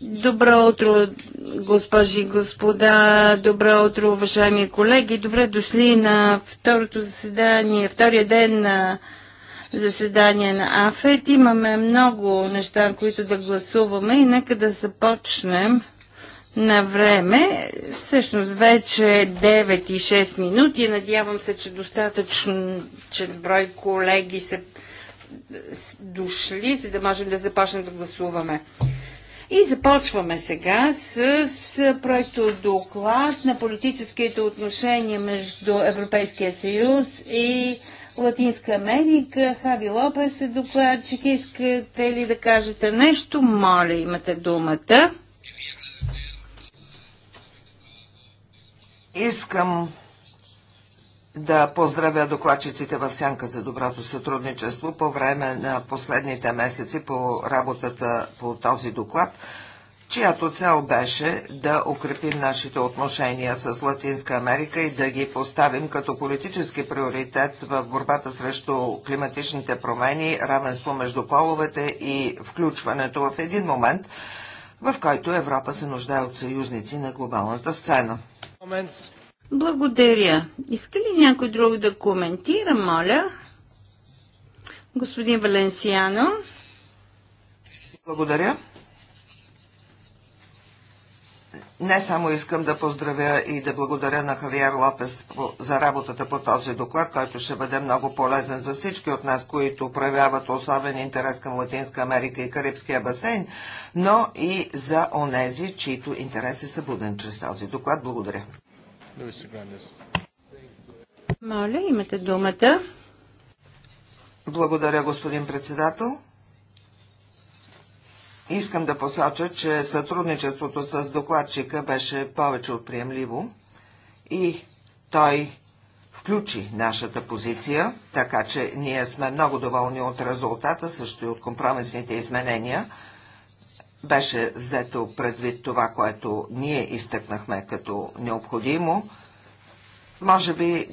Добро утро, госпожи и господа. Добро утро, уважаеми колеги. Добре дошли на второто заседание, втория ден на заседание на АФЕТ. Имаме много неща, които да гласуваме и нека да започнем на време. Всъщност вече 9 е и 6 минути. Надявам се, че достатъчно че брой колеги се дошли, за да можем да започнем да гласуваме. И започваме сега с, с проекто доклад на политическите отношения между Европейския съюз и Латинска Америка. Хави Лопес е докладчик. Искате ли да кажете нещо? Моля, имате думата. Искам да поздравя докладчиците в Сянка за доброто сътрудничество по време на последните месеци по работата по този доклад, чиято цел беше да укрепим нашите отношения с Латинска Америка и да ги поставим като политически приоритет в борбата срещу климатичните промени, равенство между половете и включването в един момент, в който Европа се нуждае от съюзници на глобалната сцена. Благодаря. Иска ли някой друг да коментира, моля? Господин Валенсиано. Благодаря. Не само искам да поздравя и да благодаря на Хавиер Лопес за работата по този доклад, който ще бъде много полезен за всички от нас, които проявяват особен интерес към Латинска Америка и Карибския басейн, но и за онези, чието интерес е събуден чрез този доклад. Благодаря. Моля, имате думата. Благодаря, господин председател. Искам да посоча, че сътрудничеството с докладчика беше повече от приемливо и той включи нашата позиция, така че ние сме много доволни от резултата, също и от компромисните изменения беше взето предвид това, което ние изтъкнахме като необходимо. Може би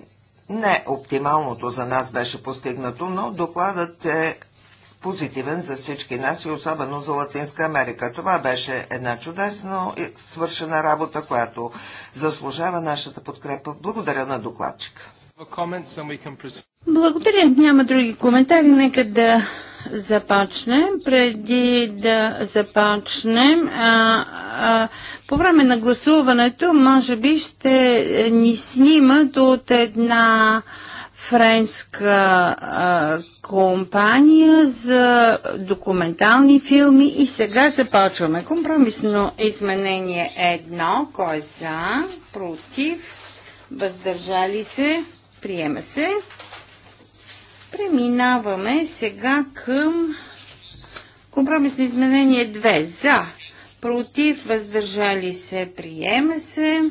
не оптималното за нас беше постигнато, но докладът е позитивен за всички нас и особено за Латинска Америка. Това беше една чудесно свършена работа, която заслужава нашата подкрепа. Благодаря на докладчика. Благодаря. Няма други коментари. Нека да започнем, преди да започнем, а, а, по време на гласуването, може би ще ни снимат от една френска а, компания за документални филми и сега започваме. Компромисно изменение едно, кой е за, против, въздържали се, приема се. Преминаваме сега към компромисно изменение 2. За, против, въздържали се, приема се.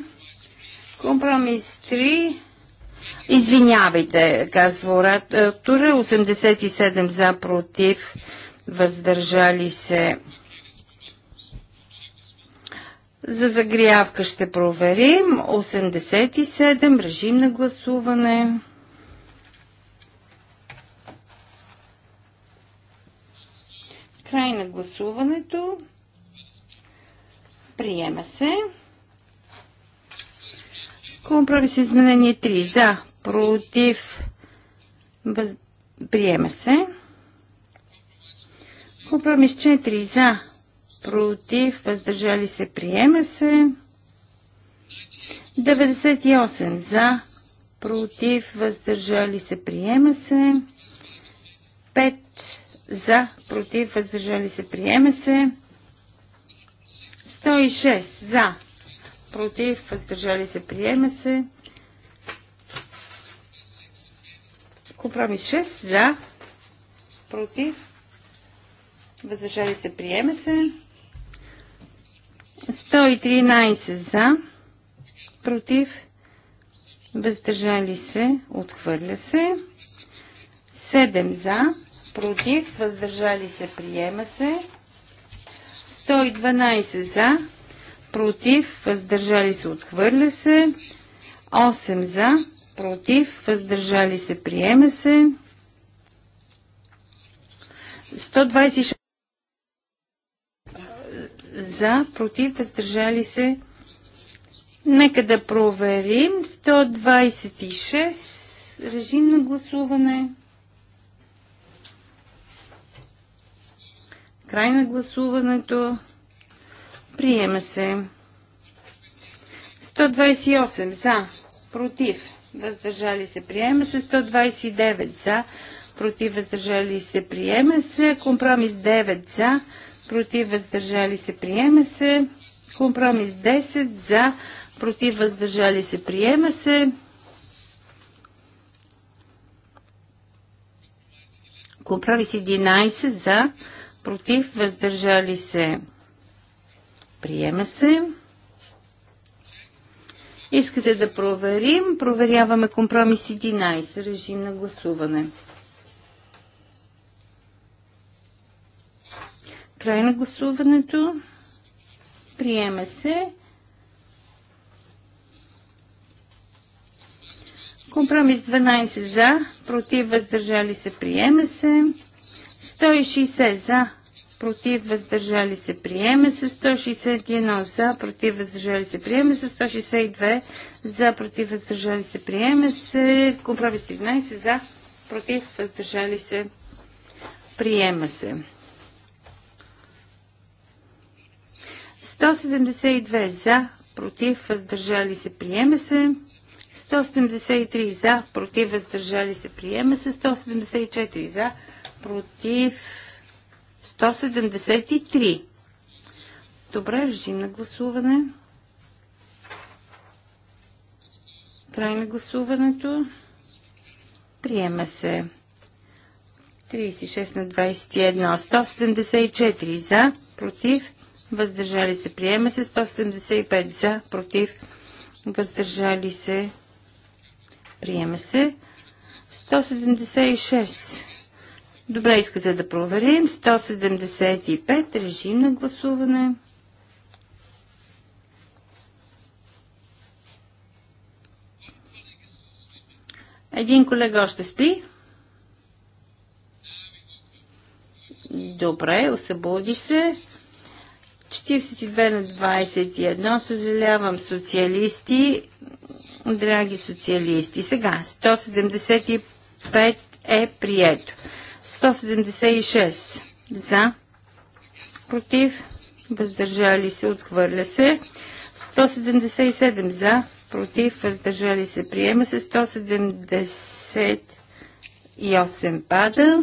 Компромис 3. Извинявайте, казва оратора. 87 за, против, въздържали се. За загрявка ще проверим. 87. Режим на гласуване. Край на гласуването. Приема се. Компромис изменение 3. За, против, въз... приема се. Компромис 4. За, против, въздържали се, приема се. 98 за, против, въздържали се, приема се. 5 за, против, въздържали се, приема се. 106 за, против, въздържали се, приема се. Компромис 6 за, против, въздържали се, приема се. 113 за, против, въздържали се, отхвърля се. 7 за, против, въздържали се, приема се. 112 за, против, въздържали се, отхвърля се. 8 за, против, въздържали се, приема се. 126 за, против, въздържали се. Нека да проверим. 126 режим на гласуване. Край на гласуването. Приема се. 128 за, против, въздържали се, приема се. 129 за, против, въздържали се, приема се. Компромис 9 за, против, въздържали се, приема се. Компромис 10 за, против, въздържали се, приема се. Компромис 11 за, против, въздържали се, приема се. Искате да проверим? Проверяваме компромис 11, режим на гласуване. Край на гласуването. Приема се. Компромис 12 за, против въздържали се, приема се. 160 за, против, въздържали се, приема се 161 за, против, въздържали се, приема се 162 за, против, въздържали се, приема се компромис 13 за, против, въздържали се, приема се. 172 за, против, въздържали се, приема се. 173 за, против, въздържали се, приема се. 174 за, против 173. Добре, режим на гласуване. Край на гласуването. Приема се. 36 на 21. 174 за, против, въздържали се. Приема се. 175 за, против, въздържали се. Приема се. 176 Добре, искате да проверим. 175, режим на гласуване. Един колега още спи. Добре, освободи се. 42 на 21, съжалявам, социалисти, драги социалисти. Сега, 175 е прието. 176 за, против, въздържали се, отхвърля се. 177 за, против, въздържали се, приема се. 178 пада.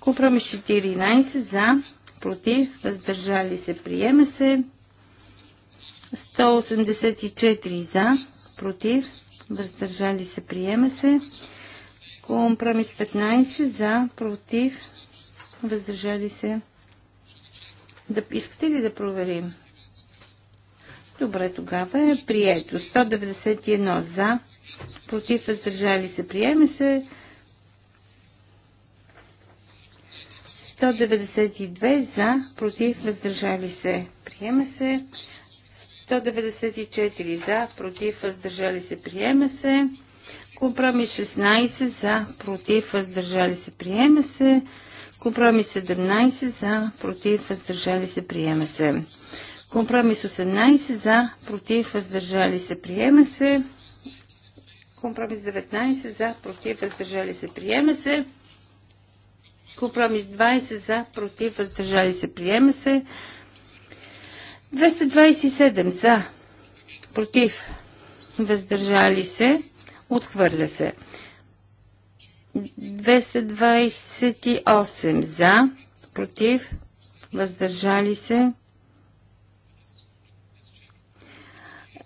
Купраме 14 за, против, въздържали се, приема се. 184 за, против, въздържали се, приема се. Компромис 15 за, против, въздържали се. Да, искате ли да проверим? Добре, тогава е прието. 191 за, против, въздържали се. Приеме се. 192 за, против, въздържали се. Приема се. 194 за, против, въздържали се. Приема се. Компромис 16 за, против, въздържали се, приема се. Компромис 17 за, против, въздържали се, приема се. Компромис 18 за, против, въздържали се, приема се. Компромис 19 за, против, въздържали се, приема се. Компромис 20 за, против, въздържали се, приема се. 227 за, против, въздържали се. Отхвърля се. 228 за, против, въздържали се.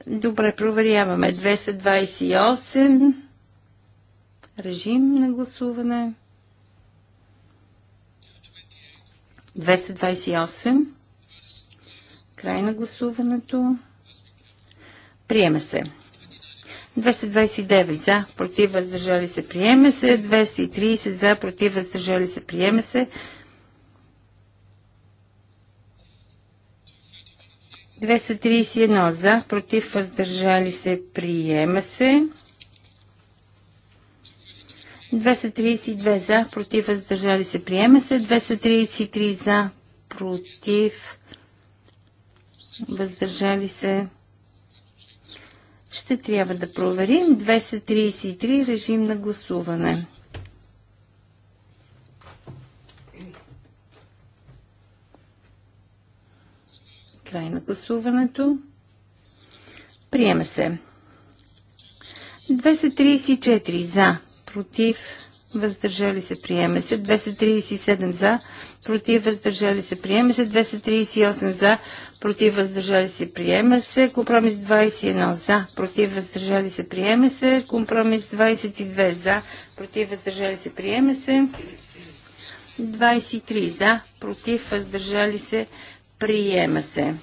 Добре, проверяваме. 228. Режим на гласуване. 228. Край на гласуването. Приема се. 229 за, против, въздържали се, приема се. 230 за, против, въздържали се, приема се. 231 за, против, въздържали се, приема се. 232 за, против, въздържали се, приема се. 233 за, против, въздържали се, ще трябва да проверим 233 режим на гласуване. Край на гласуването. Приема се. 234 за, против, въздържали се, приема се. 237 за, против, въздържали се, приема се. 238 за, против, въздържали се, приема се. Компромис 21 за, против, въздържали се, приема се. Компромис 22 за, против, въздържали се, приема се. 23 за, против, въздържали се, приема се.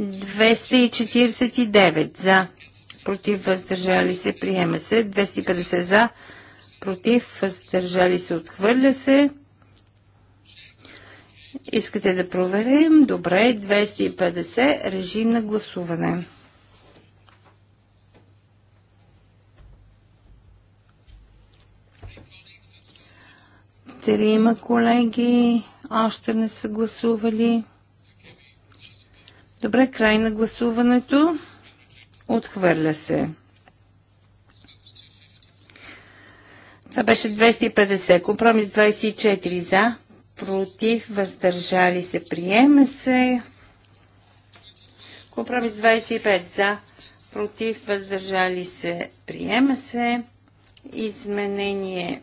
249 за, против въздържали се, приема се, 250 за, против, въздържали се, отхвърля се. Искате да проверим? Добре, 250, режим на гласуване. Трима колеги още не са гласували. Добре, край на гласуването. Отхвърля се. Това беше 250. Компромис 24 за, против, въздържали се, приема се. Компромис 25 за, против, въздържали се, приема се. Изменение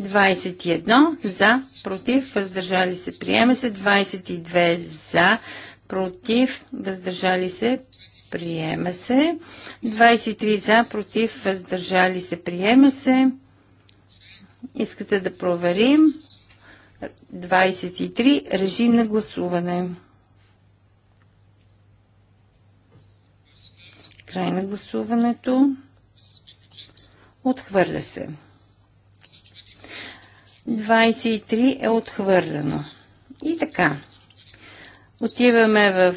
21 за, против, въздържали се, приема се. 22 за, против, въздържали се, приема се. 23 за, против, въздържали се, приема се. Искате да проверим. 23. Режим на гласуване. Край на гласуването. Отхвърля се. 23 е отхвърлено. И така. Отиваме в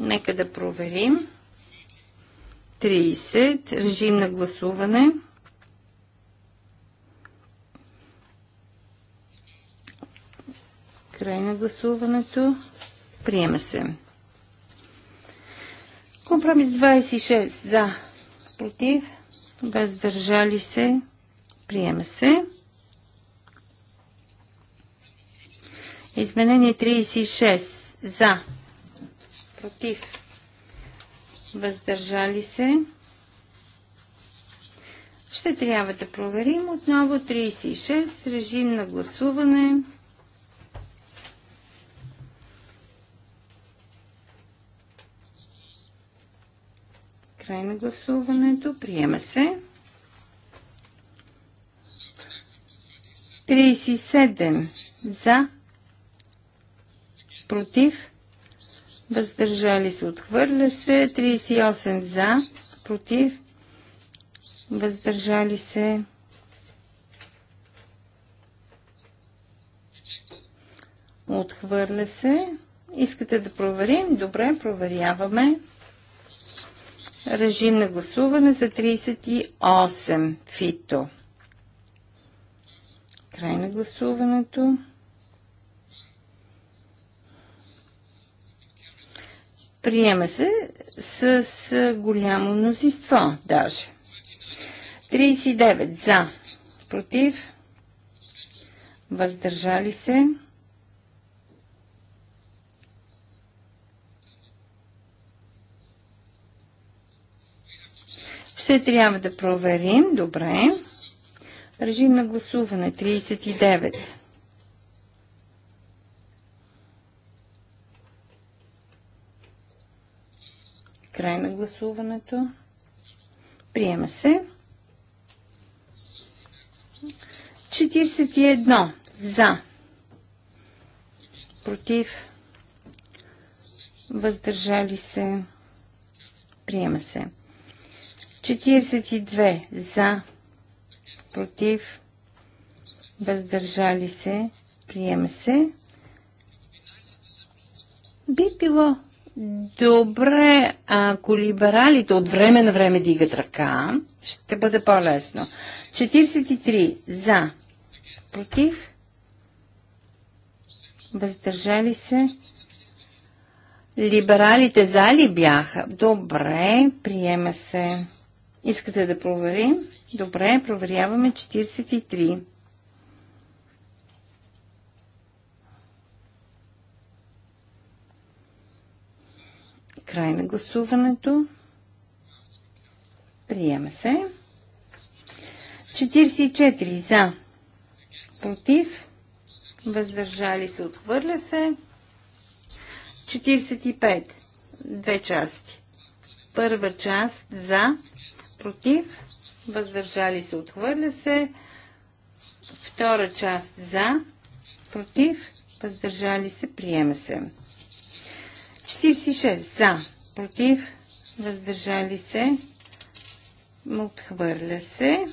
Нека да проверим. 30. Режим на гласуване. Край на гласуването. Приема се. Компромис 26. За. Против. Въздържали се. Приема се. Изменение 36. За против, въздържали се. Ще трябва да проверим отново 36, режим на гласуване. Край на гласуването, приема се. 37 за, против, въздържали се, отхвърля се, 38 за, против, въздържали се, отхвърля се. Искате да проверим? Добре, проверяваме. Режим на гласуване за 38 фито. Край на гласуването. Приема се с голямо мнозинство даже. 39 за, против, въздържали се. Ще трябва да проверим. Добре. Режим на гласуване 39. Край на гласуването. Приема се. 41 за. Против. Въздържали се. Приема се. 42 за. Против. Въздържали се. Приема се. Би било Добре, ако либералите от време на време дигат ръка, ще бъде по-лесно. 43 за, против, въздържали се. Либералите за ли бяха? Добре, приема се. Искате да проверим? Добре, проверяваме 43. Край на гласуването. Приема се. 44 за. Против. Въздържали се. Отхвърля се. 45. Две части. Първа част за. Против. Въздържали се. Отхвърля се. Втора част за. Против. Въздържали се. Приема се. 46 за, против, въздържали се, отхвърля се.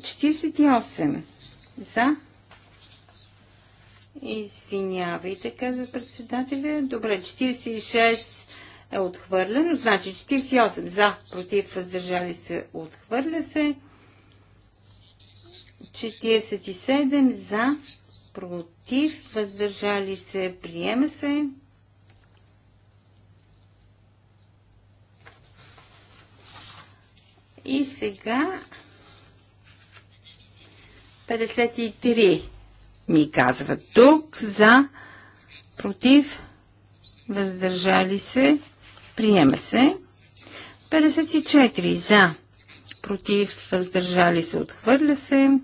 48 за. Извинявайте, казва председателя. Добре, 46 е отхвърлено, значи 48 за, против, въздържали се, отхвърля се. 47 за, против, въздържали се, приема се. И сега 53 ми казват тук за против въздържали се приема се 54 за против въздържали се отхвърля се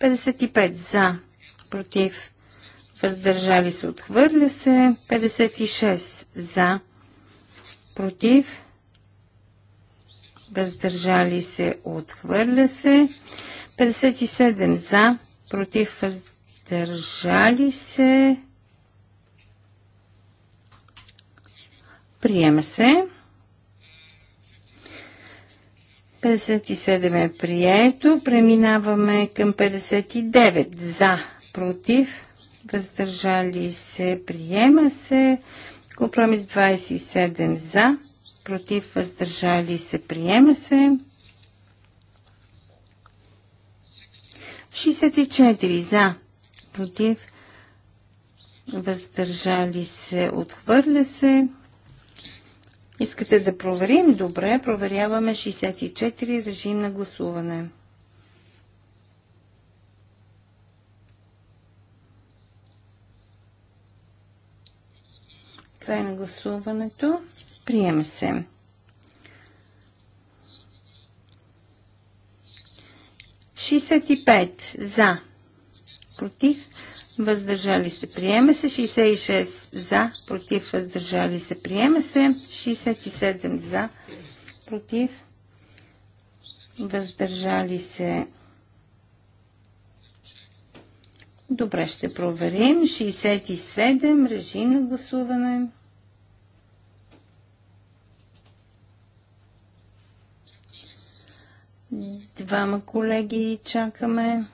55 за против въздържали се отхвърля се 56 за против въздържали се, отхвърля се. 57 за, против, въздържали се, приема се. 57 е прието. Преминаваме към 59 за, против, въздържали се, приема се. Компромис 27 за, против, въздържали се, приема се. 64 за, против, въздържали се, отхвърля се. Искате да проверим? Добре, проверяваме 64 режим на гласуване. Край на гласуването. Приема се. Шестдесет и пет за. Против. Въздържали се. Приема се. 66 за. Против. Въздържали се. Приема се. 67 за. Против. Въздържали се. Добре, ще проверим. 67. Режим на гласуване. Двама колеги чакаме.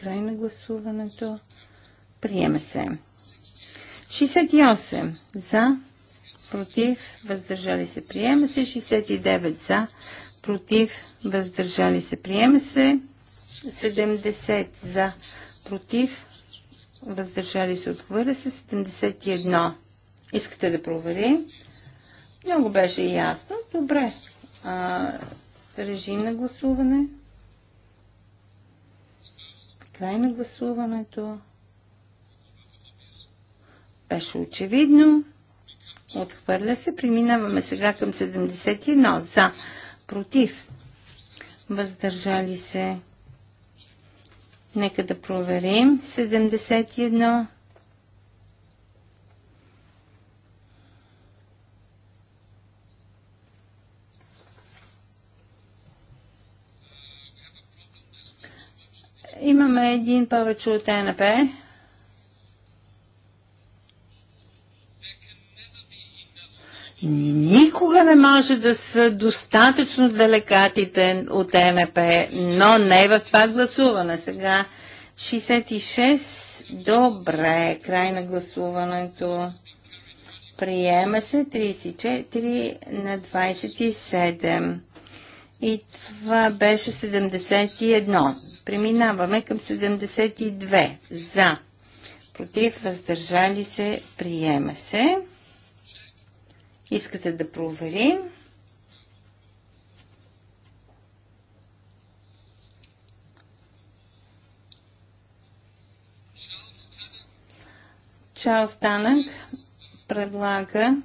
Край на гласуването. Приема се. 68 за, против, въздържали се, приема се. 69 за, против, въздържали се, приема се. 70 за, против, въздържали се, отхвърля се. 71. Искате да проверим? Много беше ясно. Добре. А, Режим на гласуване. Край на гласуването. Беше очевидно. Отхвърля се. Преминаваме сега към 71. За. Против. Въздържали се. Нека да проверим. 71. Имаме един повече от НП. Никога не може да са достатъчно далекатите от МП, но не в това гласуване. Сега 66, добре, край на гласуването. Приема се 34 на 27. И това беше 71. Преминаваме към 72. За. Против. Въздържали се. Приема се. Искате да проверим. Чарлз Танък предлага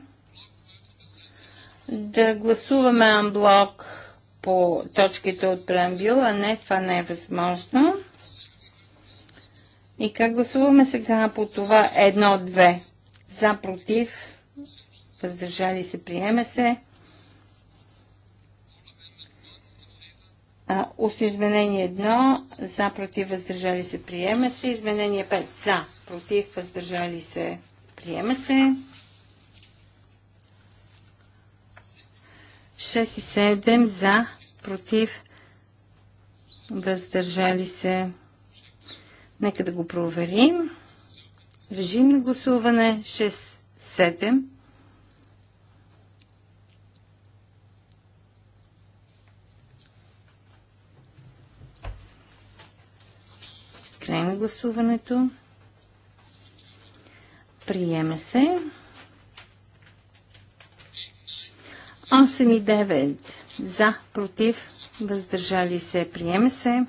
да гласуваме анблок по точките от преамбюла. Не, това не е възможно. И как гласуваме сега по това едно-две? За, против, въздържали се, приеме се. Устно изменение 1, за, против, въздържали се, приема се. Изменение 5, за, против, въздържали се, приема се. 6 и 7 за, против, въздържали се. Нека да го проверим. Режим на гласуване 6, 7. Край на гласуването. Приема се. 8 и 9 за, против, въздържали се, приеме се.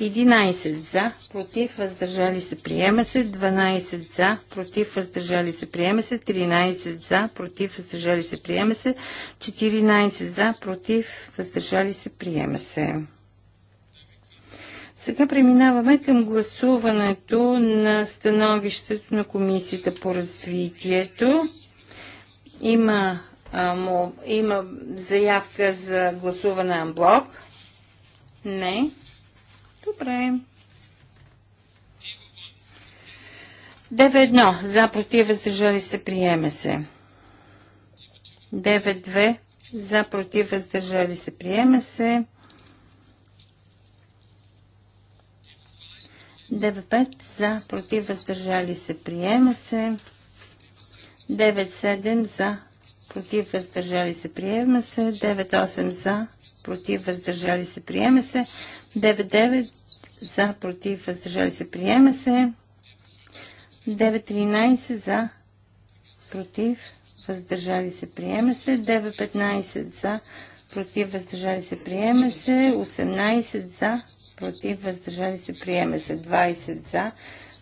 11 за, против, въздържали се, приема се. 12 за, против, въздържали се, приема се. 13 за, против, въздържали се, приема се. 14 за, против, въздържали се, приема се. Сега преминаваме към гласуването на становището на Комисията по развитието. Има, а, му, има заявка за гласуване анблок. Не. Добре. 9-1. За, против, въздържали се, приеме се. 9-2. За, против, въздържали се, приема се. 9-5. За, против, въздържали се, приема се. 9-7 за, против, въздържали се, приема се. 9-8 за, против, въздържали се, приема се. 9-9 за, против, въздържали се, приема се. 9-13 за, против, въздържали се, приема се. 9-15 за, против, въздържали се, приема се. 18 за, против, въздържали се, приема се. 20 за,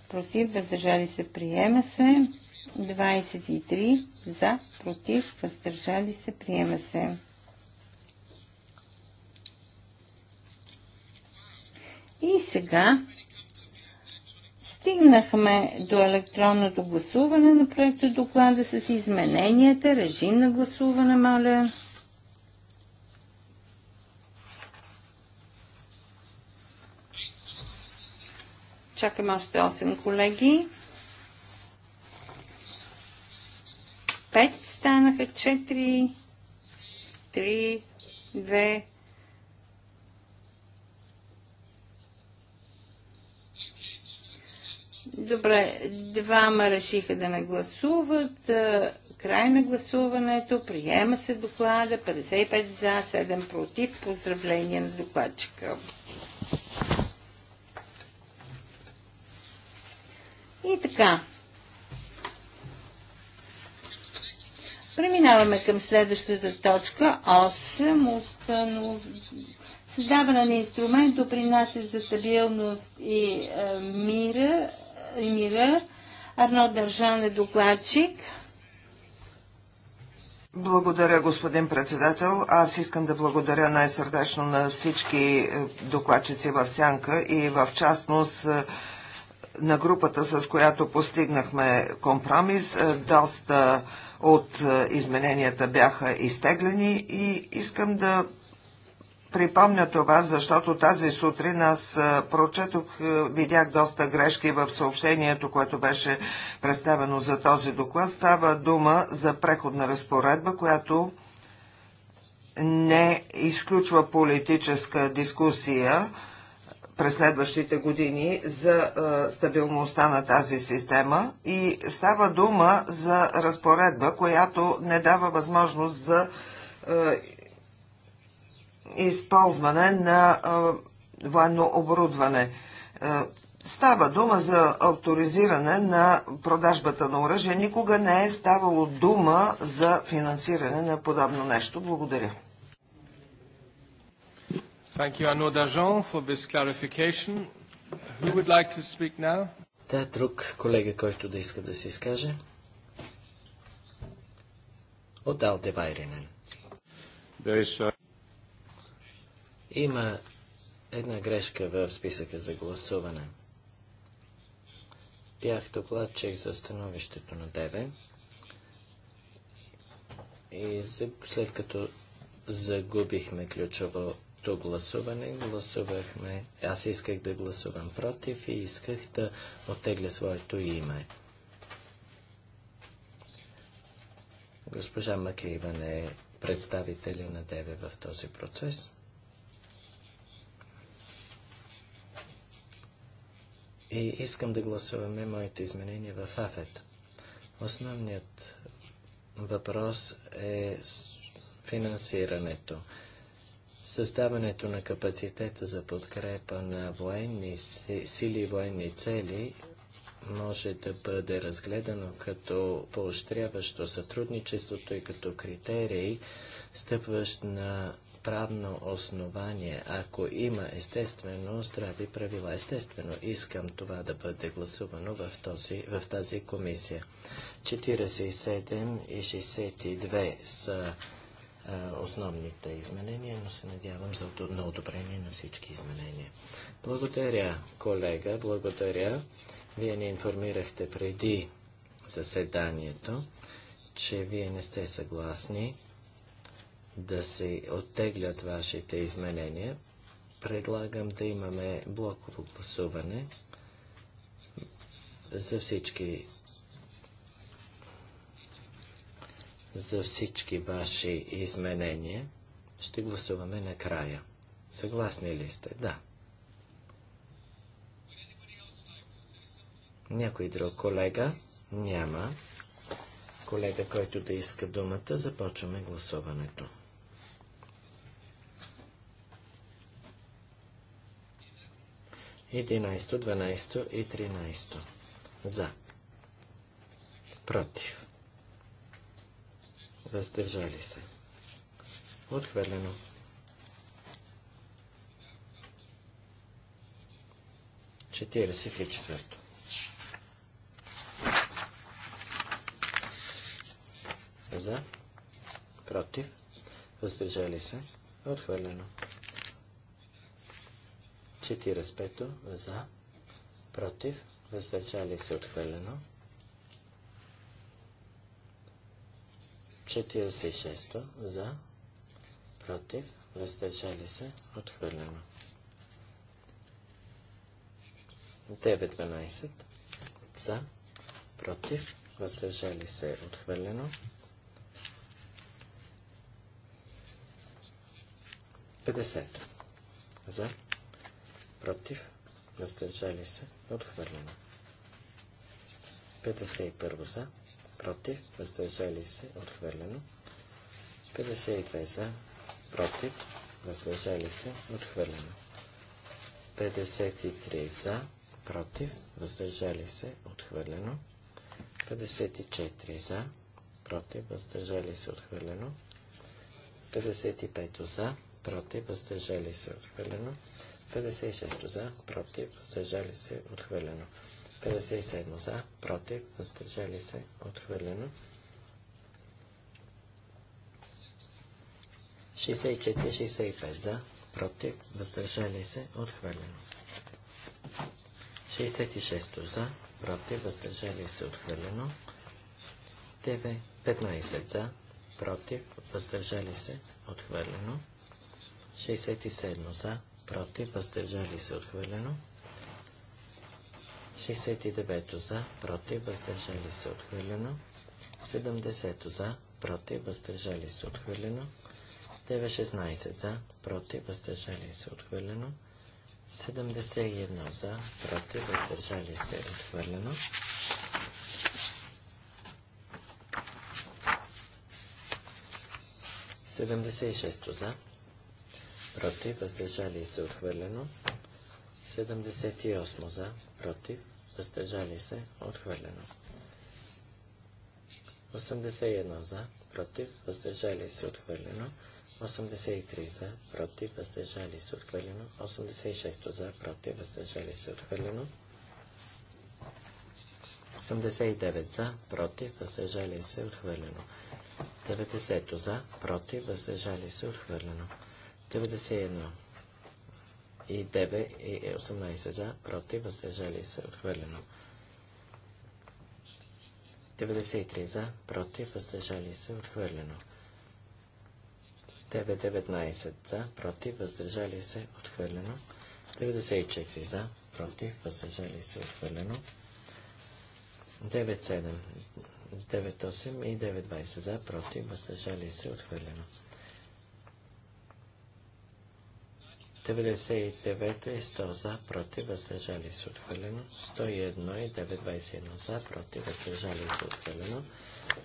против, въздържали се, приема се. 23 за, против, въздържали се, приема се. И сега стигнахме до електронното гласуване на проекта доклада с измененията. Режим на гласуване, моля. Чакам още 8 колеги. Пет станаха 4, 3, 2, Добре, двама решиха да не гласуват. Край на гласуването. Приема се доклада. 55 за, 7 против. Поздравление на докладчика. И така. Преминаваме към следващата точка 8. Установ... Създаване на инструмент, допринася за стабилност и е, мира. И мира. Арно Държан е докладчик. Благодаря, господин председател. Аз искам да благодаря най-сърдечно на всички е, докладчици в Сянка и в частност е, на групата, с която постигнахме компромис. Е, доста от е, измененията бяха изтеглени и искам да припомня това, защото тази сутрин аз е, прочетох, е, видях доста грешки в съобщението, което беше представено за този доклад. Става дума за преходна разпоредба, която не изключва политическа дискусия, през следващите години за е, стабилността на тази система и става дума за разпоредба, която не дава възможност за е, използване на е, военно оборудване. Става дума за авторизиране на продажбата на оръжие. Никога не е ставало дума за финансиране на подобно нещо. Благодаря. Thank you, Arnaud Dajon, for this clarification. Who would like to speak now? Да, друг колега, който да иска да се изкаже. От Алде uh, Има една грешка в списъка за гласуване. Бях докладчик за становището на ДВ и след като загубихме ключово моето гласуване гласувахме, аз исках да гласувам против и исках да оттегля своето име. Госпожа Макеиван е представителя на ДВ в този процес. И искам да гласуваме моите изменения в АФЕТ. Основният въпрос е финансирането. Създаването на капацитета за подкрепа на военни сили и военни цели може да бъде разгледано като поощряващо сътрудничеството и като критерий, стъпващ на правно основание, ако има естествено здрави правила. Естествено, искам това да бъде гласувано в, този, в тази комисия. 47 и 62 са е, основните изменения, но се надявам за, на одобрение на всички изменения. Благодаря, колега, благодаря. Вие ни информирахте преди заседанието, че вие не сте съгласни да се оттеглят вашите изменения. Предлагам да имаме блоково гласуване за всички за всички ваши изменения. Ще гласуваме накрая. Съгласни ли сте? Да. Някой друг колега? Няма. Колега, който да иска думата, започваме гласуването. Единайсто, дванайсто и тринайсто. За. Против въздържали се. Отхвърлено. Четиридесет и четвърто. За, против, въздържали се, отхвърлено. 45 за, против, въздържали се, отхвърлено. 46 за, против, въздържали се, отхвърлено. 9-12 за, против, въздържали се, отхвърлено. 50 за, против, въздържали се, отхвърлено. 51 за, против, въздържали се, отхвърлено. 52 за, против, въздържали се, отхвърлено. 53 за, против, въздържали се, отхвърлено. 54 за, против, въздържали се, отхвърлено. 55 за, против, въздържали се, отхвърлено. 56 за, против, въздържали се, отхвърлено. 57 за, против, въздържали се, отхвърлено. 64-65 за, против, въздържали се, отхвърлено. 66 за, против, въздържали се, отхвърлено. 9, 15 за, против, въздържали се, отхвърлено. 67 за, против, въздържали се, отхвърлено. 69 за, против, въздържали се отхвърлено. 70 за, против, въздържали се отхвърлено. 9-16 за, против, въздържали се отхвърлено. 71 за, против, въздържали се отхвърлено. Седемдесет и шесто за, против, въздържали се отхвърлено. 78 за, против, въздържали се, отхвърлено. 81 за, против, въздържали се, отхвърлено. 83 за, против, въздържали се, отхвърлено. 86 за, против, въздържали се, отхвърлено. 89 за, против, въздържали се, отхвърлено. 90 за, против, въздържали се, отхвърлено. 91 и 9 и 18 е за, против, въздържали се, отхвърлено. 93 за, против, въздържали се, отхвърлено. 919 за, против, въздържали се, отхвърлено. 94 за, против, въздържали се, отхвърлено. 97, 98 и 920 за, против, въздържали се, отхвърлено. 99 и 100 за, против, въздържали се отхвърлено. 101 и 921 за, против, въздържали се отхвърлено.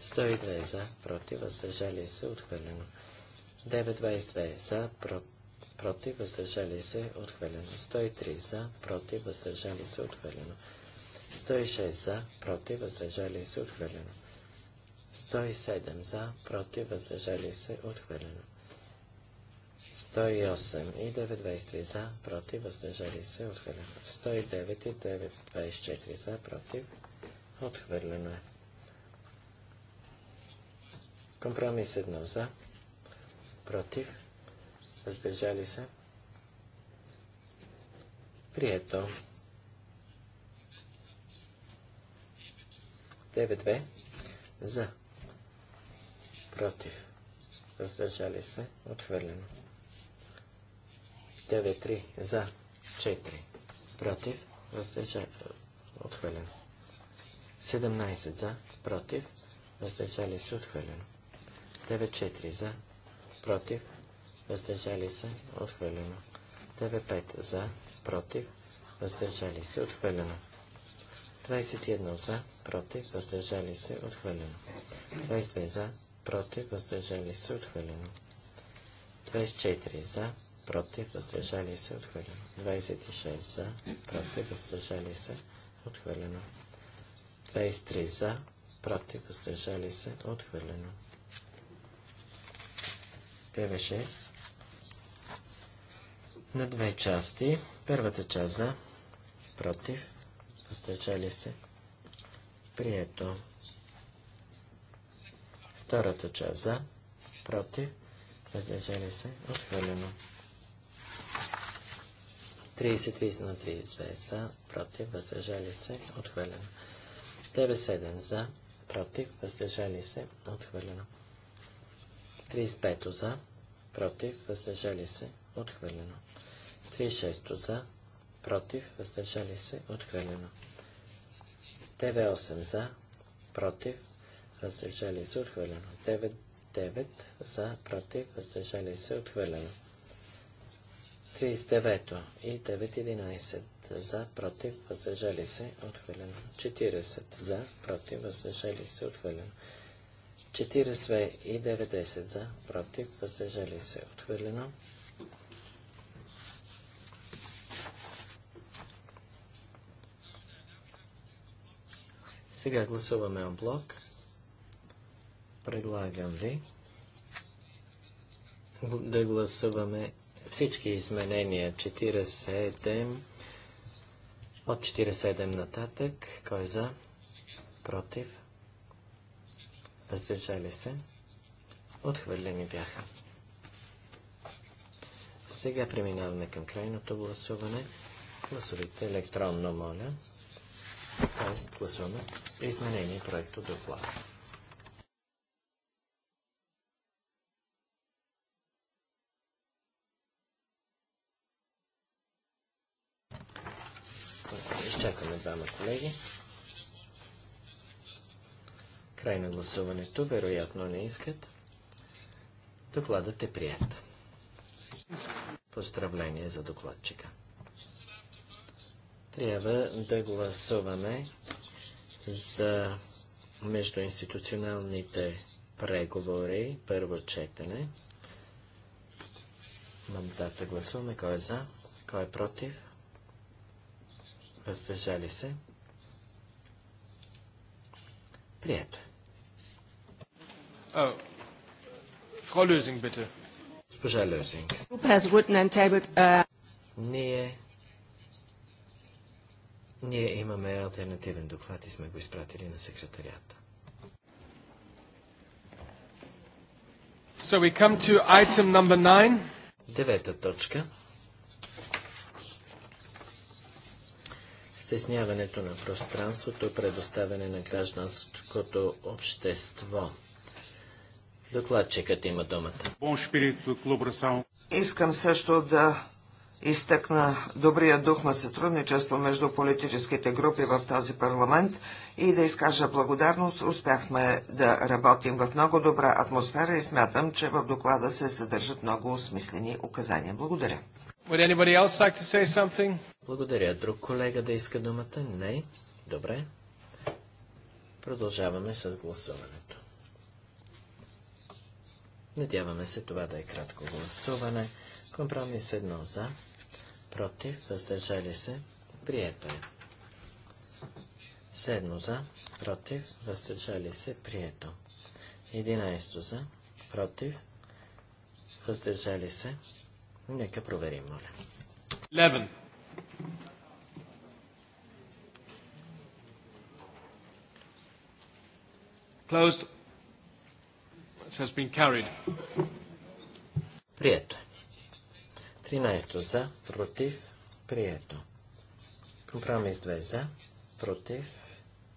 102 за, против, въздържали се отхвърлено. 922 за, про, против, въздържали се отхвърлено. 103 за, против, въздържали се отхвърлено. 106 за, против, въздържали се отхвърлено. 107 за, против, въздържали се отхвърлено. 108 и 923 за, против, въздържали се, отхвърлено. 109 е. и 924 за, против, отхвърлено е. Компромис 1 за, против, въздържали се, прието. 9-2 за, против, въздържали се, отхвърлено. 9-3 за 4. Против. Въздържа... Отхвърлено. 17 за. Против. Въздържали се. Отхвърлено. 9-4 за. Против. Въздържали се. Отхвърлено. 9-5 за. Против. Въздържали се. Отхвърлено. 21 за. Против. Въздържали се. Отхвърлено. 22 за. Против. Въздържали се. Отхвърлено. 24 за против, въздържали се, отхвърлено. 26 за, против, въздържали се, отхвърлено. 23 за, против, въздържали се, отхвърлено. 96 на две части. Първата част за, против, въздържали се, прието. Втората част за, против, въздържали се, отхвърлено. 30-30 на 32 за, против, въздържали се, отхвърлено. 97 за, против, въздържали се, отхвърлено. 35 за, против, въздържали се, отхвърлено. 36 за, против, въздържали се, отхвърлено. 98 за, против, въздържали се, отхвърлено. 99 за, против, въздържали се, отхвърлено. 39 и 9.11 за, против, въздържали се, отхвърлено. 40 за, против, въздържали се, отхвърлено. 42 и 90 за, против, въздържали се, отхвърлено. 40. Сега гласуваме блок. Предлагам ви да гласуваме всички изменения 47 от 47 нататък. Кой е за? Против? раздържали се? Отхвърлени бяха. Сега преминаваме към крайното гласуване. Гласувайте електронно, моля. Тоест гласуваме изменение проекто доклада. Изчакаме двама колеги. Край на гласуването. Вероятно не искат. Докладът е прият. Поздравление за докладчика. Трябва да гласуваме за междуинституционалните преговори, първо четене. Мандата гласуваме. Кой е за? Кой е против? въздържали се. Прието е. Фрау Лозинг, бите. Госпожа Лозинг. Uh, ние ние имаме альтернативен доклад и сме го изпратили на секретарията. So we come to item number nine. Девета точка. стесняването на пространството, е предоставяне на гражданското общество. Докладчикът има думата. Искам също да изтъкна добрия дух на сътрудничество между политическите групи в този парламент и да изкажа благодарност. Успяхме да работим в много добра атмосфера и смятам, че в доклада се съдържат много осмислени указания. Благодаря. Would anybody else like to say something? Благодаря. Друг колега да иска думата? Не. Добре. Продължаваме с гласуването. Надяваме се това да е кратко гласуване. Компромис едно за, против, въздържали се, прието е. Седно за, против, въздържали се, прието. Единайсто за, против, въздържали се, прието Нека проверим, моля. 11. Closed. This has been carried. Прието. 13 е. за, против, прието. Компромис 2 за, против,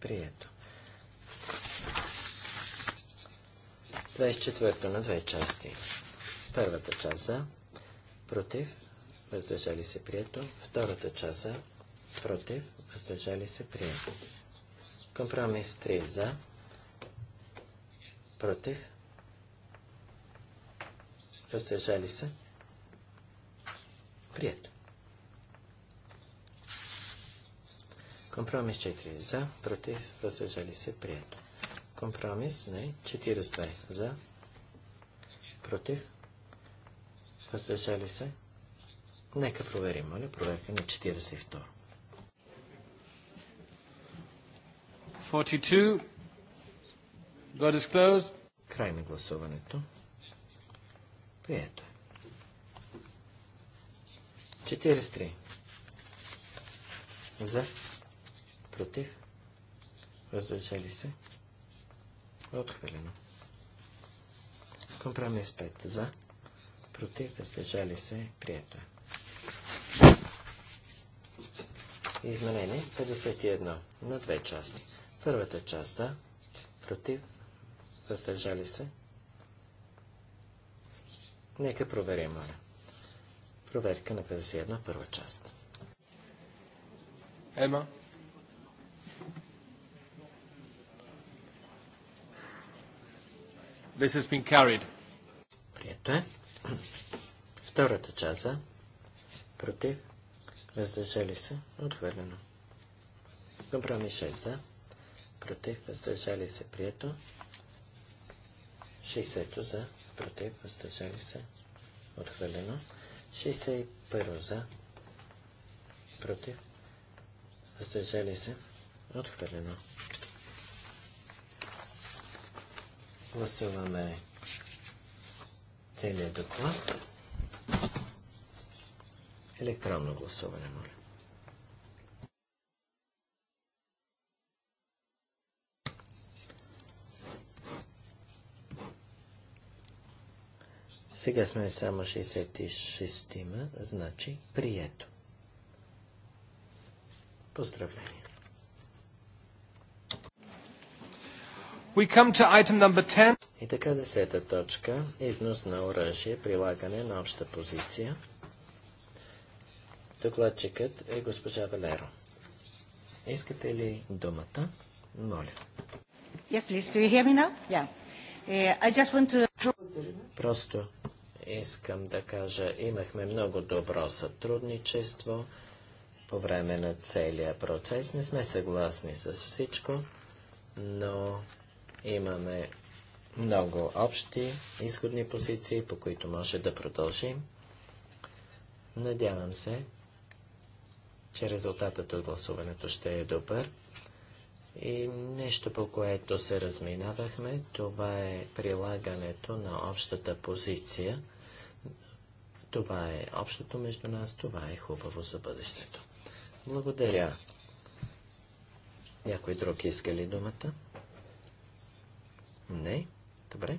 прието. 24 на две части. Първата част за, против, въздържали се прието. Втората част за, против, въздържали се прието. Компромис 3 за, против, въздържали се прието. Компромис 4 за, против, въздържали се прието. Компромис не, 42 за, против, Въздържали се? Нека проверим, моля, проверка на 42. 42. 42. 42. 42. Край на гласуването. Прието е. 43. За. Против. 42. се. Отхвърлено. 42. 5. За против, въздържали се, прието е. Изменение 51 на две части. Първата част да, против, въздържали се. Нека проверим, моля. Проверка на 51 първа част. Ема. This has been carried. Прието е. Втората част за, против, въздържали се, отхвърлено. Компромис 6 за, против, въздържали се, прието. 60 за, против, въздържали се, отхвърлено. 61 за, против, въздържали се, отхвърлено. Гласуваме целия доклад. Електронно гласуване, моля. Сега сме само 66-ма, значи прието. Поздравление. We come to item number 10. И така, десета точка. Износ на оръжие, прилагане на обща позиция. Докладчикът е госпожа Валеро. Искате ли думата? Моля. Yes, please. Do you hear me now? Yeah. Eh, I just want to... Просто искам да кажа, имахме много добро сътрудничество по време на целия процес. Не сме съгласни с всичко, но имаме много общи изходни позиции, по които може да продължим. Надявам се, че резултатът от гласуването ще е добър. И нещо, по което се разминавахме, това е прилагането на общата позиция. Това е общото между нас, това е хубаво за бъдещето. Благодаря. Някой друг иска ли думата? Не. Добре.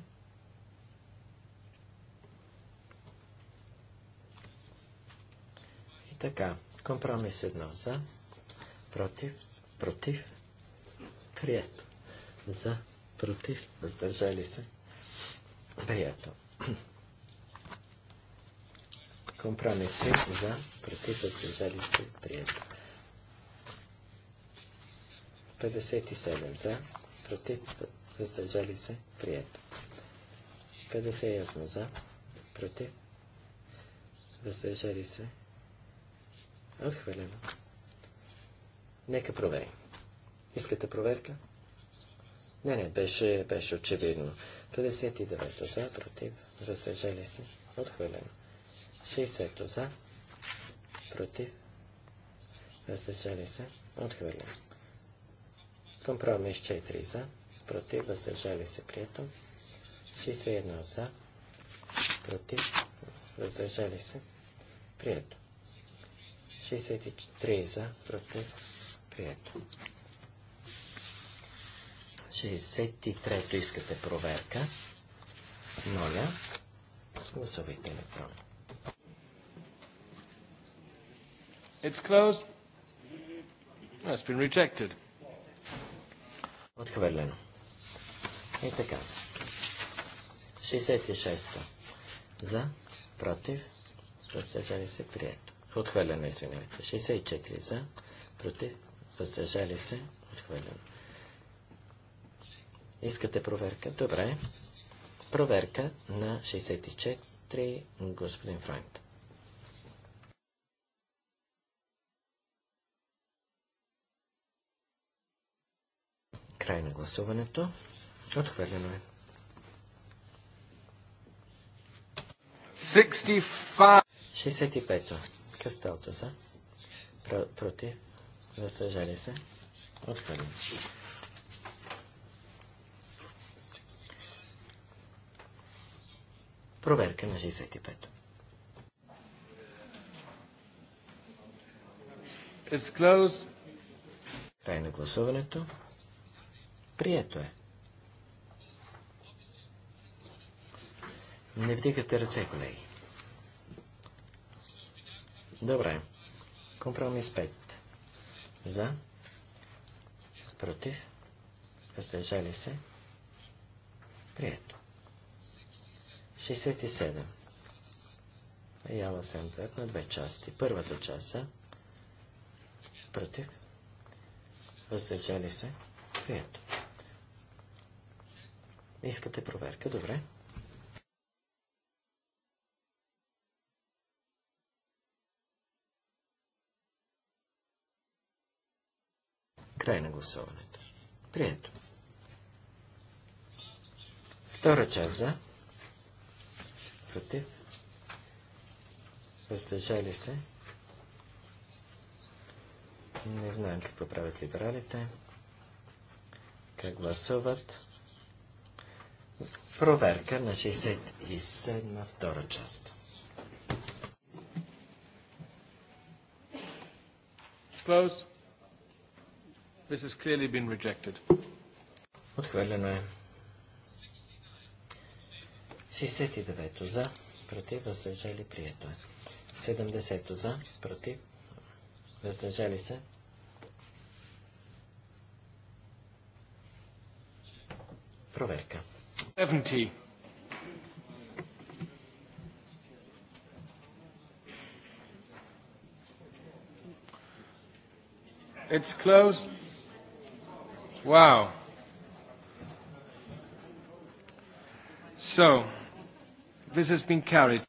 И така, компромис едно за, против, против, прието. За, против, въздържали се, прието. Компромис 3 за, против, въздържали се, прието. 57 за, против, въздържали се, прието. 58 за, против, въздържали се, отхвърлено. Нека проверим. Искате проверка? Не, не, беше, беше очевидно. 59 за, против, въздържали се, отхвърлено. 60 за, против, въздържали се, отхвърлено. Компромис 4 за, против, въздържали се, прието. 61 за, против, въздържали се, прието. 63 за, против, прието. 63-то искате проверка. Моля, гласувайте електронно. It's closed. It's been rejected. Отхвърлено. И така. 66 та За, против, въздържали се, прието. Отхвърлено, извинявайте. 64 за, против, въздържали се, отхвърлено. Искате проверка? Добре. Проверка на 64 господин Франк. Край на гласуването. Отхвърлено е. 65. то Касталто за. Про против. Възражали се. Отхвърлено. Проверка на 65-то. Край на гласуването. Прието е. Не вдигате ръце, колеги. Добре. Компромис 5. За. Против. Въздържали се. Прието. 67. Яла Сентър на две части. Първата част са против. Въздържали се. Прието. Искате проверка? Добре. Край на гласуването. Прието. Втора част за. Против. Въздържали се. Не знаем какво правят либералите. Как гласуват. Проверка на 67 втора част. It's closed. This has clearly been rejected. Отхвърлено е. 69 то за, против, въздържали, прието е. 70 то за, против, въздържали се. Проверка. 70. It's closed. Wow. So, this has been carried.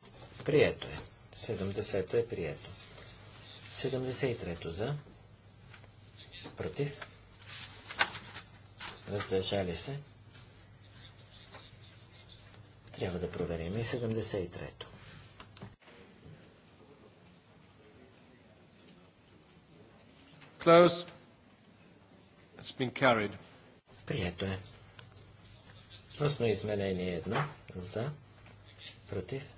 Прието е. 70-то е прието. 73-то за. Против. Въздържали се. Трябва да проверим и 73-то. Close. Прието е. Осно изменение едно. за, против,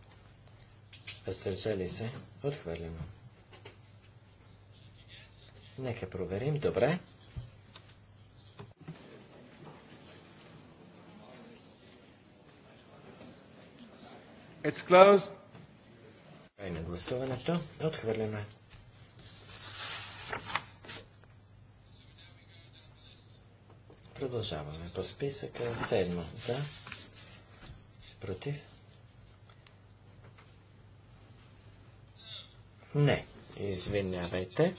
въздържали се, отхвърлено. Нека проверим. Добре. It's closed. Край на гласуването. е. Продължаваме по списъка. Седмо за. Против. Не. Извинявайте.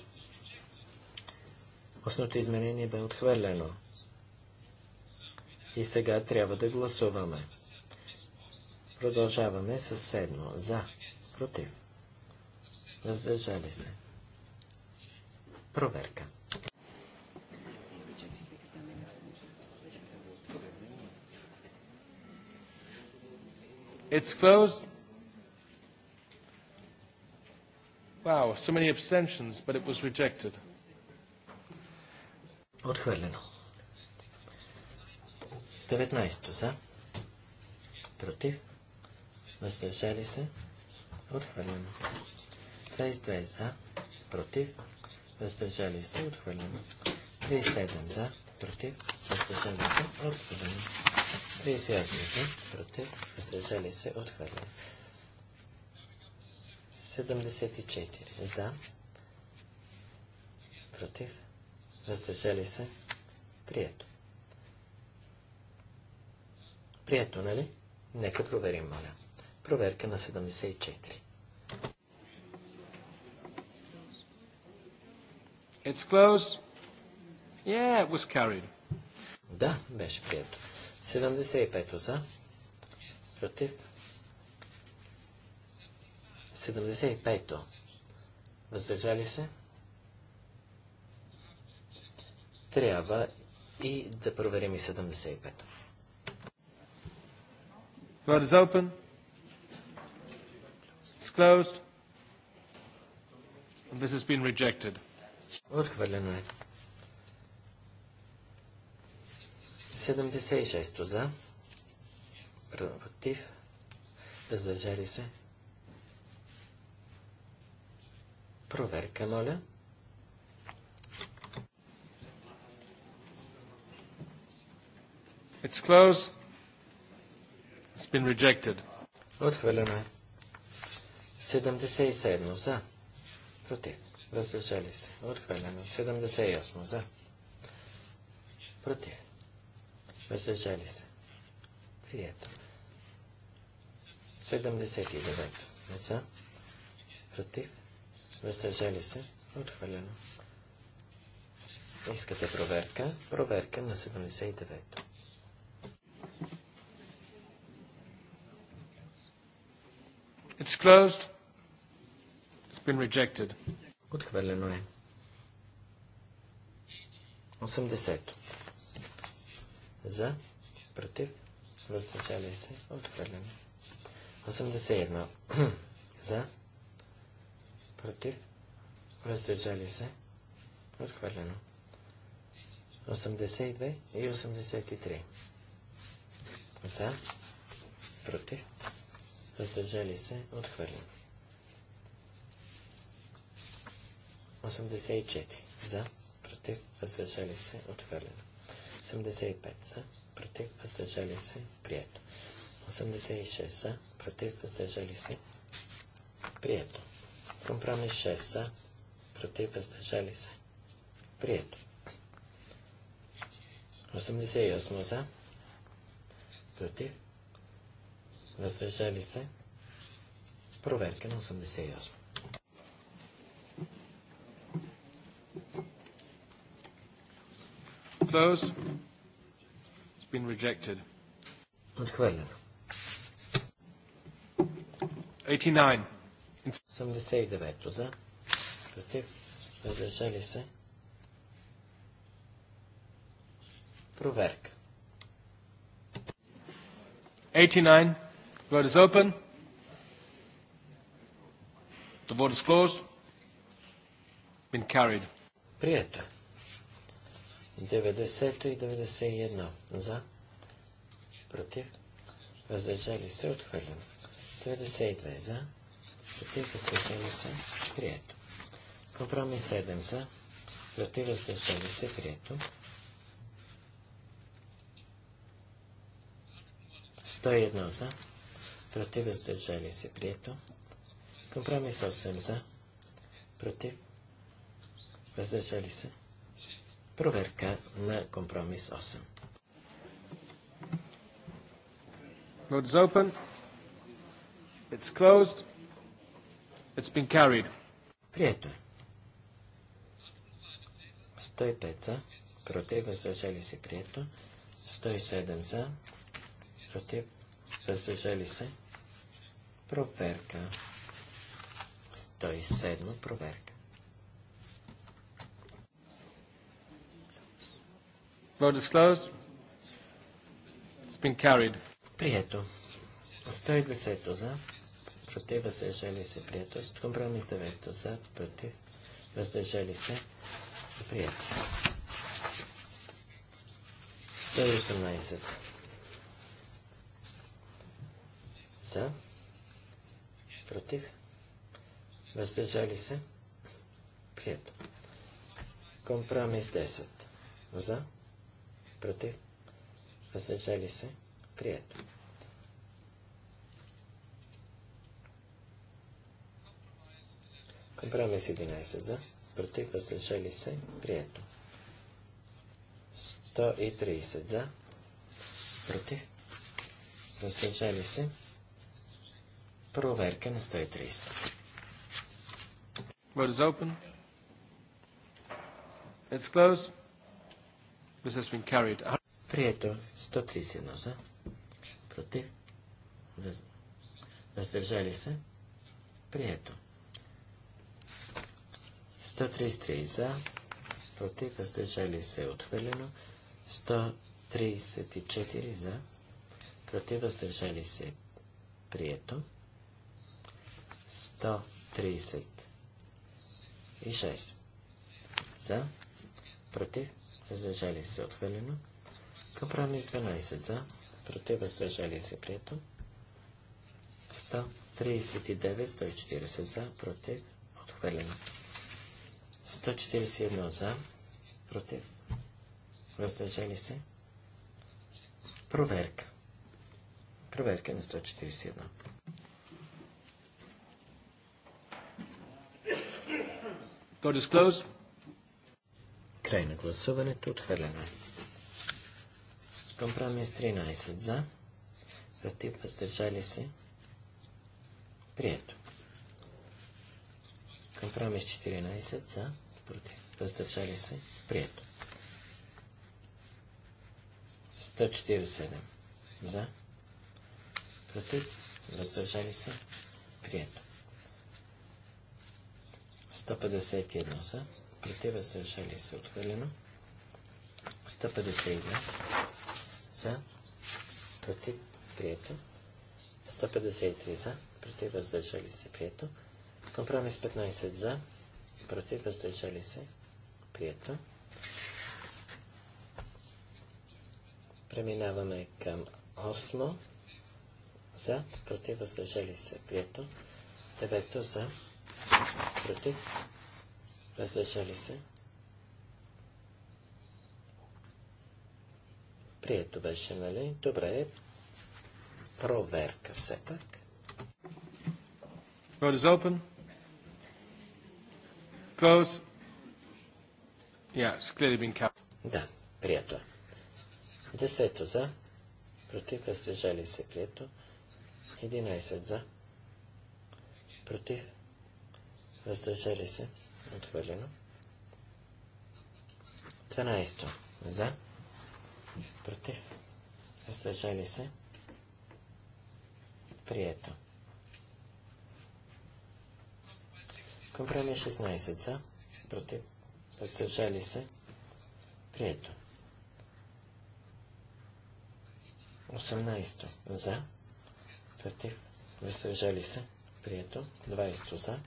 Основното изменение бе отхвърлено. И сега трябва да гласуваме. Продължаваме с седмо. За. Против. Въздържали се. Проверка. It's closed. Wow, so many abstentions, but it was rejected. Отхвърлено. 19 то за. Против. Въздържали се. Отхвърлено. 22 за. Против. Въздържали се. Отхвърлено. 37 за. Против. Въздържали се. Отхвърлено. 38 за, против, въздържали се, отхвърля. 74 за, против, въздържали се, прието. Прието, нали? Нека проверим, моля. Проверка на 74. It's closed. Yeah, it was carried. Да, беше прието. 75 за, против. 75 то въздържали се. Трябва и да проверим и 75 то is open. It's closed. And this has been rejected. Отхвърлено е. 76 за, против, Раздържали се. Проверка, моля. It's closed. It's been rejected. е. 77 за. Против. Въздържали се. Отхвърлено. 78 за. Против. Въздържали се. Прието. 79. Не За. Против. Въздържали се. Отхвърлено. Искате проверка? Проверка на 79-то. It's closed. It's been rejected. Отхвърлено е. 80-то. За, против, въздържали се, отхвърлено. 81. За, против, въздържали се, отхвърлено. 82 и 83. За, против, въздържали се, отхвърлено. 84. За, против, въздържали се, отхвърлено. 85 са против, въздържали се, прието. 86 са против, въздържали се, прието. Компромис 6 са. против, въздържали се, прието. 88 за, против, въздържали се, проверка на 88. Close. It's been rejected. Отхвърлено. 89. 89 за. Против. Въздържали се. Проверка. 89. Vote is open. The vote is closed. Been carried. Прието. 90 и 91 за, против, въздържали се, отхвърлено. 92 за, против, въздържали се, прието. Компромис 7 за, против, въздържали се, прието. 101 за, против, въздържали се, прието. Компромис 8 за, против, въздържали се, прието проверка на компромис 8. Vote is open. It's closed. It's been carried. Прието е. 105 за, против, въздържали се, прието. 107 за, против, въздържали се. Проверка. 107 проверка. Vote is closed. It's been carried. Прието. 110 за, против, въздържали се, прието. Компромис 9 за, против, въздържали се, прието. 118 за, против, въздържали се, прието. Компромис 10 за, против, въздържали се, прието. Компромис 11 за, против, въздържали се, прието. 130 за, против, въздържали се, проверка на 130. Vote is open. It's closed. Прието. 131 за. Против. Въздържали се. Прието. 133 за. Против. Въздържали се. Отхвърлено. 134 за. Против. Въздържали се. Прието. 136 за. Против въздържали се отхвърлено. с 12 за, против въздържали се прието. 139, 140 за, против отхвърлено. 141 за, против въздържали се. Проверка. Проверка на 141. Vote is closed. Край на гласуването. Отхвърлено е. Компромис 13 за. Против въздържали се. Прието. Компромис 14 за. Против въздържали се. Прието. 147 за. Против въздържали се. Прието. 151 за са въздържали се, отхвърлено. 152 за, против, прието. 153 за, против, въздържали се, прието. Компромис 15 за, против, въздържали се, прието. Преминаваме към 8 за, против, въздържали се, прието. 9 за, против, Разрешали се. Прието беше, нали? Добре. Проверка все пак. is open. Close. Yeah, it's clearly been Да, прието е. Десето за. Против, въздържали се, прието. 11 за. Против, въздържали се. Отхвърлено. 12. За. Против. Въздържали се. Прието. Компромия 16. За. Против. Въздържали се. Прието. 18. За. Против. Въздържали се. Прието. 20. За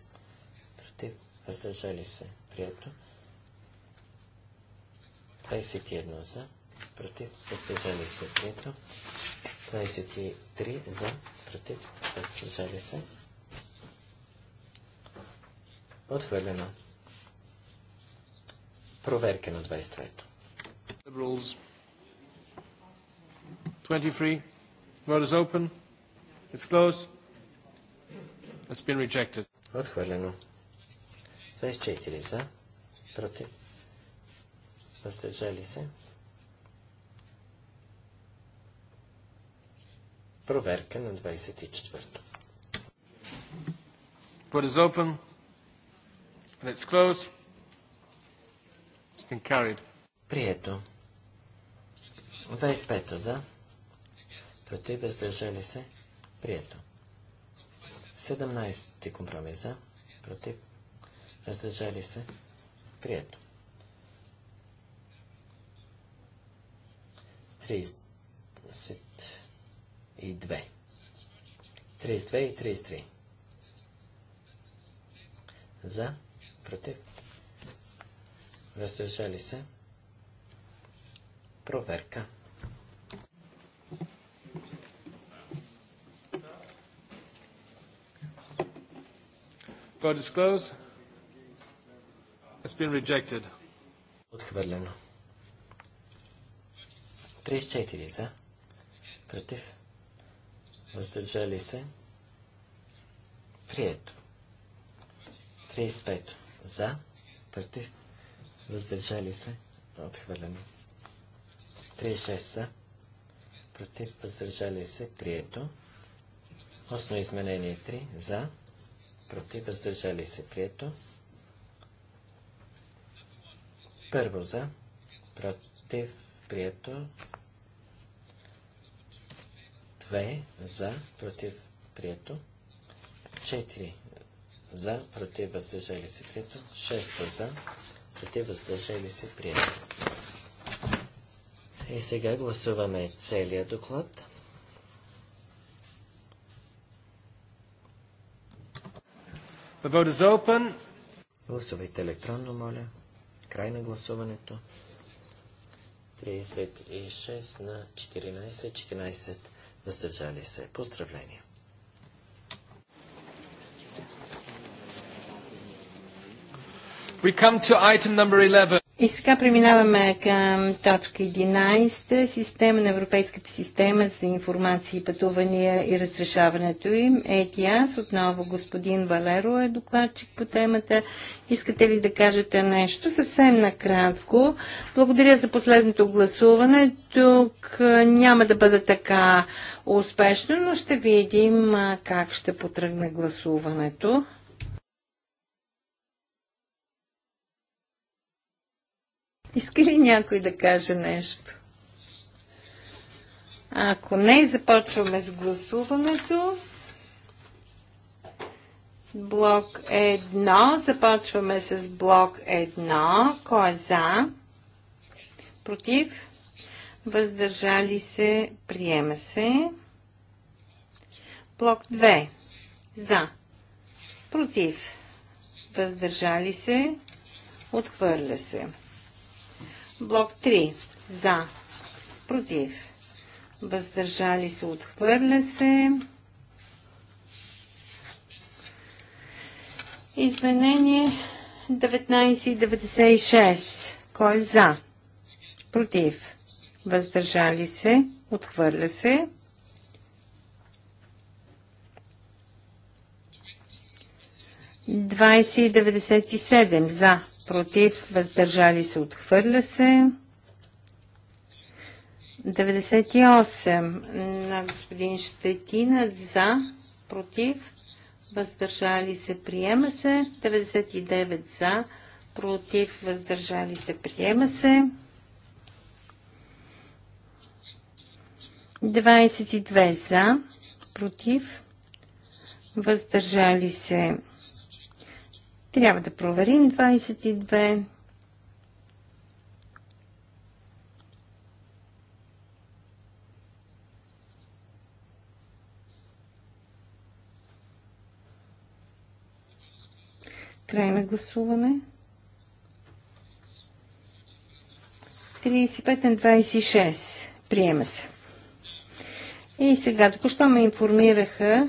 въздържали се, прието. 21 за, против, въздържали се, прието. 23 за, против, въздържали се. Отхвърлено. Проверка на 23-то. 23. Vote is open. It's closed. It's been rejected. Отхвърлено. 24 за, против, въздържали се. Проверка на 24-то. Vote is open. And it's It's been carried. Прието. 25 то за. Против въздържали се. Прието. 17 компромис за. Против въздържали се, прието. 32. и 33. За, против, въздържали се, проверка. God is has been rejected. Отхвърлено. 34 за. Против. Въздържали се. Прието. 35 за. Против. Въздържали се. Отхвърлено. 36 за. Против. Въздържали се. Прието. Осно изменение 3 за. Против. Въздържали се. Прието. Първо за, против, прието. Две за, против, прието. Четири за, против, въздържали се, прието. Шесто за, против, въздържали се, прието. И сега гласуваме целият доклад. The vote is open. Гласувайте електронно, моля. Край на гласуването. 36 на 14, 14 въздържали се. Поздравления! We come to item number 11. И сега преминаваме към точка 11. Система на Европейската система за информация и пътувания и разрешаването им. Ети аз Отново господин Валеро е докладчик по темата. Искате ли да кажете нещо? Съвсем накратко. Благодаря за последното гласуване. Тук няма да бъде така успешно, но ще видим как ще потръгне гласуването. Иска ли някой да каже нещо? Ако не, започваме с гласуването. Блок 1. Започваме с блок 1. Кой е за? Против? Въздържали се? Приема се. Блок 2. За. Против. Въздържали се? Отхвърля се. Блок 3. За. Против. Въздържали се. Отхвърля се. Изменение 1996. Кой е за? Против. Въздържали се. Отхвърля се. 2097 за против, въздържали се, отхвърля се. 98 на господин Щетина за, против, въздържали се, приема се. 99 за, против, въздържали се, приема се. 22 за, против, въздържали се, трябва да проверим 22. Край на гласуване. 35 на 26. Приема се. И сега, току-що ме информираха,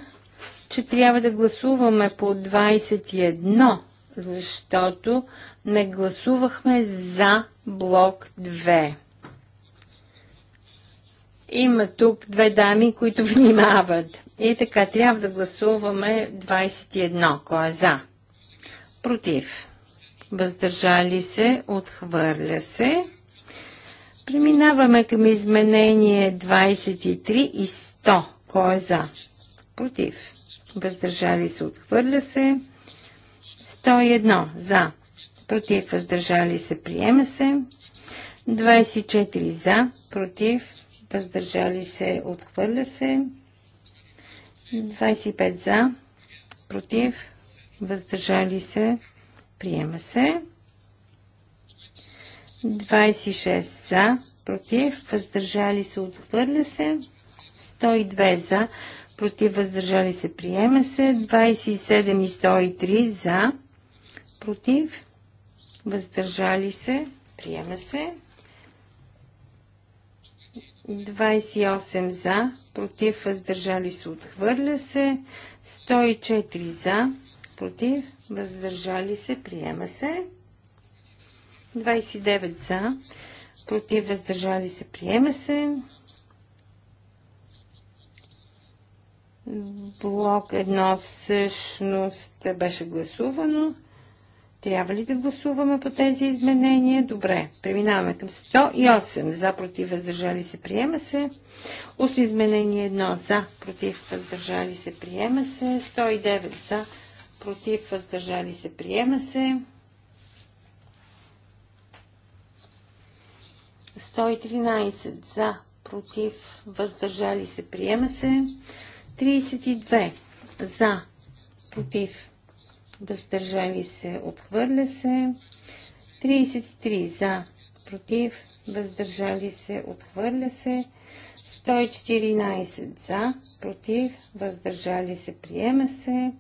че трябва да гласуваме по 21 защото не гласувахме за блок 2. Има тук две дами, които внимават. И така, трябва да гласуваме 21. Кой е за? Против. Въздържали се, отхвърля се. Преминаваме към изменение 23 и 100. Кой е за? Против. Въздържали се, отхвърля се. 101 за, против, въздържали се, приема се. 24 за, против, въздържали се, отхвърля се. 25 за, против, въздържали се, приема се. 26 за, против, въздържали се, отхвърля се. 102 за, против, въздържали се, приема се. 27 и 103 за, против, въздържали се, приема се. 28 за, против, въздържали се, отхвърля се. 104 за, против, въздържали се, приема се. 29 за, против, въздържали се, приема се. Блок 1 всъщност беше гласувано. Трябва ли да гласуваме по тези изменения? Добре, преминаваме към 108. За, против, въздържали се, приема се. Устно изменение 1. За, против, въздържали се, приема се. 109. За, против, въздържали се, приема се. 113. За, против, въздържали се, приема се. 32. За, против, въздържали се, отхвърля се. 33 за, против, въздържали се, отхвърля се. 114 за, против, въздържали се, приема се.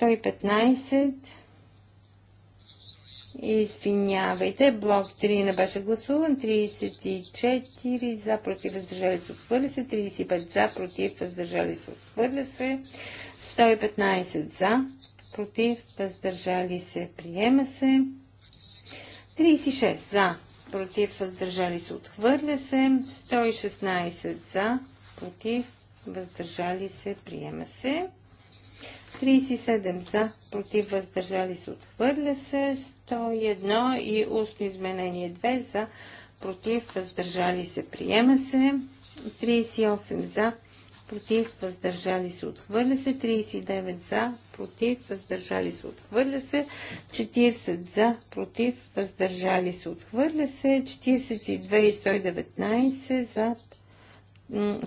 115. Извинявайте, блок 3 не беше гласуван. 34 за, против, въздържали се, отхвърля се. 35 за, против, въздържали се, отхвърля се. 115 за, против, въздържали се, приема се. 36 за, против, въздържали се, отхвърля се. 116 за, против, въздържали се, приема се. 37 за, против, въздържали се, отхвърля се. 101 и устно изменение 2 за, против, въздържали се, приема се. 38 за, против, въздържали се, отхвърля се, 39 за, против, въздържали се, отхвърля се, 40 за, против, въздържали се, отхвърля се, 42 и 119 за,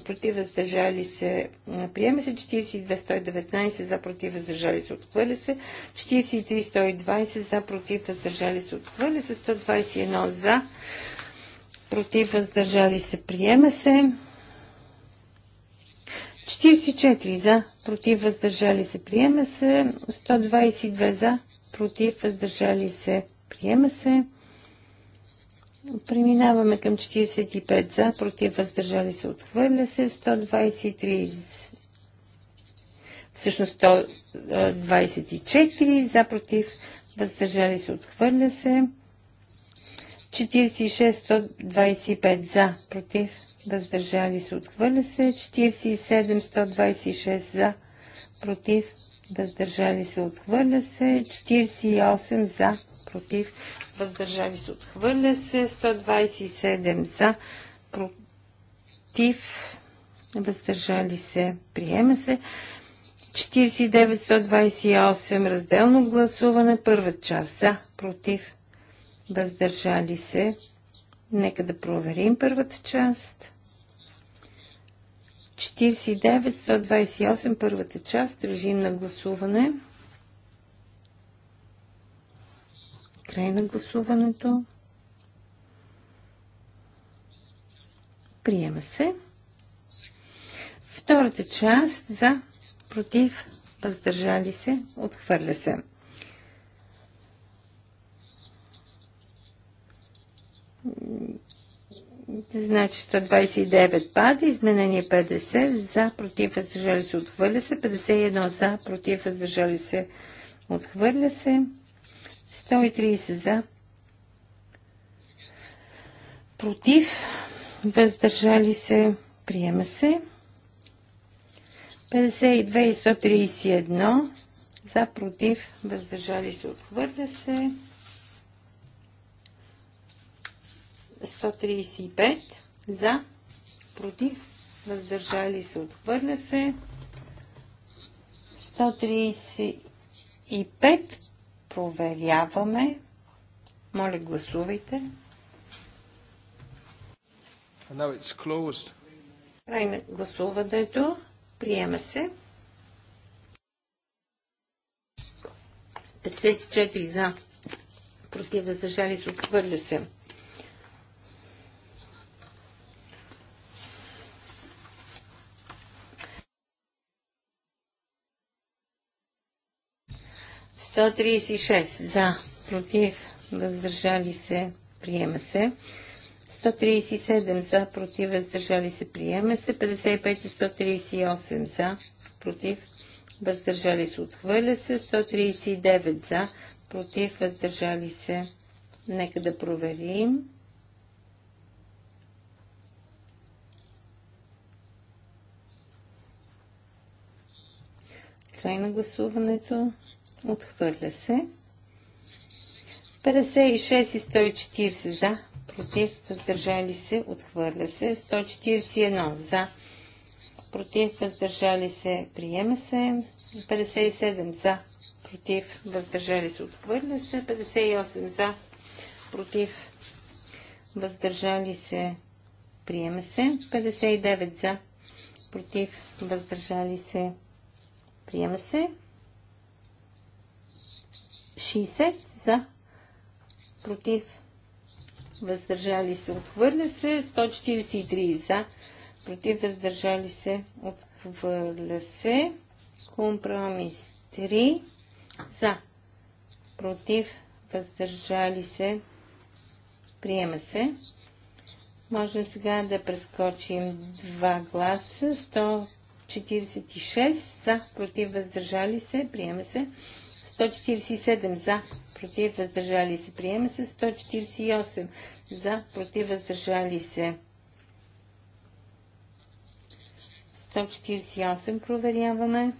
против, въздържали се, приема се, 42 119 за, против, въздържали се, отхвърля се, 43 120 за, против, въздържали се, отхвърля се, 121 за, против, въздържали се, приема се, 44 за, против, въздържали се, приема се. 122 за, против, въздържали се, приема се. Преминаваме към 45 за, против, въздържали се, отхвърля се. 123 всъщност 124 за, против, въздържали се, отхвърля се. 46, 125 за, против, въздържали се, отхвърля се. 47, 126 за, против, въздържали се, отхвърля се. 48 за, против, въздържали се, отхвърля се. 127 за, против, въздържали се, приема се. 49-128 разделно гласуване, първа част за, против, въздържали се. Нека да проверим първата част. 49-128, първата част, режим на гласуване. Край на гласуването. Приема се. Втората част за против, въздържали се, отхвърля се. Значи 129 пада, изменение 50, за, против, въздържали се, отхвърля се, 51 за, против, въздържали се, отхвърля се, 130 за, против, въздържали се, приема се, 52 и 131 за, против, въздържали се, отхвърля се, 135 за, против, въздържали се, отхвърля се. 135 проверяваме. Моля, гласувайте. Край гласуването. Приема се. 54 за. Против въздържали се. Отхвърля се. 136 за, против, въздържали се, приема се. 137 за, против, въздържали се, приема се. 55 и 138 за, против, въздържали се, отхвърля се. 139 за, против, въздържали се. Нека да проверим. Край на гласуването. Отхвърля се. 56 и 140 за. Против. Въздържали се. Отхвърля се. 141 за. Против. Въздържали се. Приема се. 57 за. Против. Въздържали се. Отхвърля се. 58 за. Против. Въздържали се. Приема се. 59 за. Против. Въздържали се. Приема се. 60 за, против, въздържали се, отхвърля се, 143 за, против, въздържали се, отхвърля се, компромис 3 за, против, въздържали се, приема се. Можем сега да прескочим два гласа, 146 за, против, въздържали се, приема се. 147 за, против, въздържали се. Приема се 148 за, против, въздържали се. 148 проверяваме.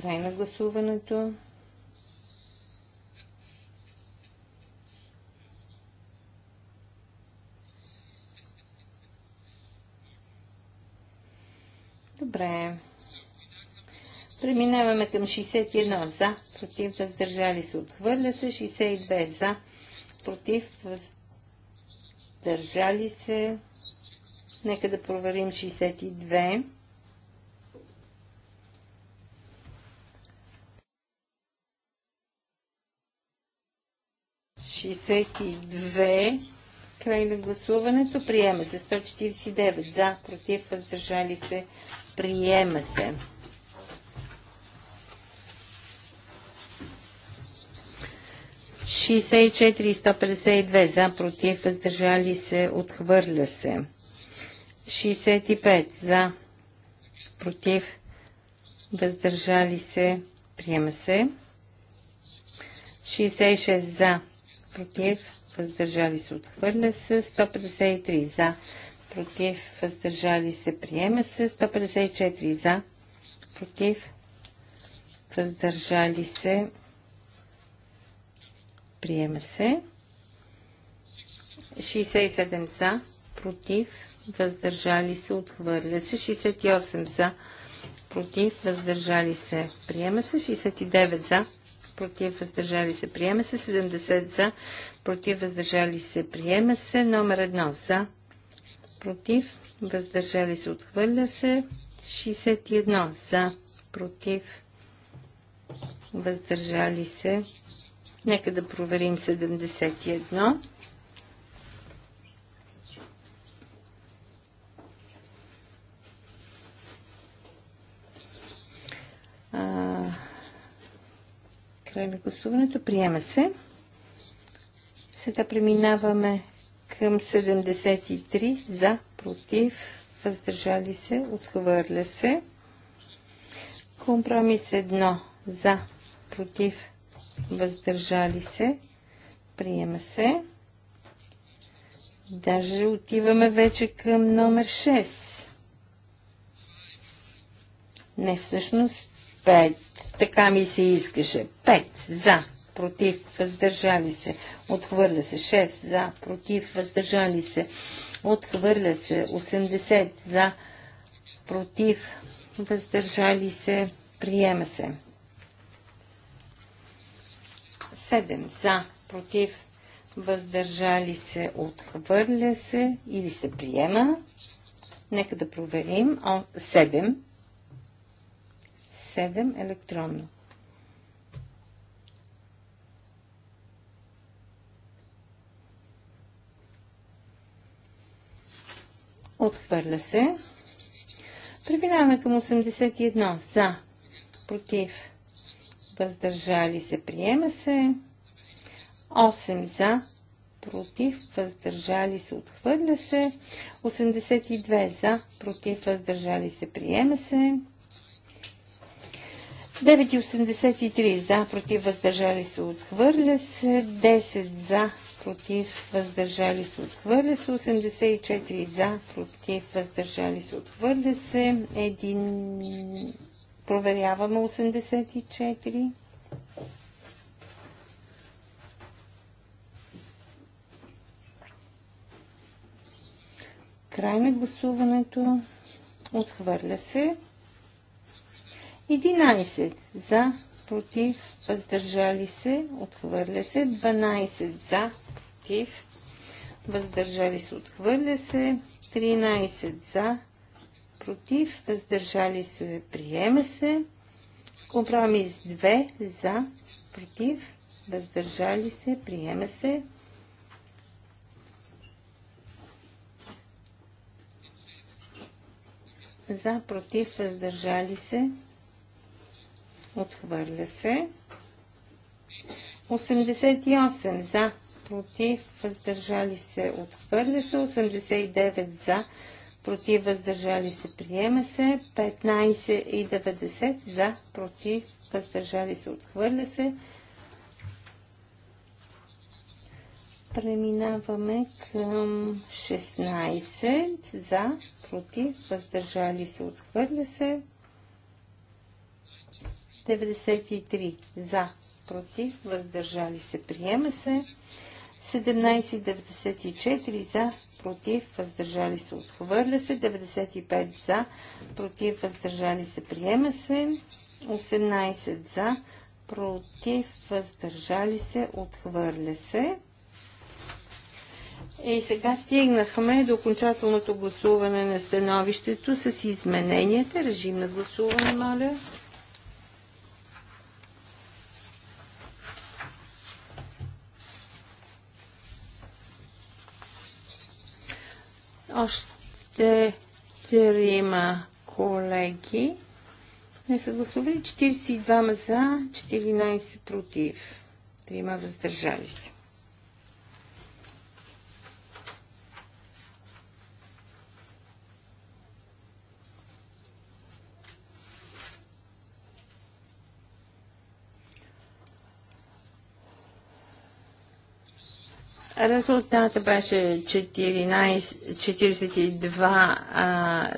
Край на гласуването. Добре. Преминаваме към 61 за, против, въздържали се, отхвърля се, 62 за, против, въздържали се. Нека да проверим 62. Шестдесет две. Край на гласуването. Приема се. 149 за, против, въздържали се. Приема се. 64 и 152 за, против, въздържали се, отхвърля се. 65 за, против, въздържали се, приема се. 66 за, против, въздържали се, отхвърля се. 153 за, против, въздържали се, приема се. 154 за, против, въздържали се, приема се. 67 за, против, въздържали се, отхвърля се. 68 за, против, въздържали се, приема се. 69 за, против, въздържали се, приема се. 70 за, против, въздържали се, приема се. Номер 1 за, против, въздържали се, отхвърля се. 61 за, против, въздържали се. Нека да проверим 71. А, Край гласуването. Приема се. Сега преминаваме към 73 за, против, въздържали се, отхвърля се. Компромис 1 за, против, въздържали се, приема се. Даже отиваме вече към номер 6. Не, всъщност 5. Така ми се искаше. 5. За. Против. Въздържали се. Отхвърля се. 6. За. Против. Въздържали се. Отхвърля се. 80. За. Против. Въздържали се. Приема се. 7. За. Против. Въздържали се. Отхвърля се. Или се приема. Нека да проверим. 7. 7 електронно. Отхвърля се. Преминаваме към 81. За. Против. Въздържали се. Приема се. 8 за. Против. Въздържали се. Отхвърля се. 82 за. Против. Въздържали се. Приема се. 9,83 за, против, въздържали се, отхвърля се. 10 за, против, въздържали се, отхвърля се. 84 за, против, въздържали се, отхвърля се. Един. Проверяваме 84. Край на гласуването. Отхвърля се. 11 за, против, въздържали се, отхвърля се. 12 за, против, въздържали се, отхвърля се. 13 за, против, въздържали се, приема се. Компромис 2 за, против, въздържали се, приема се. За, против, въздържали се, Отхвърля се. 88 за, против, въздържали се, отхвърля се. 89 за, против, въздържали се, приема се. 15 и 90 за, против, въздържали се, отхвърля се. Преминаваме към 16 за, против, въздържали се, отхвърля се. 93 за, против, въздържали се, приема се. 17,94 за, против, въздържали се, отхвърля се. 95 за, против, въздържали се, приема се. 18 за, против, въздържали се, отхвърля се. И сега стигнахме до окончателното гласуване на становището с измененията. Режим на гласуване, моля. Още трима колеги не са гласували. 42 за, 14 против. Трима въздържали се. Резултата беше 42 а,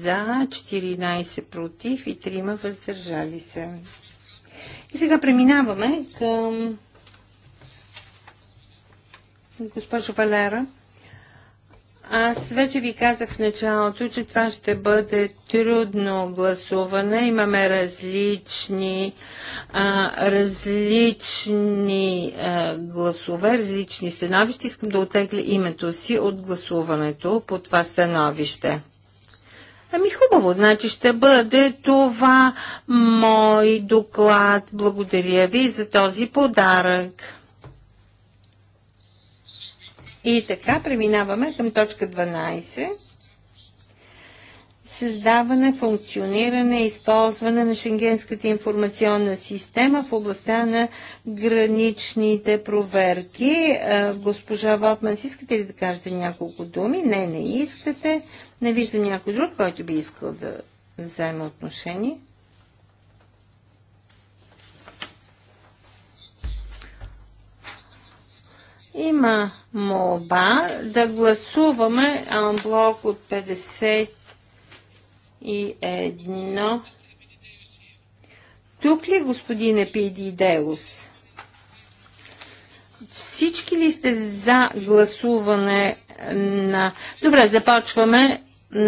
за, 14 против и 3 въздържали се. И сега преминаваме към госпожа Валера. Аз вече ви казах в началото, че това ще бъде трудно гласуване. Имаме различни, а, различни а, гласове, различни становища. Искам да отегля името си от гласуването по това становище. Ами хубаво, значи ще бъде това мой доклад. Благодаря ви за този подарък. И така преминаваме към точка 12. Създаване, функциониране, и използване на Шенгенската информационна система в областта на граничните проверки. Е, госпожа Вотманс, искате ли да кажете няколко думи? Не, не искате. Не виждам някой друг, който би искал да вземе отношение. Има молба да гласуваме блок от 51. Тук ли, господин Епидидеус? Всички ли сте за гласуване на... Добре, започваме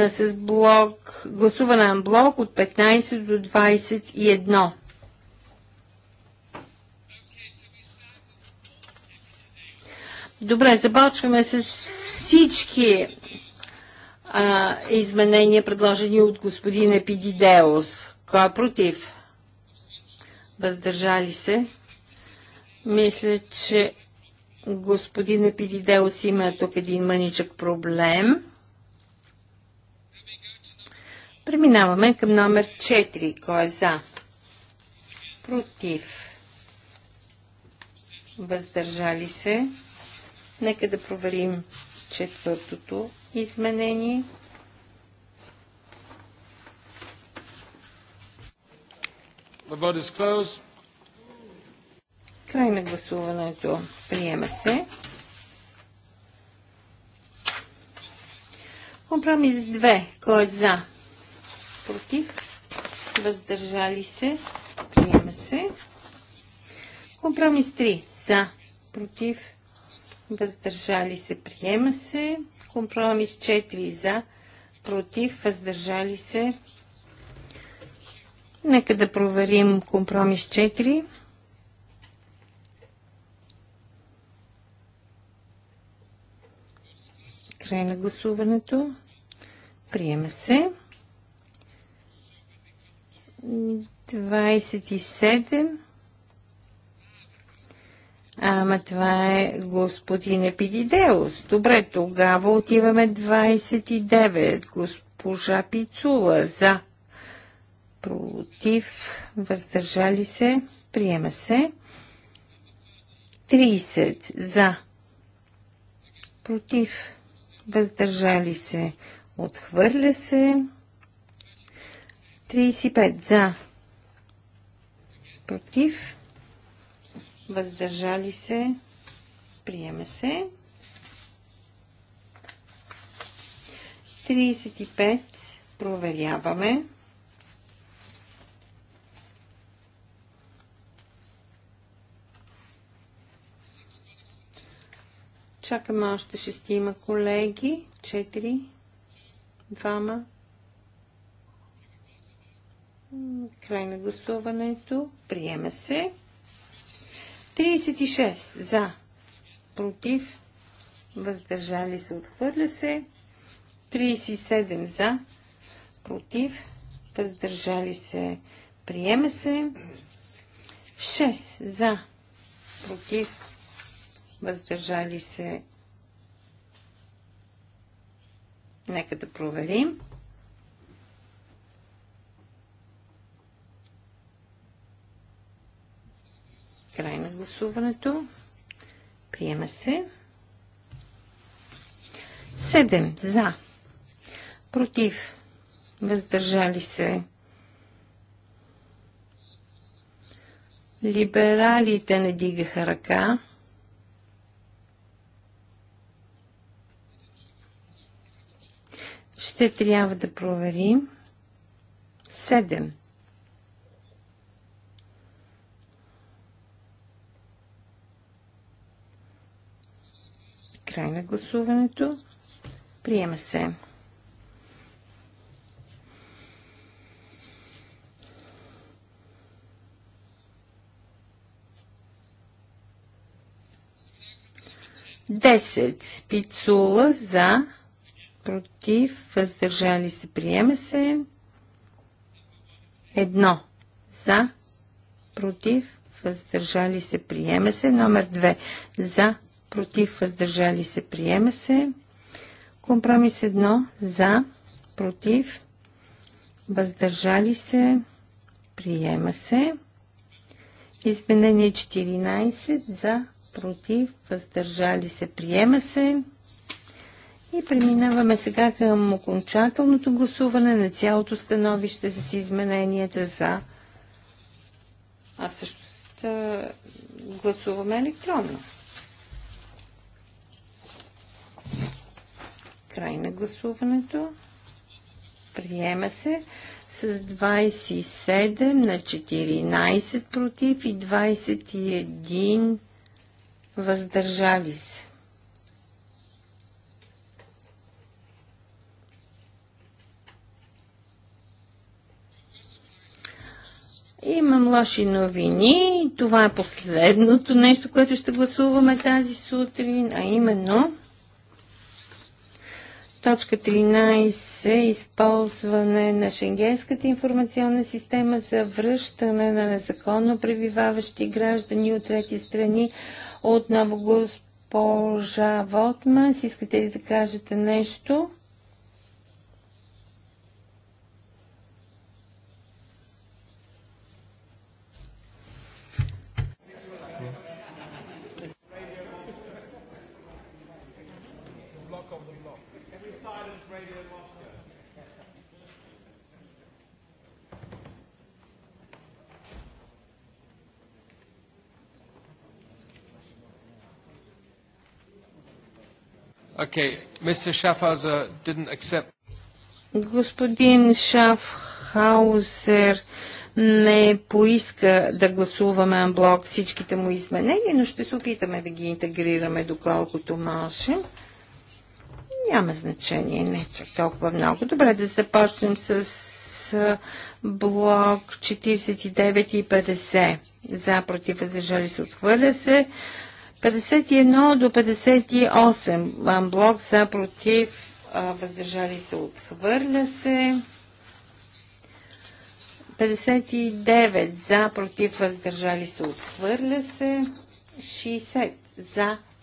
с блок, гласуване на блок от 15 до 21. Добре, започваме с всички а, изменения, предложени от господин Епидидеус. Кой е против? Въздържали се? Мисля, че господин Епидидеус има тук един мъничък проблем. Преминаваме към номер 4. Кой е за? Против. Въздържали се? Нека да проверим четвъртото изменение. Край на гласуването. Приема се. Компромис 2. Кой е за? Против? Въздържали се? Приема се. Компромис 3. За? Против? въздържали се, приема се. Компромис 4 за, против, въздържали се. Нека да проверим компромис 4. Край на гласуването. Приема се. 27 Ама това е господин Епидидеус. Добре, тогава отиваме 29. Госпожа Пицула за. Против. Въздържали се. Приема се. 30 за. Против. Въздържали се. Отхвърля се. 35 за. Против въздържали се, Приеме се. 35 проверяваме. Чакаме още шестима колеги. Четири. Двама. Край на гласуването. Приема се. 36 за, против, въздържали се, отхвърля се. 37 за, против, въздържали се, приема се. 6 за, против, въздържали се. Нека да проверим. Край на гласуването. Приема се. 7 за. Против. Въздържали се. Либералите не дигаха ръка. Ще трябва да проверим. 7. Край на гласуването. Приема се. Десет. Пицула за, против, въздържали се, приема се. Едно. За, против, въздържали се, приема се. Номер две. За, против, въздържали се, приема се. Компромис 1 за, против, въздържали се, приема се. Изменение 14 за, против, въздържали се, приема се. И преминаваме сега към окончателното гласуване на цялото становище с измененията за. А всъщност гласуваме електронно. Край на гласуването. Приема се с 27 на 14 против и 21 въздържали се. Имам лоши новини. Това е последното нещо, което ще гласуваме тази сутрин, а именно Точка 13. Е използване на Шенгенската информационна система за връщане на незаконно пребиваващи граждани от трети страни. Отново госпожа Вотманс. Искате ли да кажете нещо? Okay, Mr. Schaffhauser didn't accept. Господин Шафхаузер не поиска да гласуваме анблок всичките му изменения, но ще се опитаме да ги интегрираме доколкото може. Няма значение, не че толкова много. Добре, да започнем с блок 49 и 50. За, против, въздържали се, отхвърля се. 51 до 58 блок за против, въздържали се, отхвърля се. 59 за против, въздържали се, отхвърля се. 60 за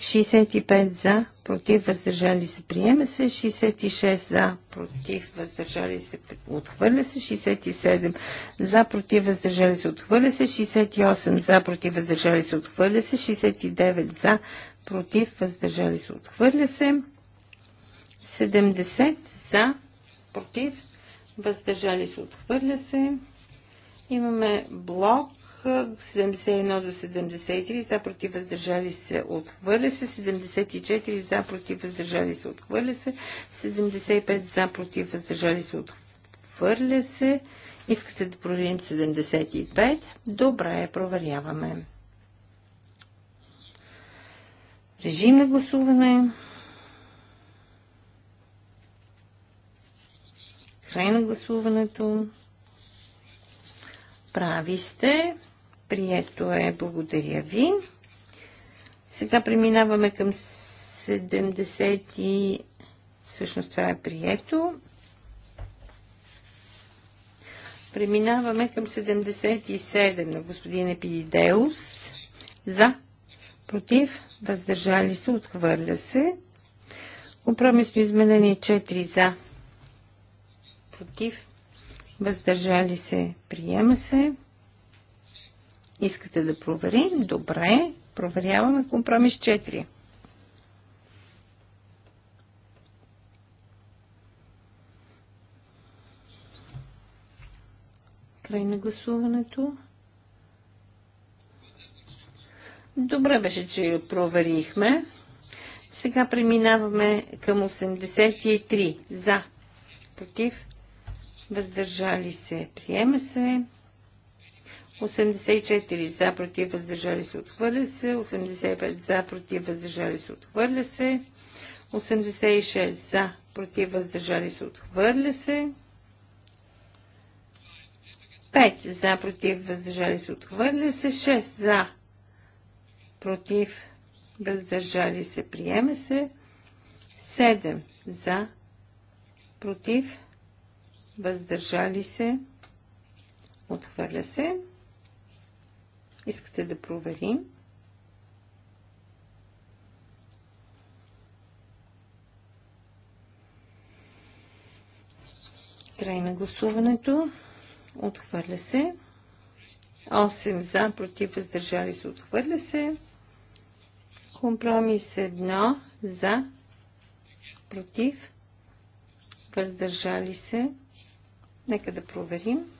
65 за, против, въздържали се, приема се. 66 за, против, въздържали се, отхвърля се. 67 за, против, въздържали се, отхвърля се. 68 за, против, въздържали се, отхвърля се. 69 за, против, въздържали се, отхвърля се. 70 за, против, въздържали се, отхвърля се. Имаме блок 71 до 73 за против въздържали се отхвърля се, 74 за против въздържали се отхвърля се, 75 за против въздържали се отхвърля се. Искате да проверим 75? Добре, проверяваме. Режим на гласуване. Край на гласуването. Прави сте. Прието е. Благодаря ви. Сега преминаваме към 70 и... Всъщност това е прието. Преминаваме към 77 на господин Епидеус. За, против, въздържали се, отхвърля се. Компромисно изменение 4 за, против, въздържали се, приема се. Искате да проверим? Добре. Проверяваме компромис 4. Край на гласуването. Добре беше, че проверихме. Сега преминаваме към 83. За. Против. Въздържали се. Приема се. 84 за, против, въздържали се, отхвърля се. 85 за, против, въздържали се, отхвърля се. 86 за, против, въздържали се, отхвърля се. 5 за, против, въздържали се, отхвърля се. 6 за, против, въздържали се, приема се. 7 за, против, въздържали се, отхвърля се. Искате да проверим? Край на гласуването. Отхвърля се. 8 за, против, въздържали се. Отхвърля се. Компромис 1 за, против, въздържали се. Нека да проверим.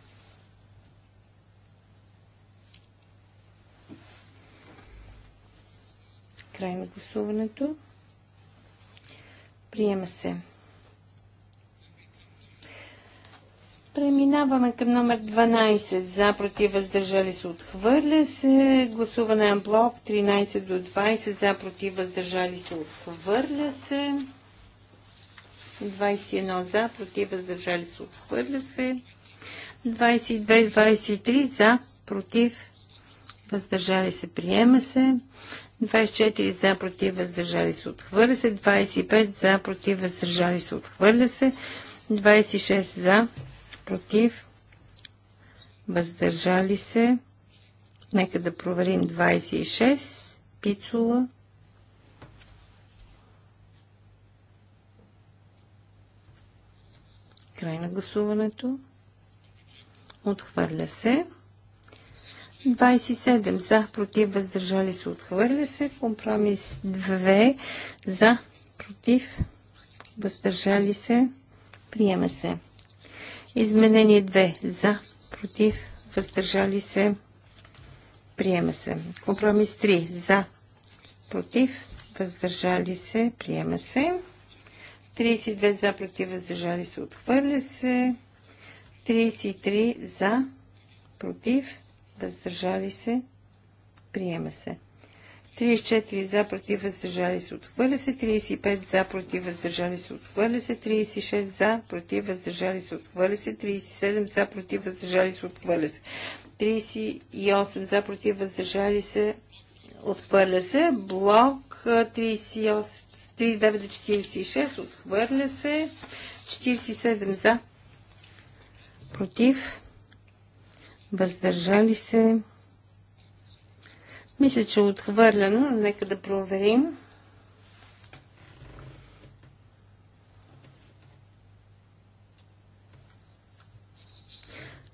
Край на гласуването. Приема се. Преминаваме към номер 12. За, против, въздържали се, отхвърля се. Гласуване на блок 13 до 20. За, против, въздържали се, отхвърля се. 21 за, против, въздържали се, отхвърля се. 22-23 за, против, въздържали се, приема се. 24 за против въздържали се отхвърля се, 25 за против въздържали се отхвърля се, 26 за против въздържали се. Нека да проверим 26. Пицула. Край на гласуването. Отхвърля се. 27 за, против, въздържали се, отхвърля се. Компромис 2 за, против, въздържали се, приема се. Изменение 2 за, против, въздържали се, приема се. Компромис 3 за, против, въздържали се, приема се. 32 за, против, въздържали се, отхвърля се. 33 за, против, въздържали се, приема се. 34 за, против, въздържали се, отхвърля се. 35 за, против, въздържали се, отхвърля се. 36 за, против, въздържали се, отхвърля се. 37 за, против, въздържали се, отхвърля се. 38 за, против, въздържали се, отхвърля се. Блок 39 до 46, отхвърля се. 47 за, против, въздържали се. Мисля, че е отхвърлено. Нека да проверим.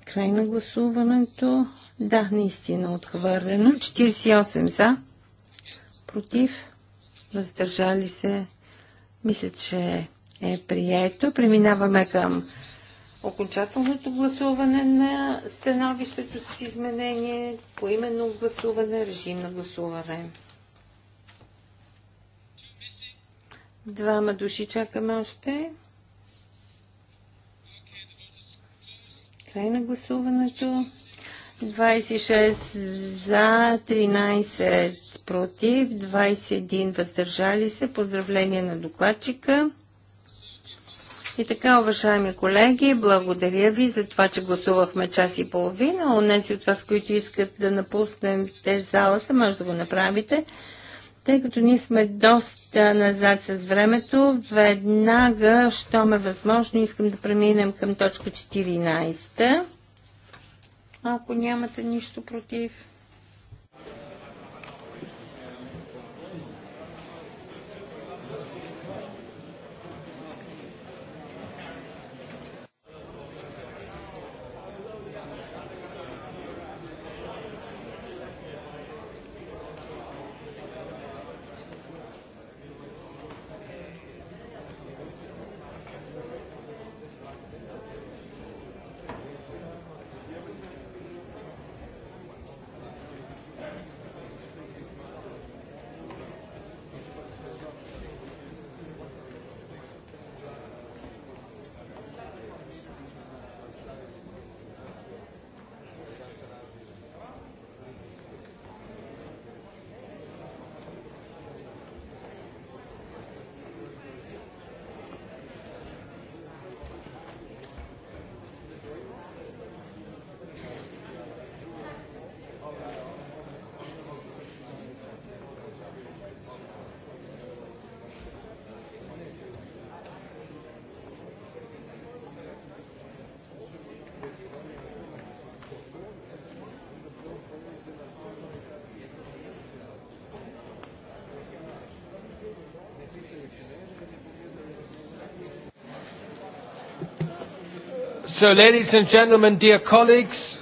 Край на гласуването. Да, наистина е отхвърлено. 48 за. Против. Въздържали се. Мисля, че е прието. Преминаваме към окончателното гласуване на становището с изменение, по именно гласуване, режим на гласуване. Двама души чакаме още. Край на гласуването. 26 за, 13 против, 21 въздържали се. Поздравление на докладчика. И така, уважаеми колеги, благодаря ви за това, че гласувахме час и половина. Онези от вас, които искат да напуснем те залата, може да го направите. Тъй като ние сме доста назад с времето, веднага, щом е възможно, искам да преминем към точка 14. Ако нямате нищо против. So, ladies and gentlemen, dear colleagues,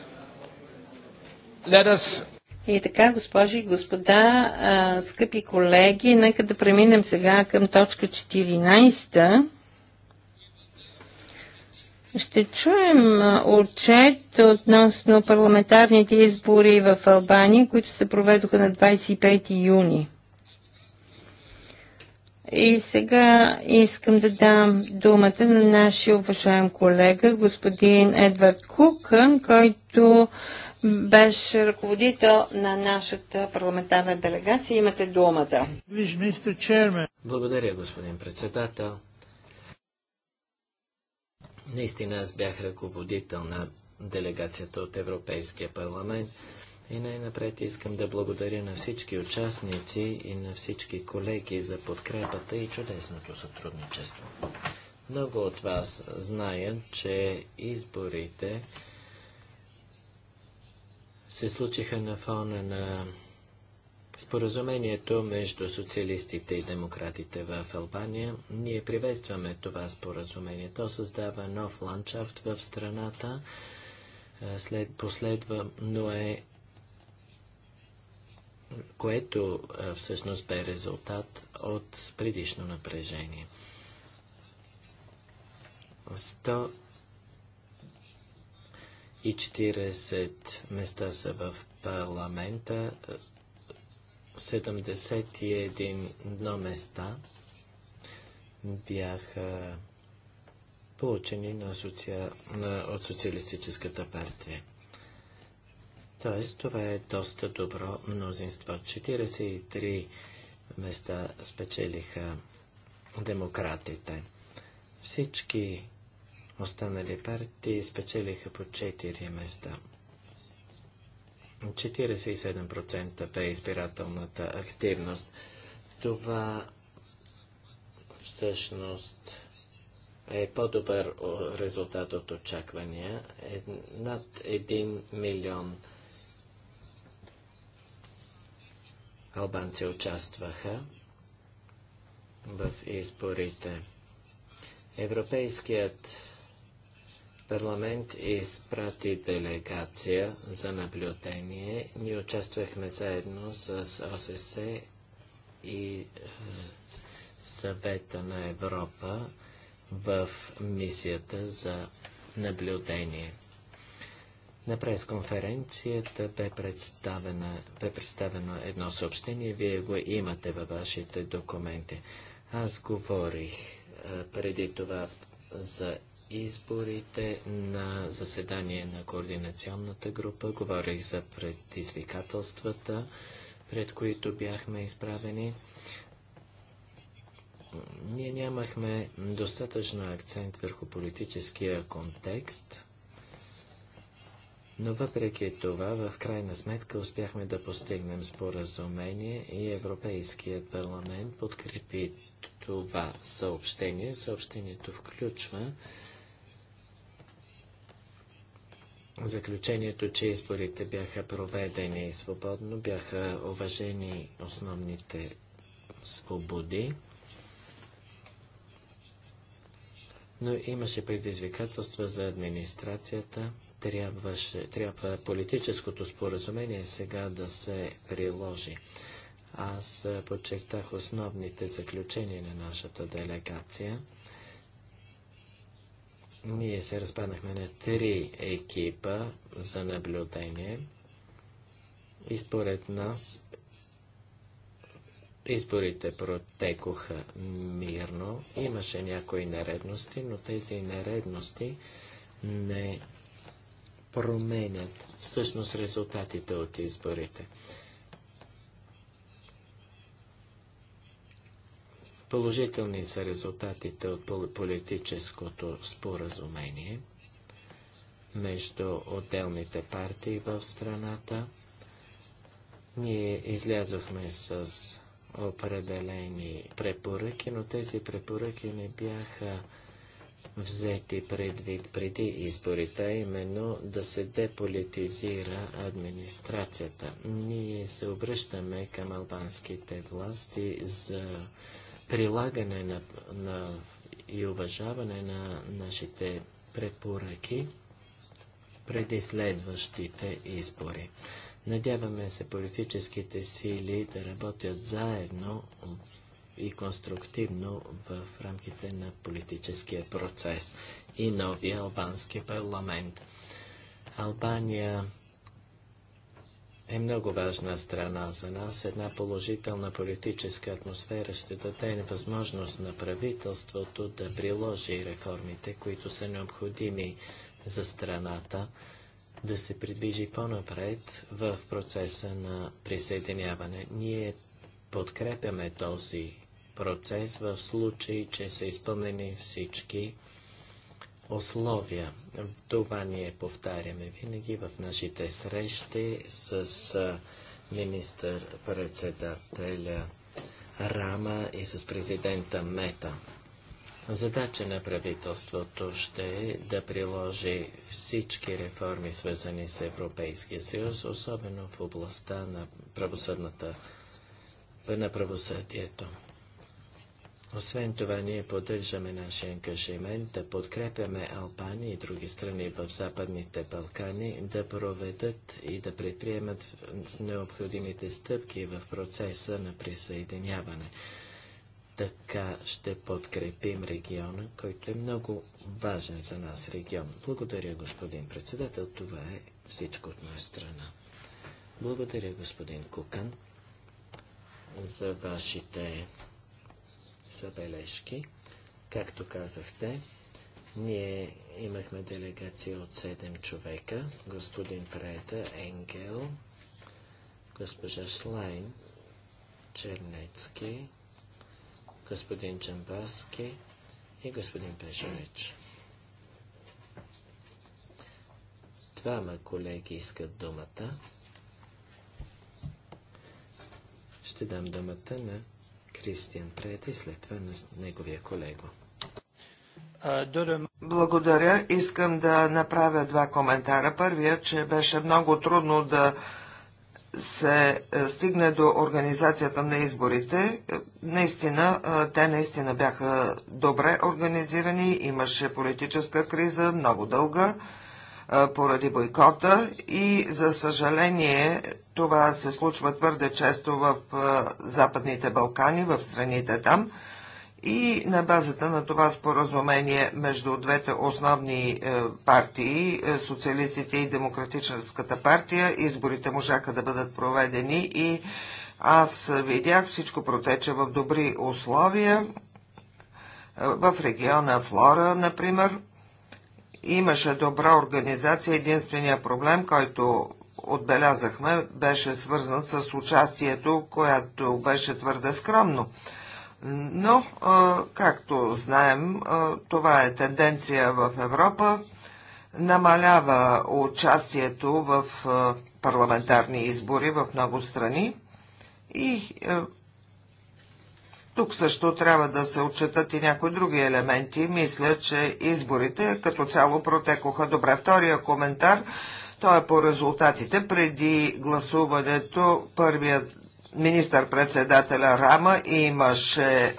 let us... И така, госпожи и господа, а, скъпи колеги, нека да преминем сега към точка 14. Ще чуем отчет относно парламентарните избори в Албания, които се проведоха на 25 юни. И сега искам да дам думата на нашия уважаем колега, господин Едвард Кукън, който беше ръководител на нашата парламентарна делегация. Имате думата. Благодаря, господин председател. Наистина аз бях ръководител на делегацията от Европейския парламент. И най-напред искам да благодаря на всички участници и на всички колеги за подкрепата и чудесното сътрудничество. Много от вас знаят, че изборите се случиха на фона на споразумението между социалистите и демократите в Албания. Ние приветстваме това споразумение. То създава нов ландшафт в страната. Е, след последва, но е което всъщност бе резултат от предишно напрежение. 140 места са в парламента, 71 места бяха получени на социал... на... от Социалистическата партия. Т.е. това е доста добро мнозинство. 43 места спечелиха демократите. Всички останали партии спечелиха по 4 места. 47% бе избирателната активност. Това всъщност е по-добър резултат от очаквания. Е, над 1 милион албанци участваха в изборите. Европейският парламент изпрати делегация за наблюдение. Ние участвахме заедно с ОССЕ и е, Съвета на Европа в мисията за наблюдение. На пресконференцията бе, бе представено едно съобщение, вие го имате във вашите документи. Аз говорих а, е, преди това за изборите на заседание на координационната група, говорих за предизвикателствата, пред които бяхме изправени. Ние нямахме достатъчно акцент върху политическия контекст – но въпреки това, в крайна сметка успяхме да постигнем споразумение и Европейският парламент подкрепи това съобщение. Съобщението включва заключението, че изборите бяха проведени и свободно, бяха уважени основните свободи, но имаше предизвикателства за администрацията – трябваше, трябва политическото споразумение сега да се приложи. Аз подчертах основните заключения на нашата делегация. Ние се разпаднахме на три екипа за наблюдение и според нас изборите протекоха мирно. Имаше някои нередности, но тези нередности не променят всъщност резултатите от изборите. Положителни са резултатите от политическото споразумение между отделните партии в страната. Ние излязохме с определени препоръки, но тези препоръки не бяха взети предвид преди изборите, именно да се деполитизира администрацията. Ние се обръщаме към албанските власти за прилагане на, на и уважаване на нашите препоръки преди следващите избори. Надяваме се политическите сили да работят заедно и конструктивно в рамките на политическия процес и новия албански парламент. Албания е много важна страна за нас. Една положителна политическа атмосфера ще даде възможност на правителството да приложи реформите, които са необходими за страната, да се придвижи по-напред в процеса на присъединяване. Ние подкрепяме този процес в случай, че са изпълнени всички условия. Това ние повтаряме винаги в нашите срещи с министър-председателя Рама и с президента Мета. Задача на правителството ще е да приложи всички реформи, свързани с Европейския съюз, особено в областта на правосъдната на правосъдието. Освен това, ние поддържаме нашия ангажимент да подкрепяме Албания и други страни в Западните Балкани да проведат и да предприемат необходимите стъпки в процеса на присъединяване. Така ще подкрепим региона, който е много важен за нас регион. Благодаря, господин председател. Това е всичко от моя страна. Благодаря, господин Кукан, за вашите забележки. Както казахте, ние имахме делегация от 7 човека. Господин Прета, Енгел, госпожа Шлайн, Чернецки, господин Джамбаски и господин Пежович. Двама колеги искат думата. Ще дам думата на Кристиан Пред и след това на неговия колега. Благодаря. Искам да направя два коментара. Първия, че беше много трудно да се е, стигне до организацията на изборите. Наистина, е, те наистина бяха добре организирани, имаше политическа криза, много дълга, е, поради бойкота и, за съжаление, това се случва твърде често в Западните Балкани, в страните там. И на базата на това споразумение между двете основни е, партии, е, социалистите и Демократическата партия, изборите можаха да бъдат проведени и аз видях всичко протече в добри условия. Е, в региона Флора, например, имаше добра организация. Единствения проблем, който отбелязахме, беше свързан с участието, което беше твърде скромно. Но, както знаем, това е тенденция в Европа. Намалява участието в парламентарни избори в много страни и тук също трябва да се отчитат и някои други елементи. Мисля, че изборите като цяло протекоха добре. Втория коментар то е по резултатите преди гласуването. Първият министър-председателя Рама имаше е,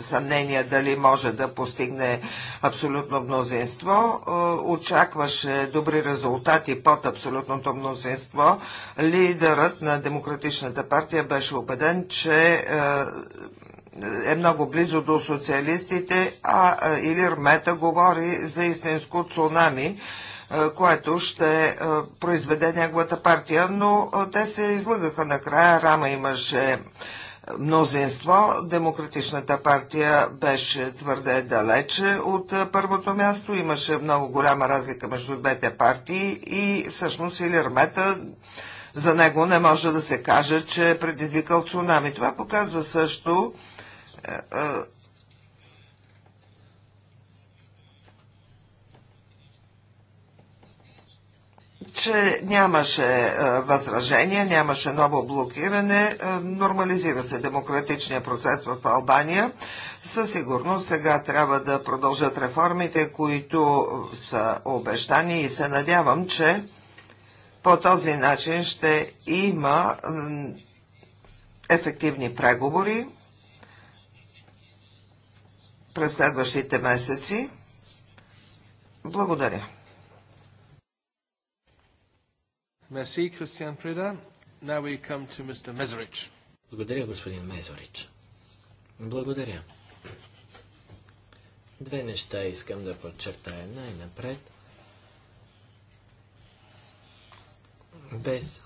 съмнение дали може да постигне абсолютно мнозинство. Е, очакваше добри резултати под абсолютното мнозинство. Лидерът на Демократичната партия беше убеден, че е, е много близо до социалистите, а е, Илир Мета говори за истинско цунами е, което ще е, произведе неговата партия, но е, те се излъгаха накрая. Рама имаше мнозинство. Демократичната партия беше твърде далече от първото място. Имаше много голяма разлика между двете партии и всъщност или Рамета за него не може да се каже, че е предизвикал цунами. Това показва също че нямаше е, възражения, нямаше ново блокиране, е, нормализира се демократичния процес в Албания. Със сигурност сега трябва да продължат реформите, които са обещани и се надявам, че по този начин ще има ефективни преговори през следващите месеци. Благодаря. Merci, Christian Preda. Now we come to Mr. Mezorich. Благодаря, господин Мезорич. Благодаря. Две неща искам да подчертая най-напред. Без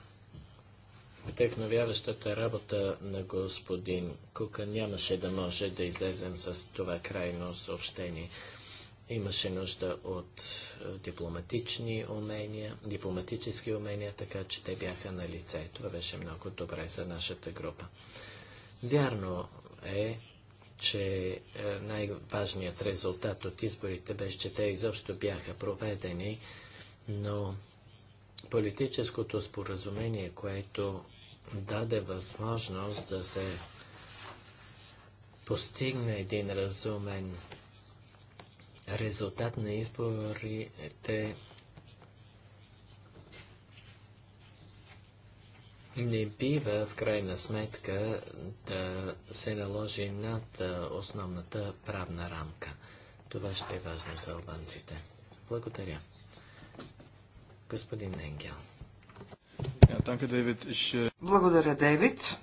вдъхновяващата работа на господин Кука нямаше да може да излезем с това крайно съобщение. Имаше нужда от е, дипломатични умения, дипломатически умения, така че те бяха на лице. Това беше много добре за нашата група. Вярно е, че е, най-важният резултат от изборите беше, че те изобщо бяха проведени, но политическото споразумение, което даде възможност да се постигне един разумен резултат на изборите не бива в крайна сметка да се наложи над основната правна рамка. Това ще е важно за албанците. Благодаря. Господин Енгел. Äh, Благодаря, Дейвид.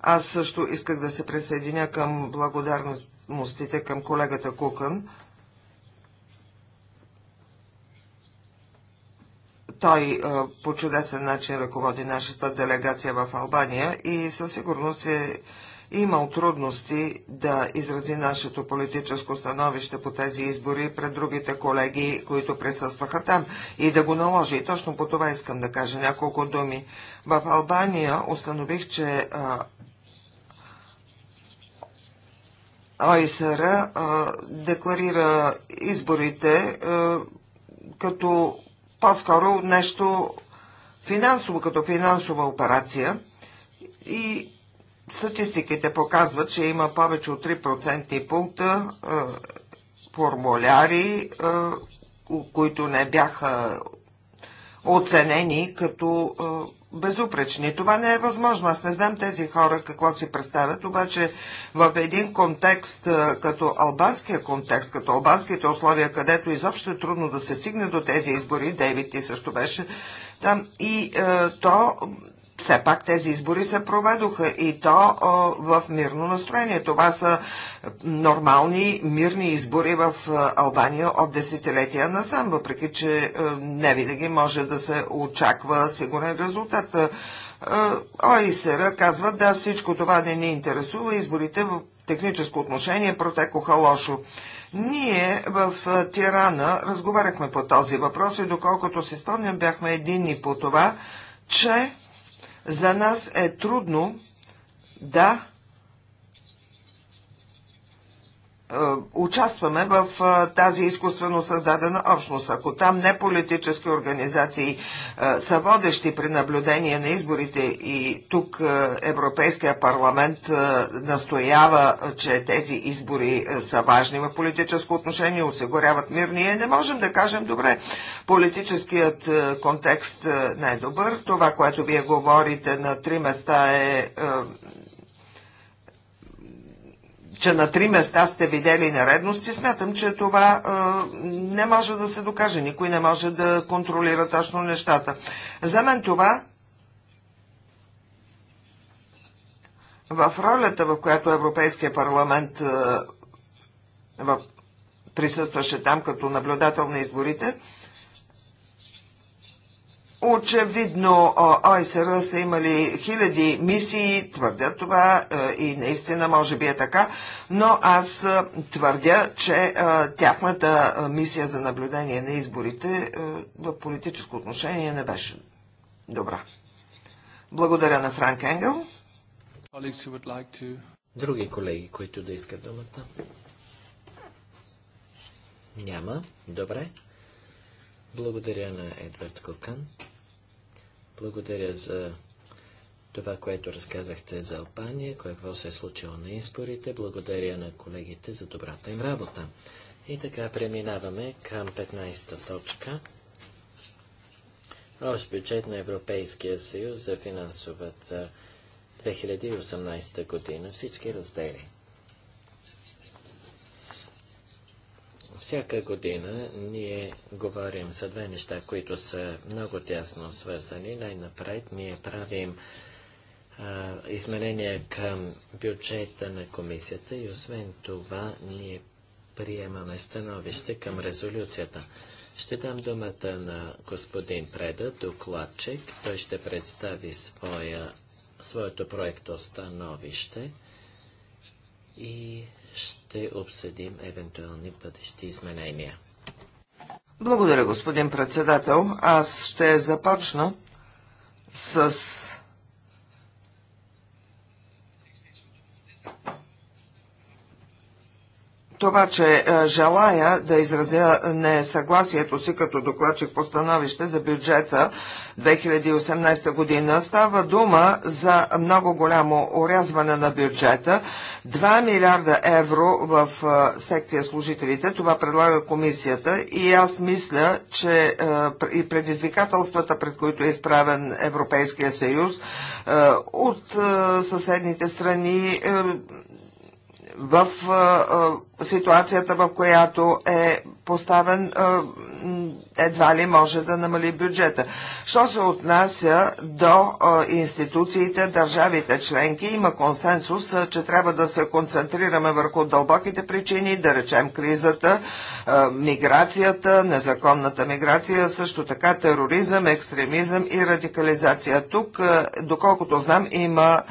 Аз също исках да се присъединя към благодарност мостите към колегата Кукън. Той е, по чудесен начин ръководи нашата делегация в Албания и със сигурност е имал трудности да изрази нашето политическо становище по тези избори пред другите колеги, които присъстваха там и да го наложи. И точно по това искам да кажа няколко думи. В Албания установих, че е, ОСР декларира изборите като по-скоро нещо финансово, като финансова операция и статистиките показват, че има повече от 3% пункта формуляри, които не бяха оценени като безупречни. Това не е възможно. Аз не знам тези хора какво си представят, обаче в един контекст, като албанския контекст, като албанските условия, където изобщо е трудно да се стигне до тези избори, Дейвид ти също беше там, и е, то все пак тези избори се проведоха и то а, в мирно настроение. Това са нормални мирни избори в а, Албания от десетилетия насам, въпреки че а, не винаги може да се очаква сигурен резултат. ОИСР казва, да, всичко това не ни интересува, изборите в техническо отношение протекоха лошо. Ние в Тирана разговаряхме по този въпрос и доколкото си спомням, бяхме единни по това, че за нас е трудно да Е, участваме в е, тази изкуствено създадена общност. Ако там не политически организации е, са водещи при наблюдение на изборите и тук Европейския парламент настоява, че тези избори са важни в политическо отношение, осигуряват мир, ние не можем да кажем добре. Политическият контекст не е добър. Това, което вие говорите на три места е че на три места сте видели нередности, смятам, че това не може да се докаже. Никой не може да контролира точно нещата. За мен това в ролята, в която Европейския парламент в, присъстваше там като наблюдател на изборите, Очевидно ОСР са имали хиляди мисии, твърдя това и наистина може би е така, но аз твърдя, че тяхната мисия за наблюдение на изборите в политическо отношение не беше добра. Благодаря на Франк Енгел. Други колеги, които да искат думата? Няма. Добре. Благодаря на Едвард Кокан. Благодаря за това, което разказахте за Албания, какво се е случило на изборите. Благодаря на колегите за добрата им работа. И така преминаваме към 15-та точка. Общ бюджет на Европейския съюз за финансовата 2018 година. Всички раздели. Всяка година ние говорим за две неща, които са много тясно свързани. Най-напред ние правим а, изменения към бюджета на комисията и освен това ние приемаме становище към резолюцията. Ще дам думата на господин Преда, докладчик. Той ще представи своя, своето проекто становище и ще обсъдим евентуални бъдещи изменения. Благодаря, господин председател. Аз ще започна с това, че е, желая да изразя несъгласието си като докладчик по становище за бюджета 2018 година. Става дума за много голямо урязване на бюджета. 2 милиарда евро в е, секция служителите, това предлага комисията и аз мисля, че е, и предизвикателствата, пред които е изправен Европейския съюз от съседните страни в ситуацията, в която е поставен, е, едва ли може да намали бюджета. Що се отнася до е, институциите, държавите членки, има консенсус, е, че трябва да се концентрираме върху дълбоките причини, да речем кризата, миграцията, незаконната миграция, също така тероризъм, екстремизъм и радикализация. Тук, доколкото знам, има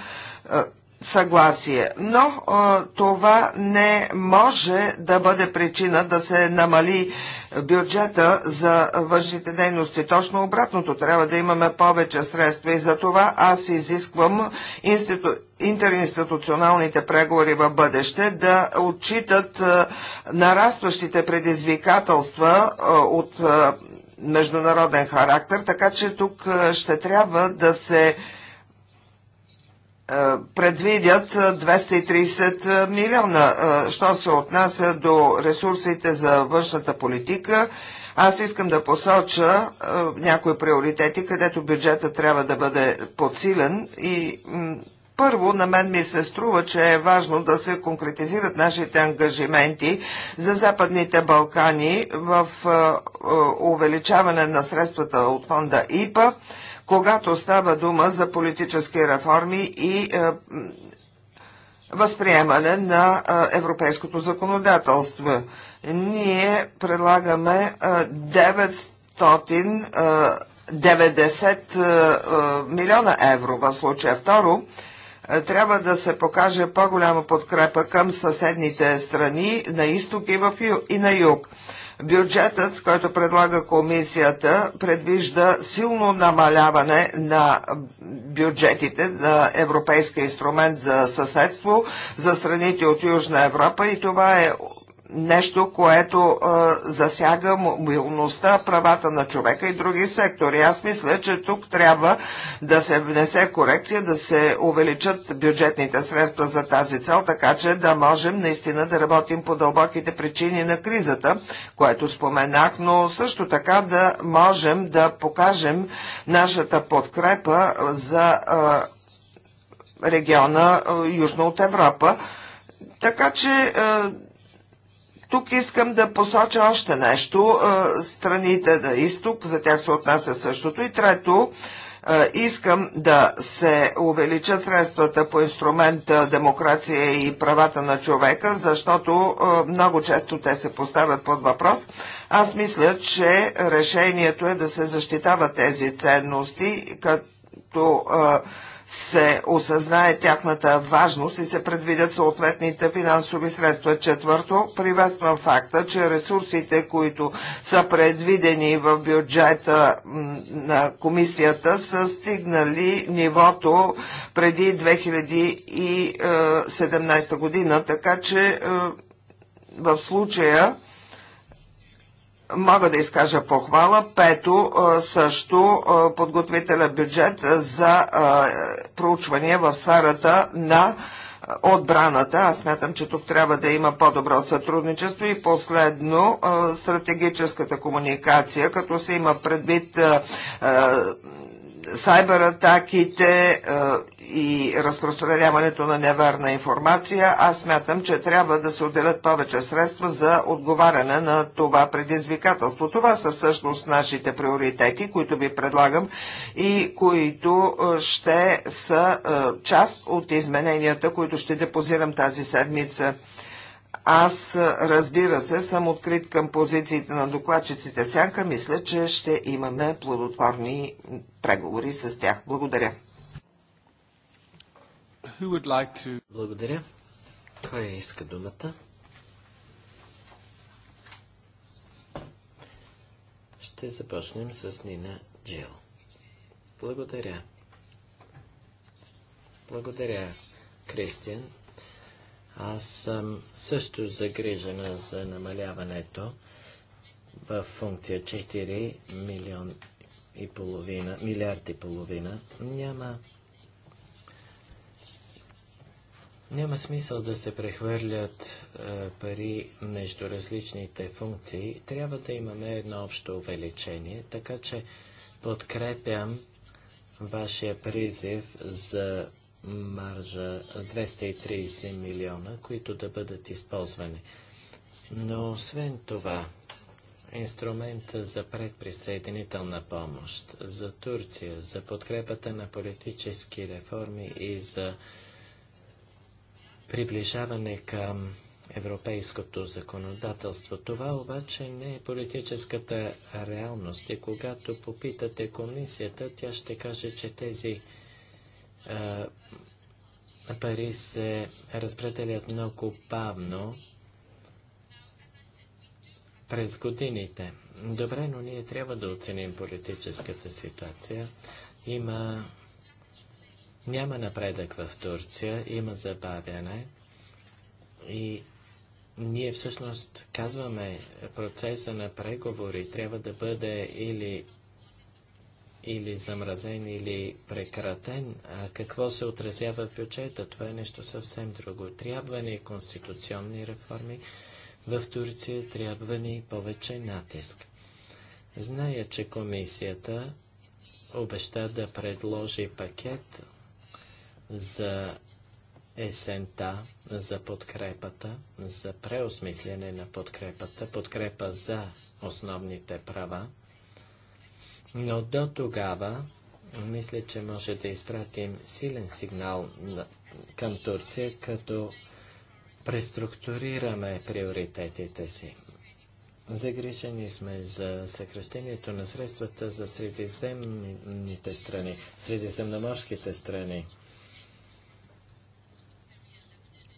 съгласие. Но а, това не може да бъде причина да се намали бюджета за външните дейности. Точно обратното, трябва да имаме повече средства и за това аз изисквам институ... интеринституционалните преговори в бъдеще да отчитат а, нарастващите предизвикателства а, от международен характер, така че тук ще трябва да се е, предвидят 230 е, е, милиона. Що се отнася до ресурсите за външната политика, аз искам да посоча някои приоритети, където бюджета трябва да бъде подсилен и първо, на мен ми се струва, че е важно да се конкретизират нашите ангажименти за Западните Балкани в увеличаване на средствата от фонда ИПА когато става дума за политически реформи и е, възприемане на е, европейското законодателство. Ние предлагаме 990 е, милиона евро в случая. Второ, трябва да се покаже по-голяма подкрепа към съседните страни на изток и на юг. Бюджетът, който предлага комисията, предвижда силно намаляване на бюджетите на Европейския инструмент за съседство за страните от Южна Европа и това е нещо, което а, засяга мобилността, правата на човека и други сектори. Аз мисля, че тук трябва да се внесе корекция, да се увеличат бюджетните средства за тази цел, така че да можем наистина да работим по дълбоките причини на кризата, което споменах, но също така да можем да покажем нашата подкрепа за а, региона а, южно от Европа. Така че а, тук искам да посоча още нещо. Страните на изток, за тях се отнася същото. И трето, искам да се увелича средствата по инструмента демокрация и правата на човека, защото много често те се поставят под въпрос. Аз мисля, че решението е да се защитават тези ценности, като се осъзнае тяхната важност и се предвидят съответните финансови средства. Четвърто, приветствам факта, че ресурсите, които са предвидени в бюджета на комисията, са стигнали нивото преди 2017 е, година, така че е, в случая мога да изкажа похвала. Пето също подготвителя бюджет за проучвания в сферата на отбраната. Аз смятам, че тук трябва да има по-добро сътрудничество и последно стратегическата комуникация, като се има предвид сайбератаките и разпространяването на невярна информация, аз смятам, че трябва да се отделят повече средства за отговаряне на това предизвикателство. Това са всъщност нашите приоритети, които ви предлагам и които е, ще са е, част от измененията, които ще депозирам тази седмица. Аз, е, разбира се, съм открит към позициите на докладчиците в сянка. Мисля, че ще имаме плодотворни преговори с тях. Благодаря like to... Благодаря. Кой иска думата? Ще започнем с Нина Джил. Благодаря. Благодаря, Кристиан. Аз съм също загрижена за намаляването в функция 4 милион и половина, милиард и половина. Няма Няма смисъл да се прехвърлят е, пари между различните функции. Трябва да имаме едно общо увеличение, така че подкрепям вашия призив за маржа 230 милиона, които да бъдат използвани. Но освен това, инструмента за предприсъединителна помощ за Турция, за подкрепата на политически реформи и за приближаване към европейското законодателство. Това обаче не е политическата реалност и когато попитате комисията, тя ще каже, че тези а, пари се разпределят много бавно през годините. Добре, но ние трябва да оценим политическата ситуация. Има няма напредък в Турция, има забавяне и ние всъщност казваме процеса на преговори трябва да бъде или, или замразен, или прекратен. А какво се отразява в бюджета? Това е нещо съвсем друго. Трябва ни конституционни реформи. В Турция трябва ни повече натиск. Зная, че комисията обеща да предложи пакет за есента, за подкрепата, за преосмислене на подкрепата, подкрепа за основните права. Но до тогава, мисля, че може да изпратим силен сигнал към Турция, като преструктурираме приоритетите си. Загрижени сме за съкръщението на средствата за средиземните страни, средиземноморските страни.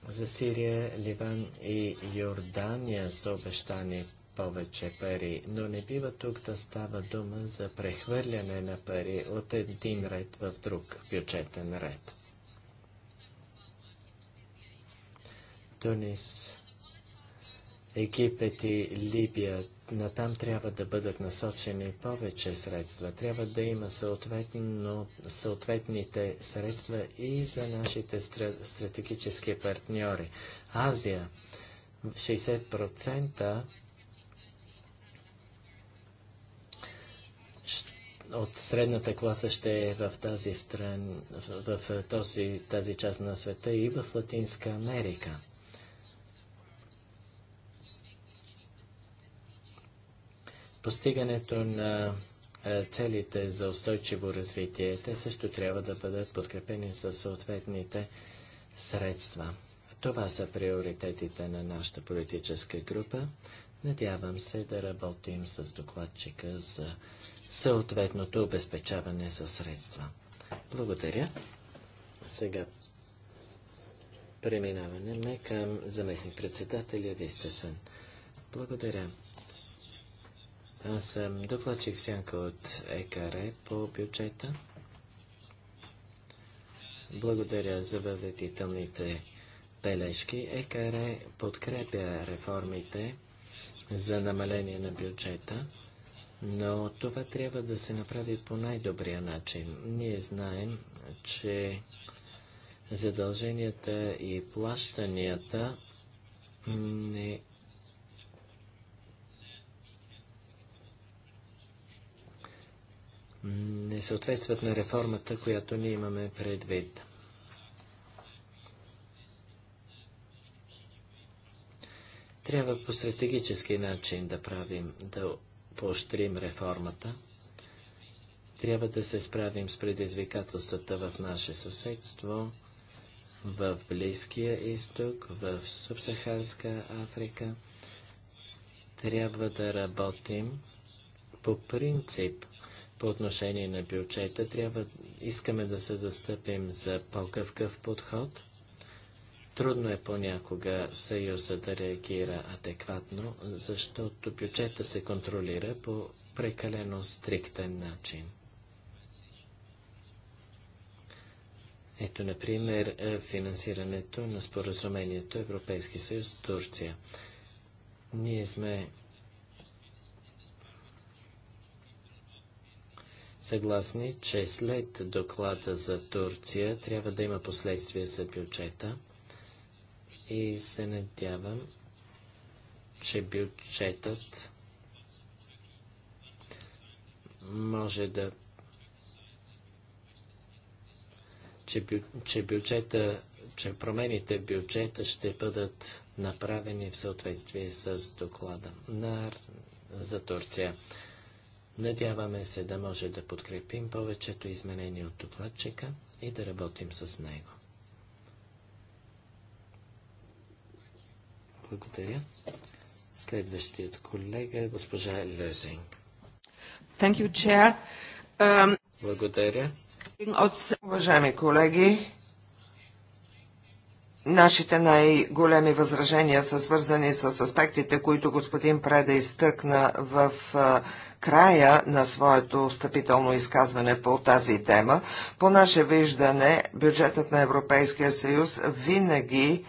За Сирия, Ливан и Йордания са обещани повече пари, но не бива тук да става дума за прехвърляне на пари от един ред в друг бюджетен ред. Тунис, Египет и Либия натам трябва да бъдат насочени повече средства. Трябва да има съответно, съответните средства и за нашите стра, стратегически партньори. Азия 60% от средната класа ще е в тази стран, в, в този, тази част на света и в Латинска Америка. Постигането на е, целите за устойчиво развитие, те също трябва да бъдат подкрепени със съответните средства. Това са приоритетите на нашата политическа група. Надявам се да работим с докладчика за съответното обезпечаване за средства. Благодаря. Сега преминаваме към заместник председателя Вистесен. Благодаря. Аз съм докладчик сянка от ЕКАРЕ по бюджета. Благодаря за въведителните бележки. ЕКАРЕ подкрепя реформите за намаление на бюджета, но това трябва да се направи по най-добрия начин. Ние знаем, че задълженията и плащанията не не съответстват на реформата, която ние имаме предвид. Трябва по стратегически начин да правим, да поощрим реформата. Трябва да се справим с предизвикателствата в наше съседство, в Близкия изток, в Субсахарска Африка. Трябва да работим по принцип – по отношение на бюджета. Трябва, искаме да се застъпим за по-гъвкъв подход. Трудно е понякога Съюза да реагира адекватно, защото бюджета се контролира по прекалено стриктен начин. Ето, например, е, финансирането на споразумението Европейски съюз Турция. Ние сме съгласни, че след доклада за Турция трябва да има последствия за бюджета и се надявам, че бюджетът може да че, бю, че бюджета, че промените в бюджета ще бъдат направени в съответствие с доклада на, за Турция. Надяваме се да може да подкрепим повечето изменения от докладчика и да работим с него. Благодаря. Следващият колега е госпожа Лезинг. Thank you, chair. Um... Благодаря. Уважаеми колеги, Нашите най-големи възражения са свързани с аспектите, които господин Преда изтъкна в края на своето встъпително изказване по тази тема. По наше виждане, бюджетът на Европейския съюз винаги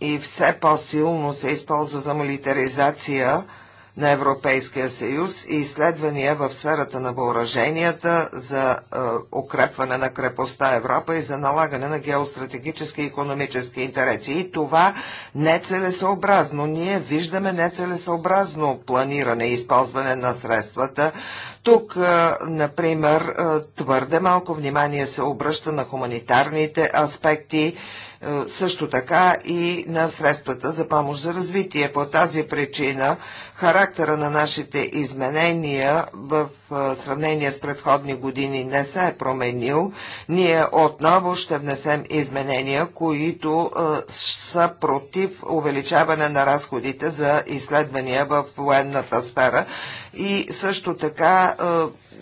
и все по-силно се използва за милитаризация – на Европейския съюз и изследвания в сферата на въоръженията за е, укрепване на крепостта Европа и за налагане на геостратегически и економически интереси. И това нецелесообразно. Ние виждаме нецелесообразно планиране и използване на средствата. Тук, е, например, е, твърде малко внимание се обръща на хуманитарните аспекти, е, също така и на средствата за помощ за развитие. По тази причина характера на нашите изменения в сравнение с предходни години не се е променил, ние отново ще внесем изменения, които са против увеличаване на разходите за изследвания в военната сфера и също така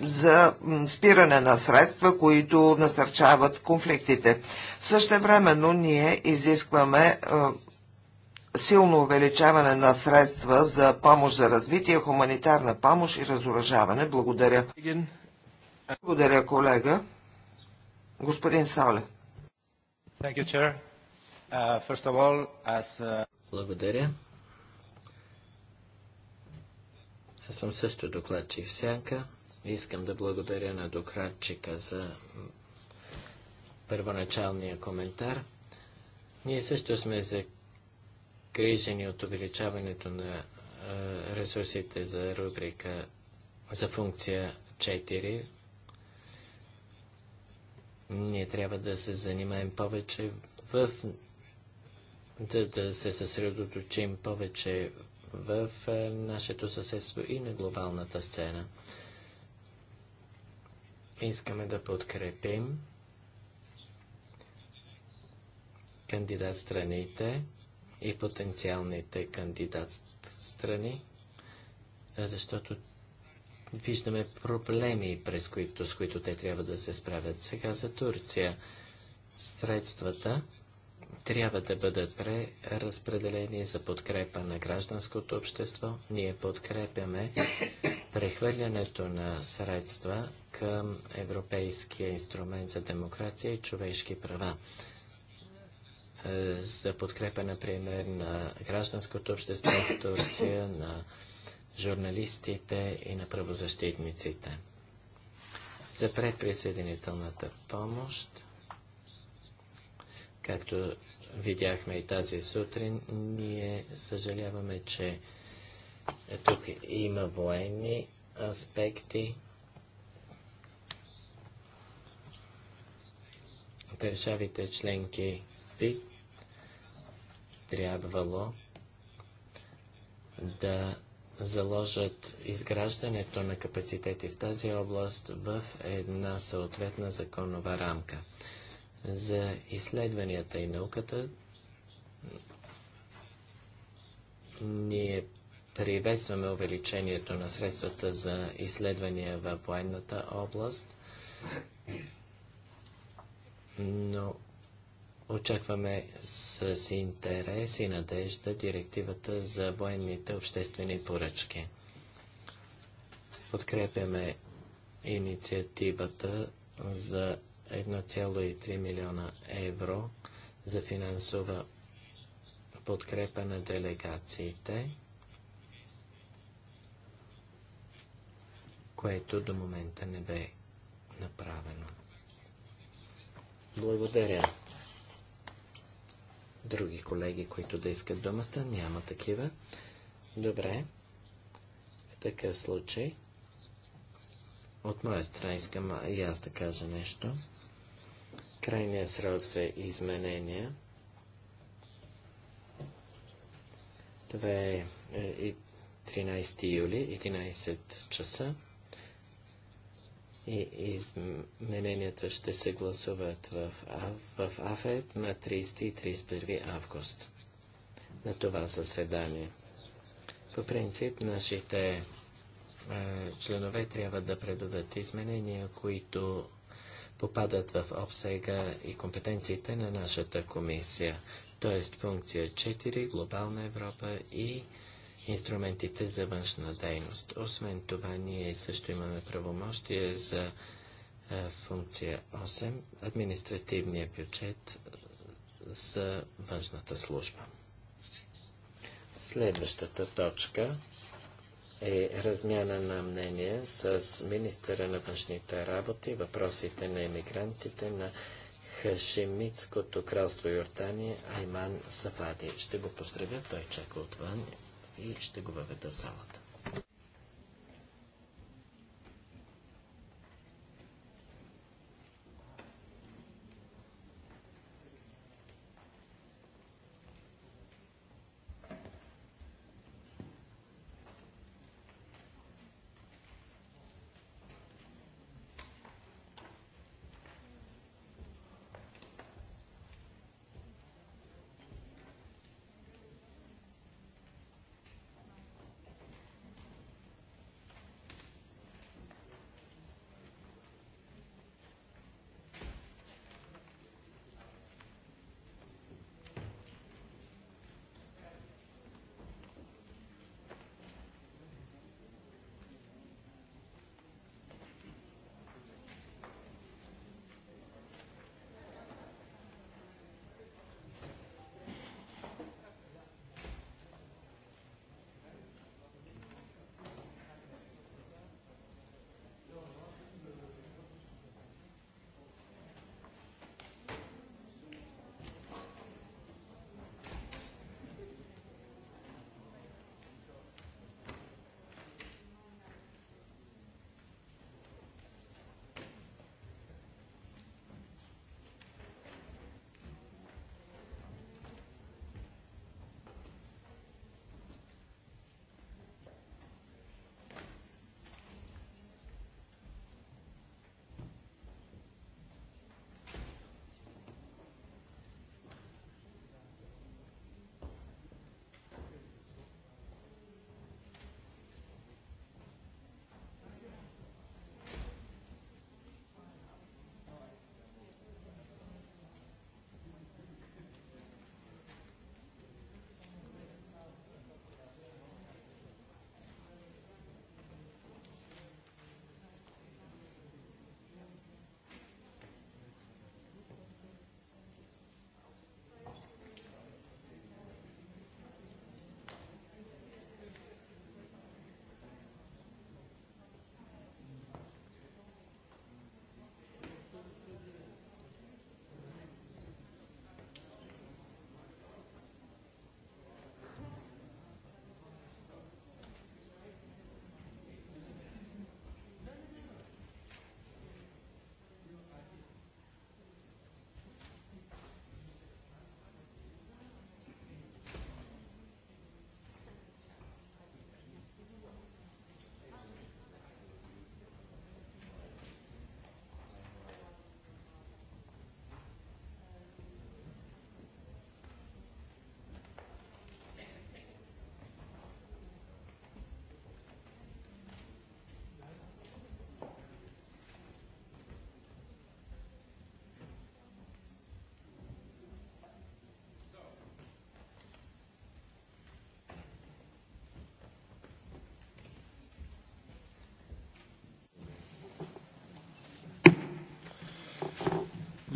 за спиране на средства, които насърчават конфликтите. времено ние изискваме силно увеличаване на средства за помощ за развитие, хуманитарна помощ и разоръжаване. Благодаря. Благодаря, колега. Господин Сауле. Uh, uh, благодаря. Аз съм също докладчик в Сянка. Искам да благодаря на докладчика за първоначалния коментар. Ние също сме за загрижени от увеличаването на ресурсите за рубрика за функция 4, ние трябва да се занимаем повече в да, да се съсредоточим повече в нашето съседство и на глобалната сцена. Искаме да подкрепим кандидат страните и потенциалните кандидат страни, защото виждаме проблеми, през които, с които те трябва да се справят. Сега за Турция средствата трябва да бъдат преразпределени за подкрепа на гражданското общество. Ние подкрепяме прехвърлянето на средства към Европейския инструмент за демокрация и човешки права. Е, за подкрепа, например, на гражданското общество в Турция, на журналистите и на правозащитниците. За предприсъединителната помощ, както видяхме и тази сутрин, ние съжаляваме, че тук има военни аспекти. Държавите членки ПИК трябвало да заложат изграждането на капацитети в тази област в една съответна законова рамка. За изследванията и науката ние приветстваме увеличението на средствата за изследвания във военната област, но Очакваме с интерес и надежда директивата за военните обществени поръчки. Подкрепяме инициативата за 1,3 милиона евро за финансова подкрепа на делегациите, което до момента не бе направено. Благодаря други колеги, които да искат думата? Няма такива. Добре. В такъв случай, от моя страна искам и аз да кажа нещо. Крайният срок за изменения. Това е 13 е, юли, 11 часа и измененията ще се гласуват в, в Афет на 30 и 31 август на това заседание. По принцип, нашите а, членове трябва да предадат изменения, които попадат в обсега и компетенциите на нашата комисия, т.е. функция 4, глобална Европа и инструментите за външна дейност. Освен това, ние също имаме правомощие за функция 8, административния бюджет за външната служба. Следващата точка е размяна на мнение с министъра на външните работи, въпросите на емигрантите на Хашемитското кралство Йордания Айман Сафади. Ще го поздравя, той чака отвън и ще го въведа в залата.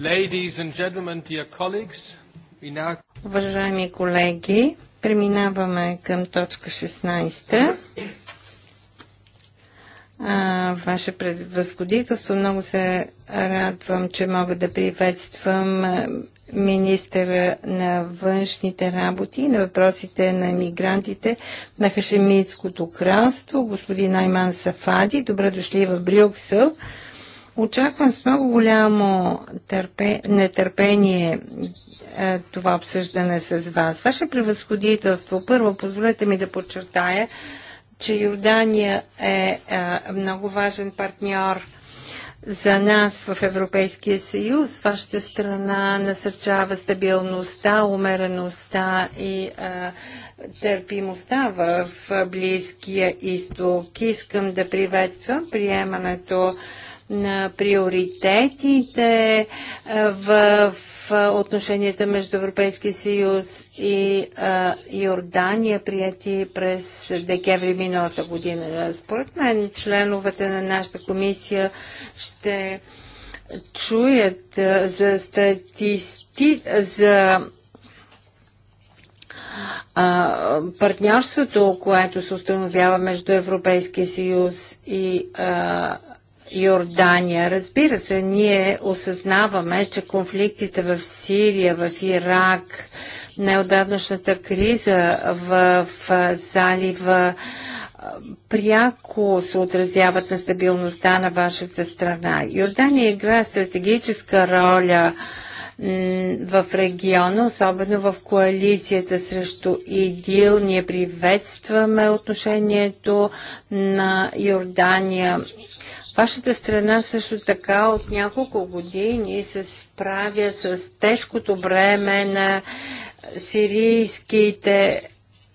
Now... Уважаеми колеги, преминаваме към точка 16. ваше предвъзходителство, много се радвам, че мога да приветствам министъра на външните работи и на въпросите на мигрантите на Хашемитското кралство, господин Айман Сафади. Добре дошли в Брюксел. Очаквам с много голямо търпе, нетърпение е, това обсъждане с вас. Ваше превъзходителство, първо позволете ми да подчертая, че Йордания е, е много важен партньор за нас в Европейския съюз. Вашата страна насърчава стабилността, умереността и е, търпимостта в Близкия изток. Искам да приветствам приемането на приоритетите в, в отношенията между Европейския съюз и Йордания, прияти през декември миналата година. Според мен членовете на нашата комисия ще чуят за статисти... за партньорството, което се установява между Европейския съюз и а, Йордания. Разбира се, ние осъзнаваме, че конфликтите в Сирия, в Ирак, неодавнашната криза в, залива пряко се отразяват на стабилността на вашата страна. Йордания играе стратегическа роля в региона, особено в коалицията срещу ИДИЛ. Ние приветстваме отношението на Йордания Вашата страна също така от няколко години се справя с тежкото бреме на сирийските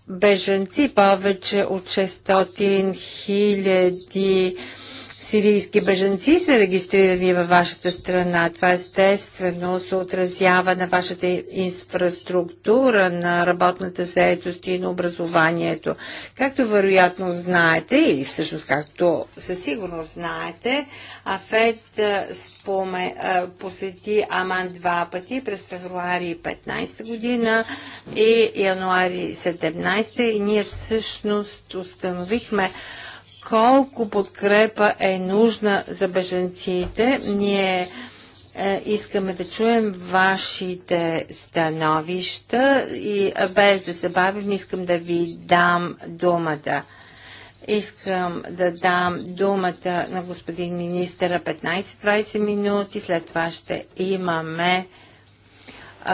беженци, повече от 600 хиляди сирийски беженци са регистрирани във вашата страна. Това естествено се отразява на вашата инфраструктура, на работната заедост и на образованието. Както вероятно знаете, или всъщност както със сигурност знаете, Афет споме, посети Аман два пъти през февруари 15 година и януари 17 и ние всъщност установихме колко подкрепа е нужна за беженците. Ние е, искаме да чуем вашите становища и е, без да се бавим, искам да ви дам думата. Искам да дам думата на господин министъра 15-20 минути, след това ще имаме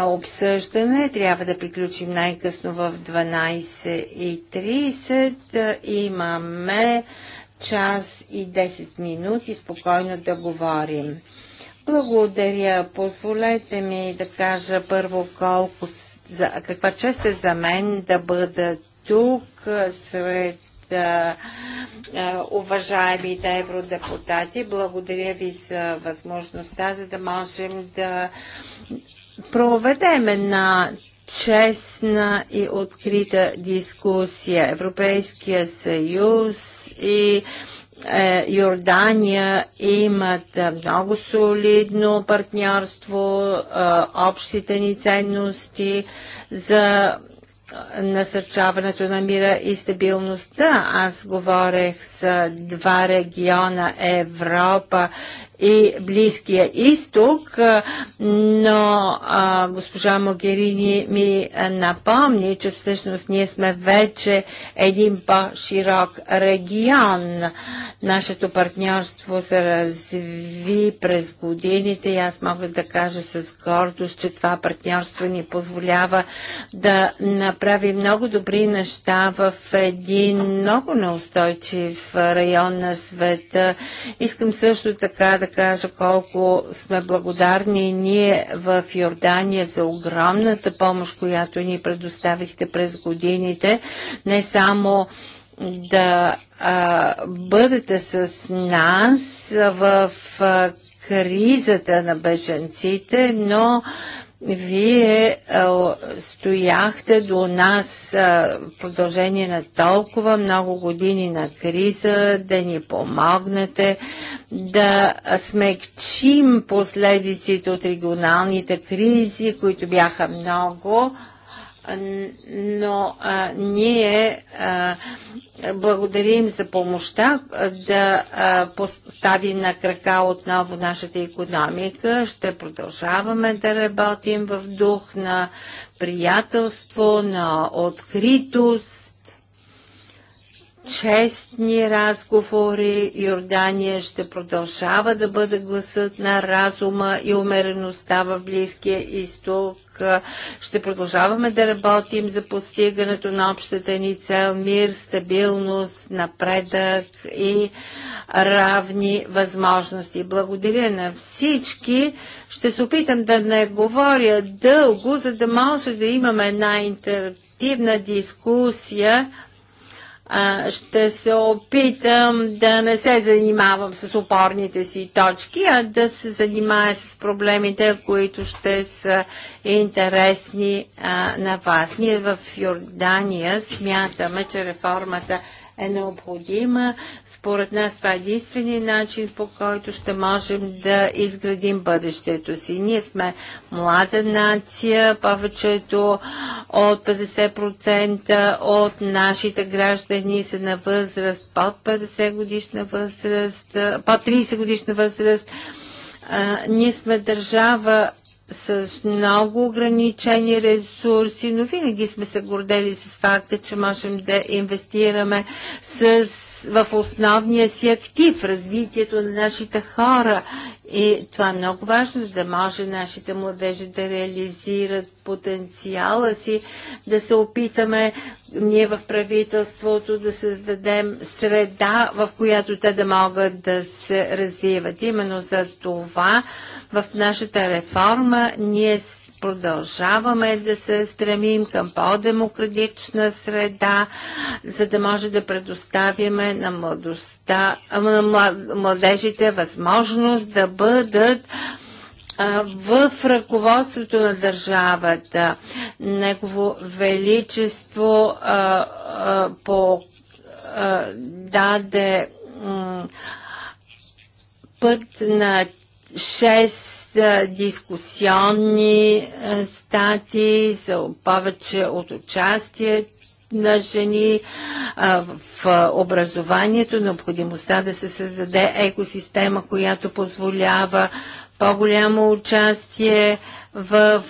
обсъждане. Трябва да приключим най-късно в 12.30. Имаме час и 10 минути спокойно да говорим. Благодаря. Позволете ми да кажа първо колко, за, каква чест е за мен да бъда тук сред уважаемите евродепутати. Благодаря ви за възможността, за да можем да проведем една честна и открита дискусия. Европейския съюз и е, Йордания имат е, много солидно партньорство, е, общите ни ценности за насърчаването на мира и стабилността. Аз говорех за два региона Европа и Близкия изток, но а, госпожа Могерини ми напомни, че всъщност ние сме вече един по-широк регион. Нашето партньорство се разви през годините и аз мога да кажа с гордост, че това партньорство ни позволява да направи много добри неща в един много неустойчив район на света. Искам също така да да кажа колко сме благодарни ние в Йордания за огромната помощ, която ни предоставихте през годините. Не само да а, бъдете с нас в а, кризата на беженците, но вие а, стояхте до нас а, в продължение на толкова много години на криза, да ни помогнете да смекчим последиците от регионалните кризи, които бяха много но а, ние а, благодарим за помощта да постави на крака отново нашата економика. Ще продължаваме да работим в дух на приятелство, на откритост, честни разговори. Йордания ще продължава да бъде гласът на разума и умереността в Близкия изток ще продължаваме да работим за постигането на общата ни цел мир, стабилност, напредък и равни възможности. Благодаря на всички. Ще се опитам да не говоря дълго, за да може да имаме една интерактивна дискусия а, ще се опитам да не се занимавам с опорните си точки, а да се занимая с проблемите, които ще са интересни а, на вас. Ние в Йордания смятаме, че реформата е необходима. Според нас това е единствения начин, по който ще можем да изградим бъдещето си. Ние сме млада нация, повечето от 50% от нашите граждани са на възраст под 50 годишна възраст, под 30 годишна възраст. А, ние сме държава, с много ограничени ресурси, но винаги сме се гордели с факта, че можем да инвестираме с, в основния си актив, развитието на нашите хора. И това е много важно, за да може нашите младежи да реализират потенциала си да се опитаме ние в правителството да създадем среда, в която те да могат да се развиват. Именно за това в нашата реформа ние продължаваме да се стремим към по-демократична среда, за да може да предоставяме на, младостта, на младежите възможност да бъдат в ръководството на държавата. Негово величество а, а, по, а, даде път на шест дискусионни статии за повече от участие на жени а, в образованието, необходимостта да се създаде екосистема, която позволява по-голямо участие в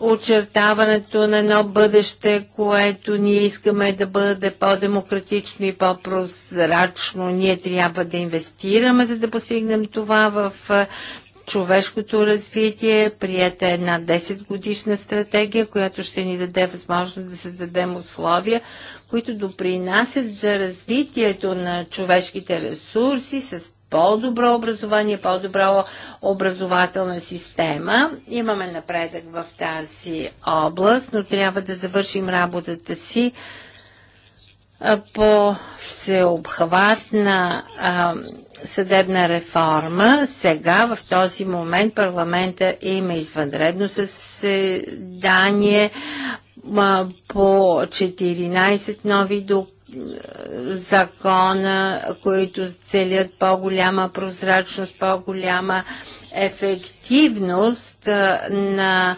очертаването на едно бъдеще, което ние искаме да бъде по-демократично и по-прозрачно. Ние трябва да инвестираме, за да постигнем това в човешкото развитие. Прията е една 10 годишна стратегия, която ще ни даде възможност да създадем условия, които допринасят за развитието на човешките ресурси с по-добро образование, по добра образователна система. Имаме напредък в тази област, но трябва да завършим работата си по всеобхватна а, съдебна реформа. Сега, в този момент, парламента има извънредно съседание по 14 нови доклада закона, които целят по-голяма прозрачност, по-голяма ефективност на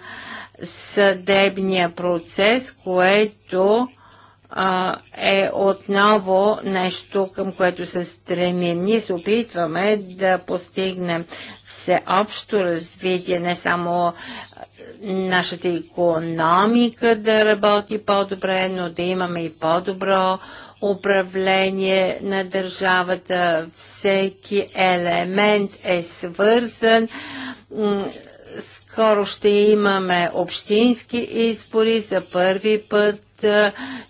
съдебния процес, което е отново нещо, към което се стремим. Ние се опитваме да постигнем всеобщо развитие, не само нашата економика да работи по-добре, но да имаме и по-добро управление на държавата. Всеки елемент е свързан. Скоро ще имаме общински избори. За първи път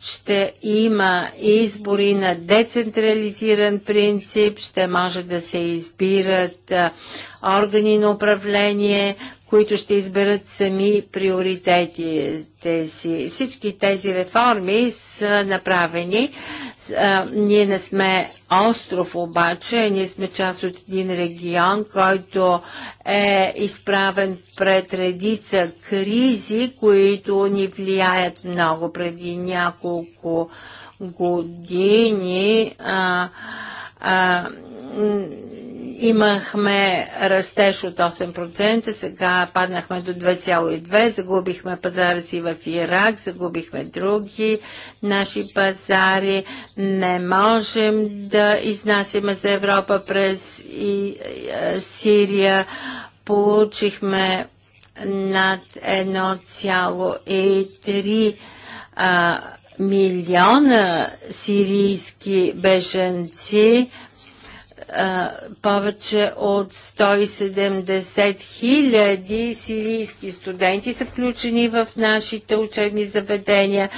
ще има избори на децентрализиран принцип, ще може да се избират органи на управление които ще изберат сами приоритетите си. Всички тези реформи са направени. ние не сме остров обаче, ние сме част от един регион, който е изправен пред редица кризи, които ни влияят много преди няколко години. Имахме растеж от 8%, сега паднахме до 2,2%, загубихме пазара си в Ирак, загубихме други наши пазари. Не можем да изнасяме за Европа през и, и, е, Сирия. Получихме над 1,3 милиона сирийски беженци повече от 170 хиляди сирийски студенти са включени в нашите учебни заведения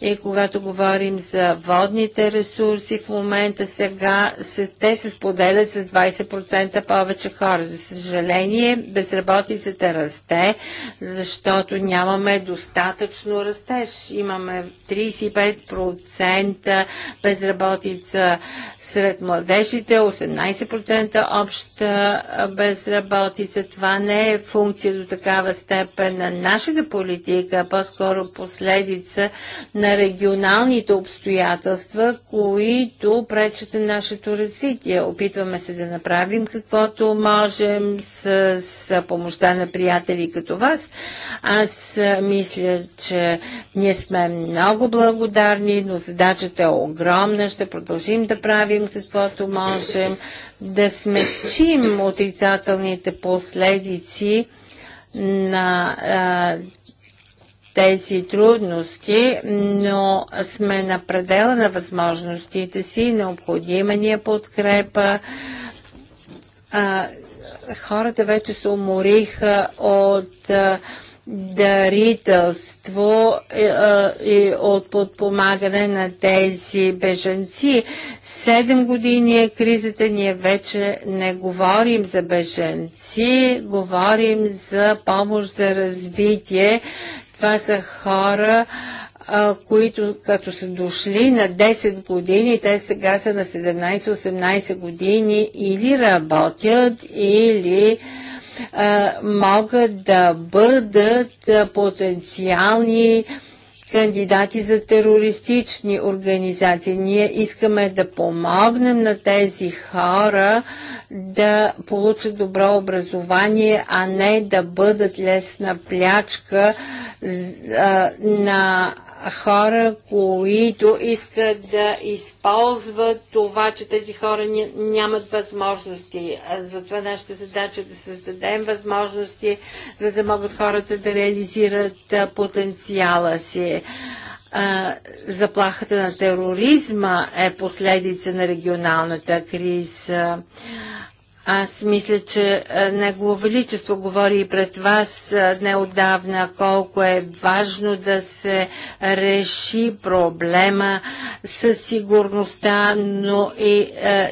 и когато говорим за водните ресурси, в момента сега се, те се споделят с 20% повече хора. За съжаление, безработицата расте, защото нямаме достатъчно растеж. Имаме 35% безработица сред младежите, 17% обща безработица. Това не е функция до такава степен на нашата политика, а по-скоро последица на регионалните обстоятелства, които пречат на нашето развитие. Опитваме се да направим каквото можем с, с помощта на приятели като вас. Аз мисля, че ние сме много благодарни, но задачата е огромна. Ще продължим да правим каквото можем да смечим отрицателните последици на а, тези трудности, но сме на предела на възможностите си, необходима ни е подкрепа. А, хората вече се умориха от а, дарителство е, е, и, от подпомагане на тези беженци. Седем години е кризата, ние вече не говорим за беженци, говорим за помощ за развитие. Това са хора, които като са дошли на 10 години, те сега са на 17-18 години или работят, или могат да бъдат потенциални кандидати за терористични организации. Ние искаме да помогнем на тези хора да получат добро образование, а не да бъдат лесна плячка на хора, които искат да използват това, че тези хора нямат възможности. Затова нашата задача е да създадем възможности, за да могат хората да реализират потенциала си заплахата на тероризма е последица на регионалната криза. Аз мисля, че Негово Величество говори и пред вас неодавна колко е важно да се реши проблема със сигурността, но и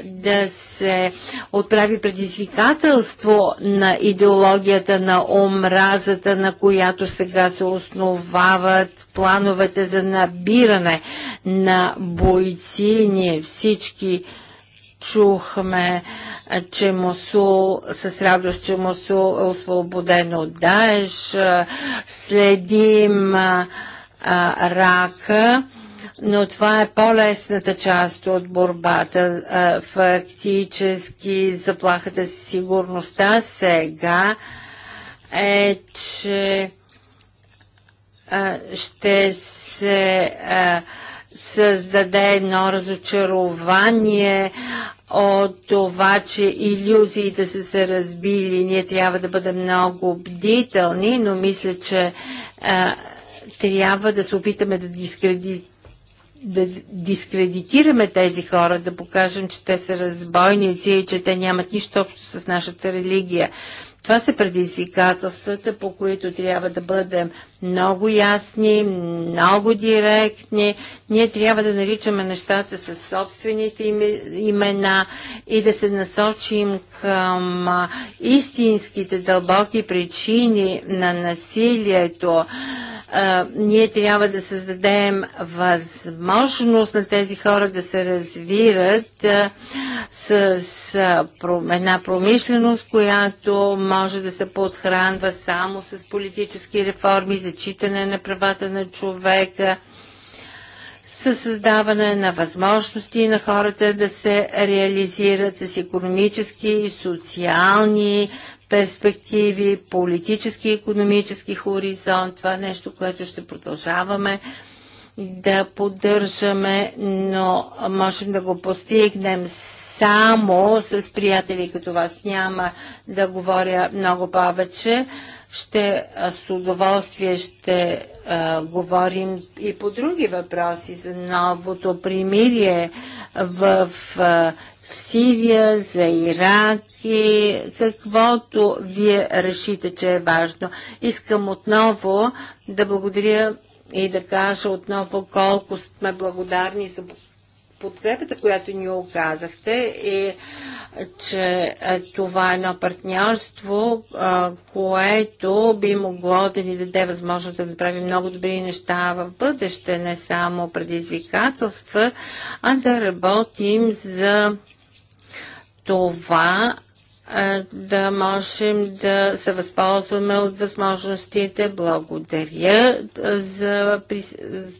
да се отправи предизвикателство на идеологията на омразата, на която сега се основават плановете за набиране на бойци. Ние всички чухме, че Мусул, с радост, че Мусул е освободен от Даеш, следим а, а, рака, но това е по-лесната част от борбата. А, фактически заплахата с сигурността сега е, че ще се а, създаде едно разочарование от това, че иллюзиите са се разбили. Ние трябва да бъдем много бдителни, но мисля, че а, трябва да се опитаме да, дискреди... да дискредитираме тези хора, да покажем, че те са разбойници и че те нямат нищо общо с нашата религия. Това са предизвикателствата, по които трябва да бъдем много ясни, много директни. Ние трябва да наричаме нещата със собствените имена и да се насочим към истинските дълбоки причини на насилието ние трябва да създадем възможност на тези хора да се развират а, с, с една промишленост, която може да се подхранва само с политически реформи, зачитане на правата на човека със създаване на възможности на хората да се реализират с економически, социални, перспективи, политически и економически хоризонт. Това е нещо, което ще продължаваме да поддържаме, но можем да го постигнем само с приятели като вас. Няма да говоря много повече. Ще с удоволствие ще а, говорим и по други въпроси за новото примирие в а, Сирия, за Ирак и каквото вие решите, че е важно. Искам отново да благодаря и да кажа отново колко сме благодарни за подкрепата, която ни оказахте и че е, това е едно партньорство, което би могло да ни даде възможност да направим много добри неща в бъдеще, не само предизвикателства, а да работим за това да можем да се възползваме от възможностите. Благодаря за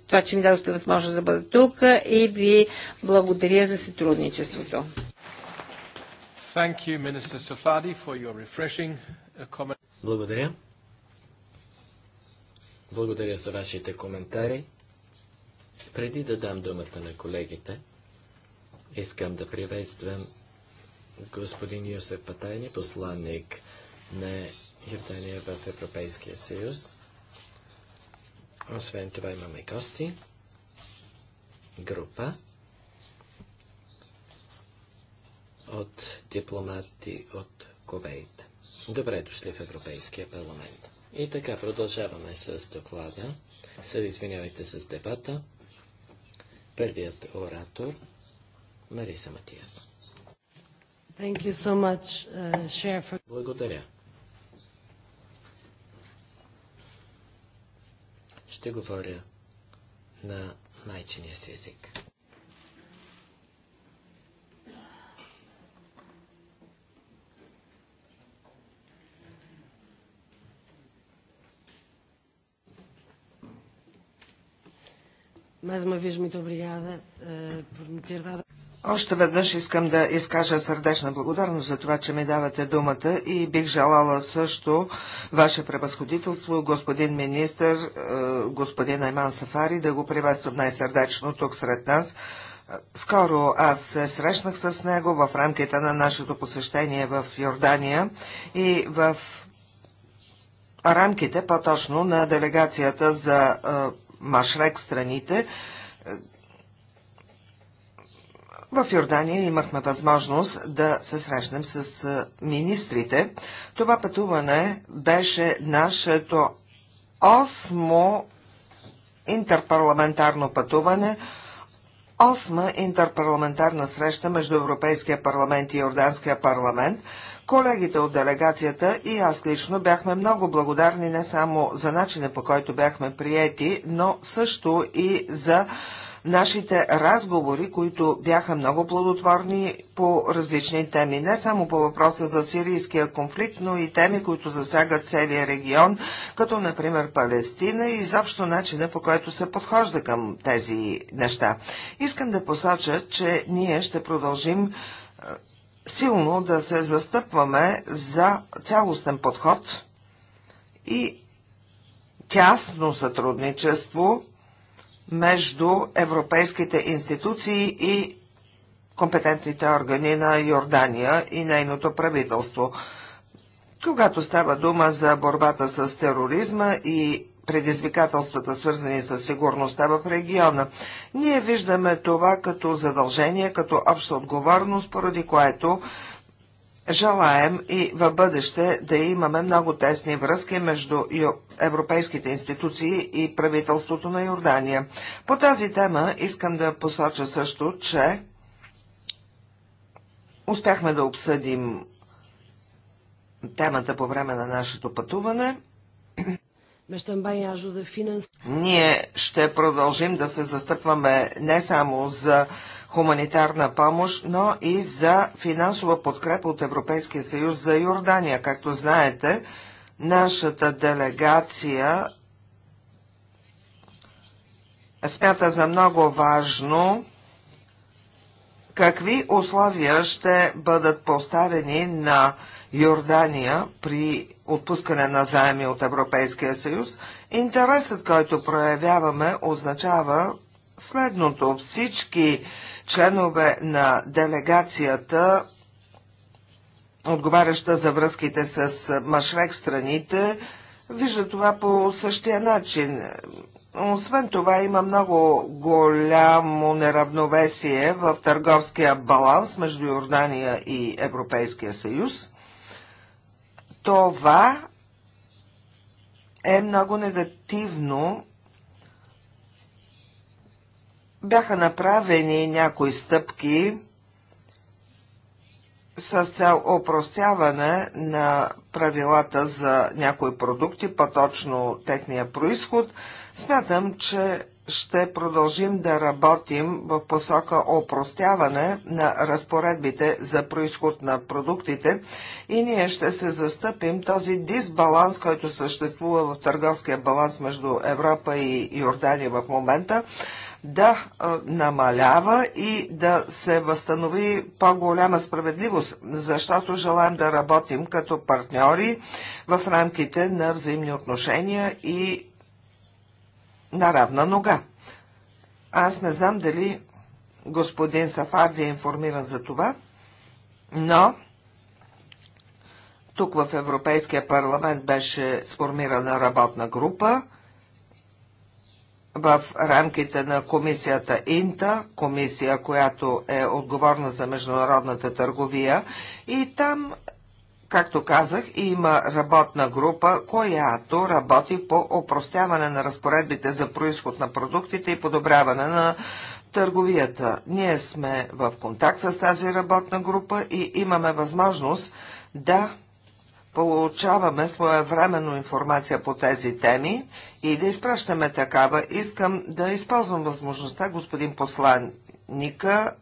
това, че ми дадохте възможност да бъда тук и ви благодаря за сътрудничеството. Благодаря. Благодаря за вашите коментари. Преди да дам думата на колегите, искам да приветствам господин Йосеф Патайни, посланник на Йордания в Европейския съюз. Освен това имаме гости, група от дипломати от Ковейт. Добре дошли в Европейския парламент. И така, продължаваме с доклада, се извинявайте с дебата. Първият оратор Мариса Матиас. Thank you so much, Chair, Благодаря. Ще говоря на майчиния си език. Mais uma vez, muito obrigada uh, por me ter dado. Още веднъж искам да изкажа сърдечна благодарност за това, че ми давате думата и бих желала също Ваше превъзходителство, господин министр, е, господин Айман Сафари, да го приветствам най-сърдечно тук сред нас. Е, скоро аз се срещнах с него в рамките на нашето посещение в Йордания и в рамките, по-точно, на делегацията за е, Машрек страните, в Йордания имахме възможност да се срещнем с министрите. Това пътуване беше нашето осмо интерпарламентарно пътуване, осма интерпарламентарна среща между Европейския парламент и Йорданския парламент. Колегите от делегацията и аз лично бяхме много благодарни не само за начина по който бяхме приети, но също и за нашите разговори, които бяха много плодотворни по различни теми. Не само по въпроса за сирийския конфликт, но и теми, които засягат целия регион, като например Палестина и изобщо начина по който се подхожда към тези неща. Искам да посоча, че ние ще продължим е, силно да се застъпваме за цялостен подход и тясно сътрудничество между европейските институции и компетентните органи на Йордания и нейното правителство. Когато става дума за борбата с тероризма и предизвикателствата, свързани с сигурността в региона. Ние виждаме това като задължение, като обща отговорност, поради което Желаем и в бъдеще да имаме много тесни връзки между европейските институции и правителството на Йордания. По тази тема искам да посоча също, че успяхме да обсъдим темата по време на нашето пътуване. Ние ще продължим да се застъпваме не само за хуманитарна помощ, но и за финансова подкрепа от Европейския съюз за Йордания. Както знаете, нашата делегация смята за много важно какви условия ще бъдат поставени на Йордания при отпускане на заеми от Европейския съюз, интересът, който проявяваме, означава следното. Всички членове на делегацията, отговаряща за връзките с Машрек страните, вижда това по същия начин. Освен това има много голямо неравновесие в търговския баланс между Йордания и Европейския съюз. Това е много негативно бяха направени някои стъпки с цел опростяване на правилата за някои продукти, по-точно техния происход. Смятам, че ще продължим да работим в посока опростяване на разпоредбите за происход на продуктите и ние ще се застъпим този дисбаланс, който съществува в търговския баланс между Европа и Йордания в момента, да намалява и да се възстанови по-голяма справедливост, защото желаем да работим като партньори в рамките на взаимни отношения и на равна нога. Аз не знам дали господин Сафарди е информиран за това, но тук в Европейския парламент беше сформирана работна група – в рамките на комисията Инта, комисия, която е отговорна за международната търговия. И там, както казах, има работна група, която работи по опростяване на разпоредбите за происход на продуктите и подобряване на търговията. Ние сме в контакт с тази работна група и имаме възможност да получаваме своевременно информация по тези теми и да изпращаме такава. Искам да използвам възможността, господин посланника,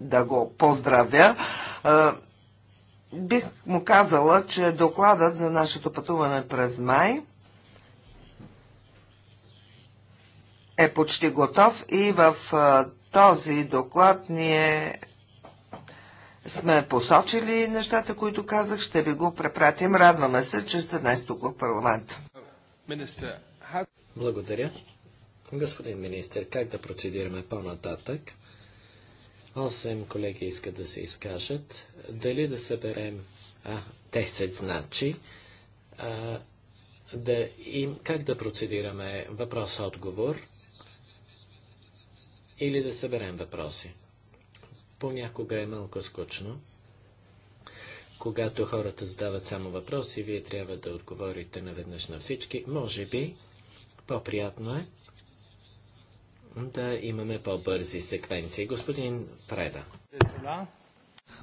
да го поздравя. Бих му казала, че докладът за нашето пътуване през май е почти готов и в този доклад ние сме посочили нещата, които казах, ще ви го препратим. Радваме се, че сте днес тук в парламента. Благодаря. Господин министр, как да процедираме по-нататък? Осем колеги искат да се изкажат. Дали да съберем... А, 10 значи. А, да им... Как да процедираме въпрос-отговор? Или да съберем въпроси? понякога е малко скучно. Когато хората задават само въпроси, вие трябва да отговорите наведнъж на всички. Може би по-приятно е да имаме по-бързи секвенции. Господин Преда.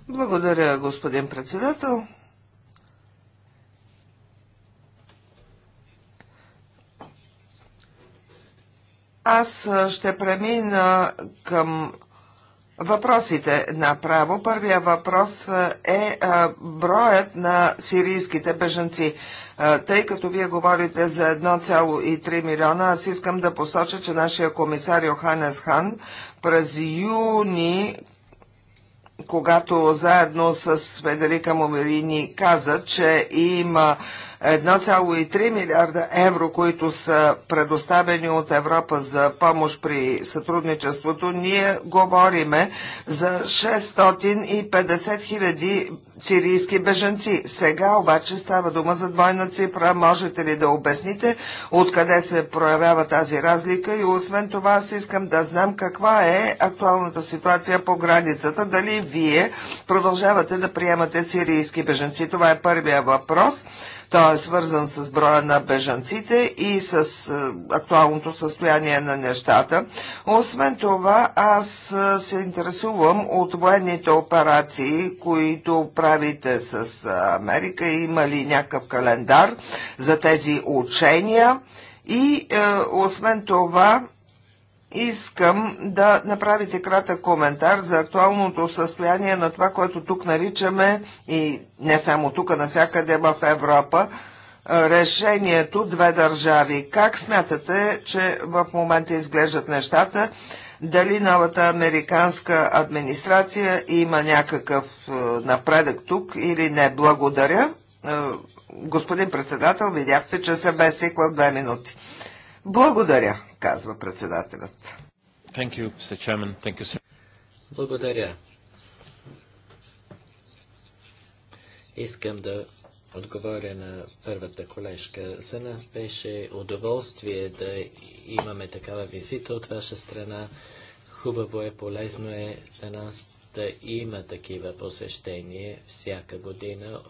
Благодаря, господин председател. Аз ще премина към въпросите направо. Първия въпрос е броят на сирийските бежанци. Тъй като вие говорите за 1,3 милиона, аз искам да посоча, че нашия комисар Йоханес Хан през юни, когато заедно с Федерика Момерини каза, че има 1,3 милиарда евро, които са предоставени от Европа за помощ при сътрудничеството, ние говориме за 650 хиляди сирийски бежанци. Сега обаче става дума за двойна цифра. Можете ли да обясните откъде се проявява тази разлика и освен това аз искам да знам каква е актуалната ситуация по границата. Дали вие продължавате да приемате сирийски бежанци? Това е първия въпрос. Той е свързан с броя на бежанците и с е, актуалното състояние на нещата. Освен това, аз е, се интересувам от военните операции, които правят правите с Америка? Има ли някакъв календар за тези учения? И е, освен това, искам да направите кратък коментар за актуалното състояние на това, което тук наричаме и не само тук, а насякъде в Европа, е, решението две държави. Как смятате, че в момента изглеждат нещата? дали новата американска администрация има някакъв е, напредък тук или не. Благодаря. Е, господин председател, видяхте, че се бе стикла две минути. Благодаря, казва председателят. You, Благодаря. Искам да отговоря на първата колежка. За нас беше удоволствие да имаме такава визита от ваша страна. Хубаво е, полезно е за нас да има такива посещения всяка година.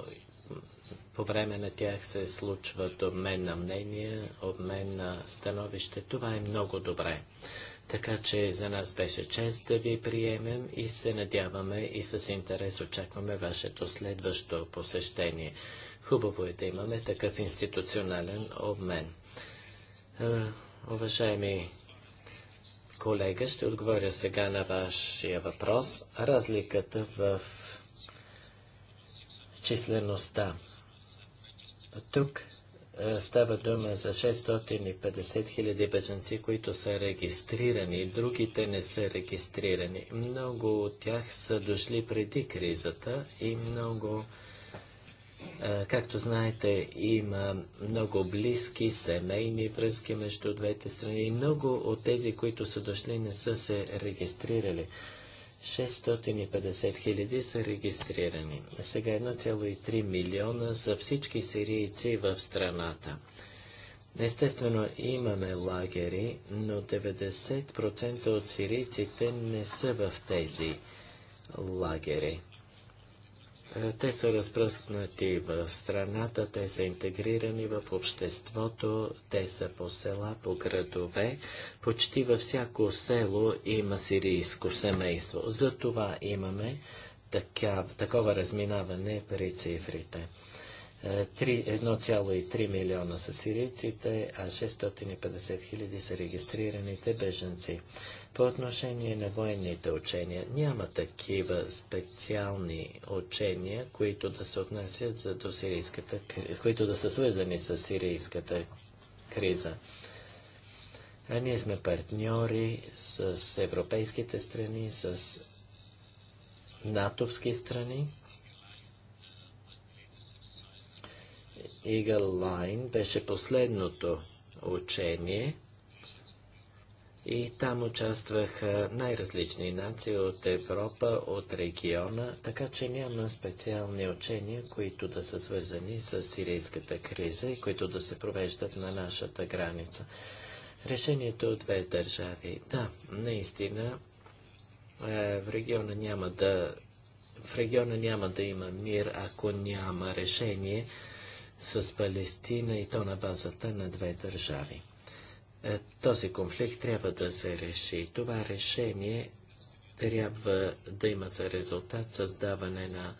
По време на тях се случват обмен на мнения, обмен на становище. Това е много добре. Така че за нас беше чест да ви приемем и се надяваме и с интерес очакваме вашето следващо посещение. Хубаво е да имаме такъв институционален обмен. Е, уважаеми колега, ще отговоря сега на вашия въпрос. Разликата в числеността. Тук е, става дума за 650 000 беженци, които са регистрирани, другите не са регистрирани. Много от тях са дошли преди кризата и много Както знаете, има много близки семейни връзки между двете страни и много от тези, които са дошли, не са се регистрирали. 650 хиляди са регистрирани. Сега 1,3 милиона са всички сирийци в страната. Естествено, имаме лагери, но 90% от сирийците не са в тези лагери. Е, те са разпръснати в страната, те са интегрирани в обществото, те са по села, по градове. Почти във всяко село има сирийско семейство. Затова имаме такова разминаване при цифрите. 1,3 милиона са сирийците, а 650 хиляди са регистрираните беженци. По отношение на военните учения, няма такива специални учения, които да се отнасят за до сирийската, които да са свързани с сирийската криза. А ние сме партньори с европейските страни, с натовски страни. Eagle Line беше последното учение и там участваха най-различни нации от Европа, от региона, така че няма специални учения, които да са свързани с сирийската криза и които да се провеждат на нашата граница. Решението от две държави. Да, наистина е, в региона няма да, в региона няма да има мир, ако няма решение с Палестина и то на базата на две държави. Е, този конфликт трябва да се реши. Това решение трябва да има за резултат създаване на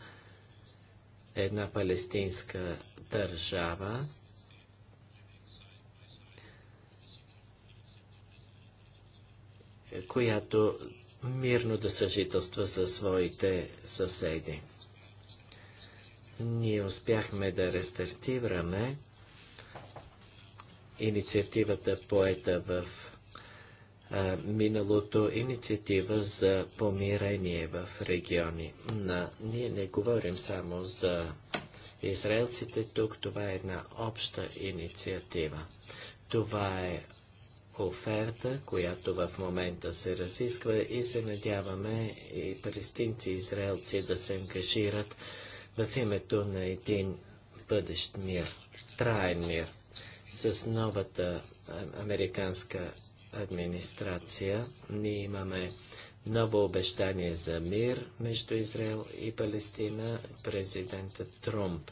една палестинска държава, е, която мирно да съжителства със своите съседи. Ние успяхме да рестартираме инициативата поета в а, миналото, инициатива за помирение в региони. Но ние не говорим само за израелците тук, това е една обща инициатива. Това е оферта, която в момента се разисква и се надяваме и палестинци и израелци да се ангажират в името на един бъдещ мир, траен мир. С новата американска администрация ние имаме ново обещание за мир между Израел и Палестина. Президентът Трумп.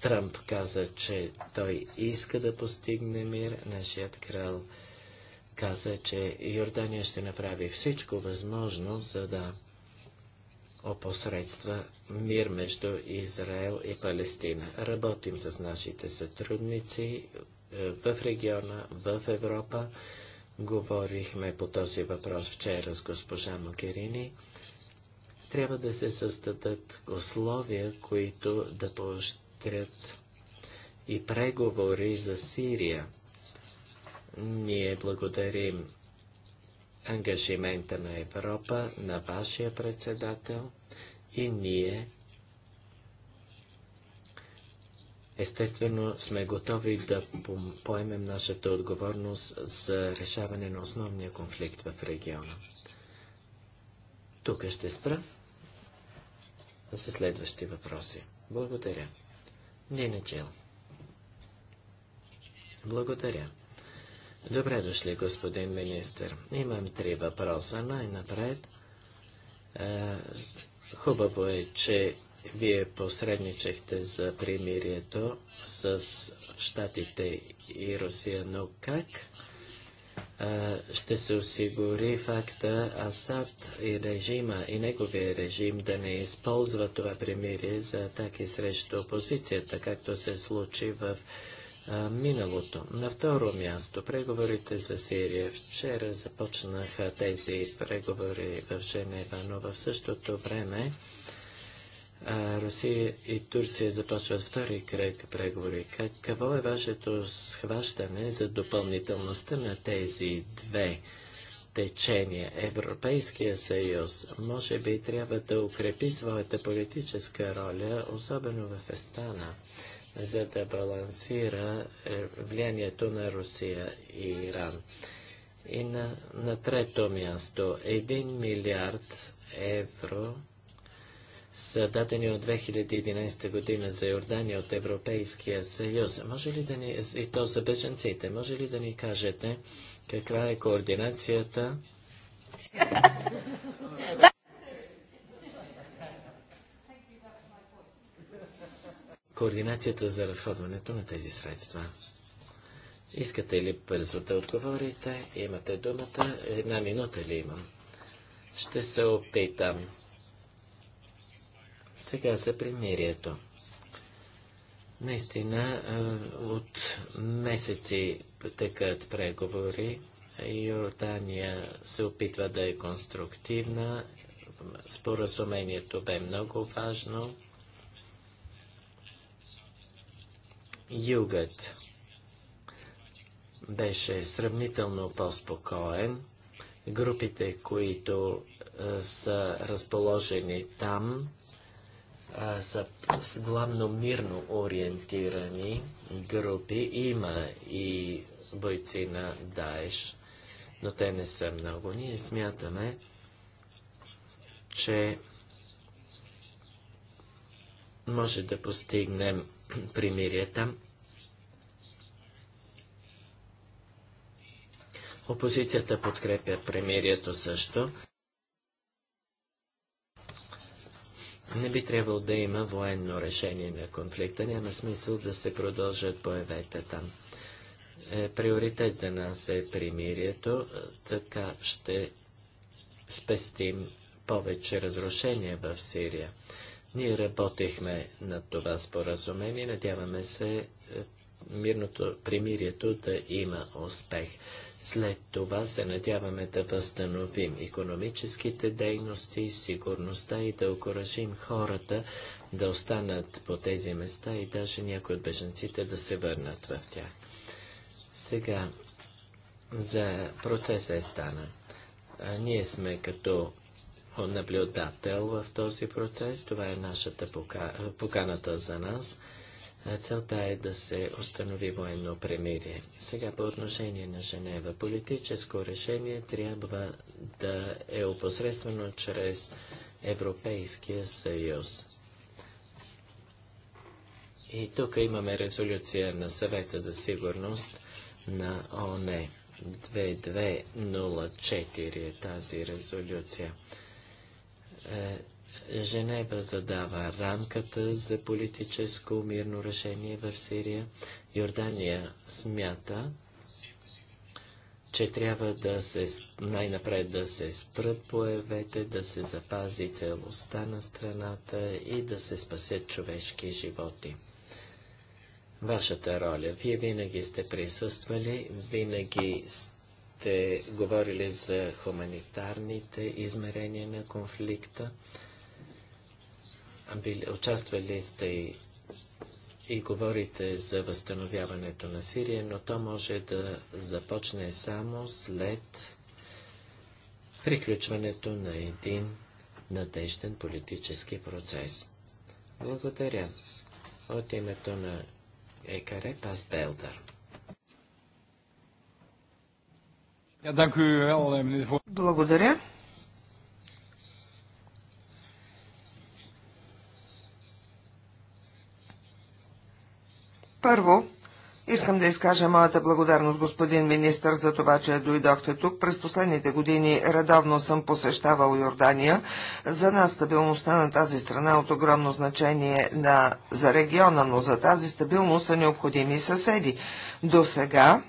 Трамп каза, че той иска да постигне мир. Нашият крал каза, че Йордания ще направи всичко възможно, за да опосредства мир между Израел и Палестина. Работим с нашите сътрудници е, в региона, в Европа. Говорихме по този въпрос вчера с госпожа Могерини. Трябва да се създадат условия, които да поощрят и преговори за Сирия. Ние благодарим ангажимента на Европа, на вашия председател и ние Естествено, сме готови да поемем нашата отговорност за решаване на основния конфликт в региона. Тук ще спра за следващи въпроси. Благодаря. Нина начал. Благодаря. Добре дошли, господин министр. Имам три въпроса. Най-напред. Е, хубаво е, че вие посредничахте за примирието с Штатите и Русия, но как е, ще се осигури факта Асад и режима и неговия режим да не използва това примирие за атаки срещу опозицията, както се случи в миналото. На второ място, преговорите за Сирия. Вчера започнаха тези преговори в Женева, но в същото време а, Русия и Турция започват втори кръг преговори. Как, какво е вашето схващане за допълнителността на тези две течения? Европейския съюз може би трябва да укрепи своята политическа роля, особено в Естана за да балансира е, влиянието на Русия и Иран. И на, на трето място, 1 милиард евро са дадени от 2011 година за Йордания от Европейския съюз. Може ли да ни, и то за беженците, може ли да ни кажете каква е координацията? координацията за разходването на тези средства. Искате ли бързо да отговорите? Имате думата. Една минута ли имам? Ще се опитам. Сега за примирието. Наистина, от месеци тъкат преговори. Йордания се опитва да е конструктивна. Споразумението бе много важно. Югът беше сравнително по-спокоен. Групите, които са разположени там, са главно мирно ориентирани групи. Има и бойци на Даеш, но те не са много. Ние смятаме, че може да постигнем примирие там. Опозицията подкрепя премирието също. Не би трябвало да има военно решение на конфликта. Няма смисъл да се продължат боевете там. Е, приоритет за нас е примирието. Е, така ще спестим повече разрушения в Сирия. Ние работехме над това споразумение. Надяваме се е, мирното примирието да има успех. След това се надяваме да възстановим економическите дейности, сигурността и да окоръжим хората да останат по тези места и даже някои от беженците да се върнат в тях. Сега за процеса е стана. А, ние сме като наблюдател в този процес. Това е нашата пока, поканата за нас. Целта е да се установи военно премирие. Сега по отношение на Женева. Политическо решение трябва да е опосредствено чрез Европейския съюз. И тук имаме резолюция на съвета за сигурност на ОНЕ. 2204 е тази резолюция. Е, Женева задава рамката за политическо мирно решение в Сирия. Йордания смята, че трябва да се, най-напред да се спрат поевете, да се запази целостта на страната и да се спасят човешки животи. Вашата роля. Вие винаги сте присъствали, винаги сте сте говорили за хуманитарните измерения на конфликта. участвали сте и, и говорите за възстановяването на Сирия, но то може да започне само след приключването на един надежден политически процес. Благодаря. От името на Екаре Пас Белдър. Eh, Благодаря. Първо, искам да изкажа моята благодарност, господин министр, за това, че дойдохте тук. През последните години редовно съм посещавал Йордания. За нас стабилността на тази страна е от огромно значение на, за региона, но за тази стабилност са необходими съседи. До сега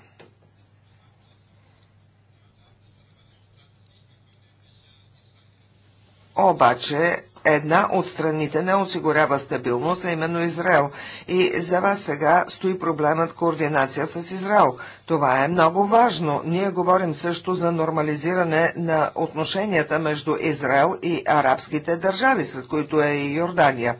обаче една от страните не осигурява стабилност, а именно Израел. И за вас сега стои проблемът координация с Израел. Това е много важно. Ние говорим също за нормализиране на отношенията между Израел и арабските държави, след които е и Йордания.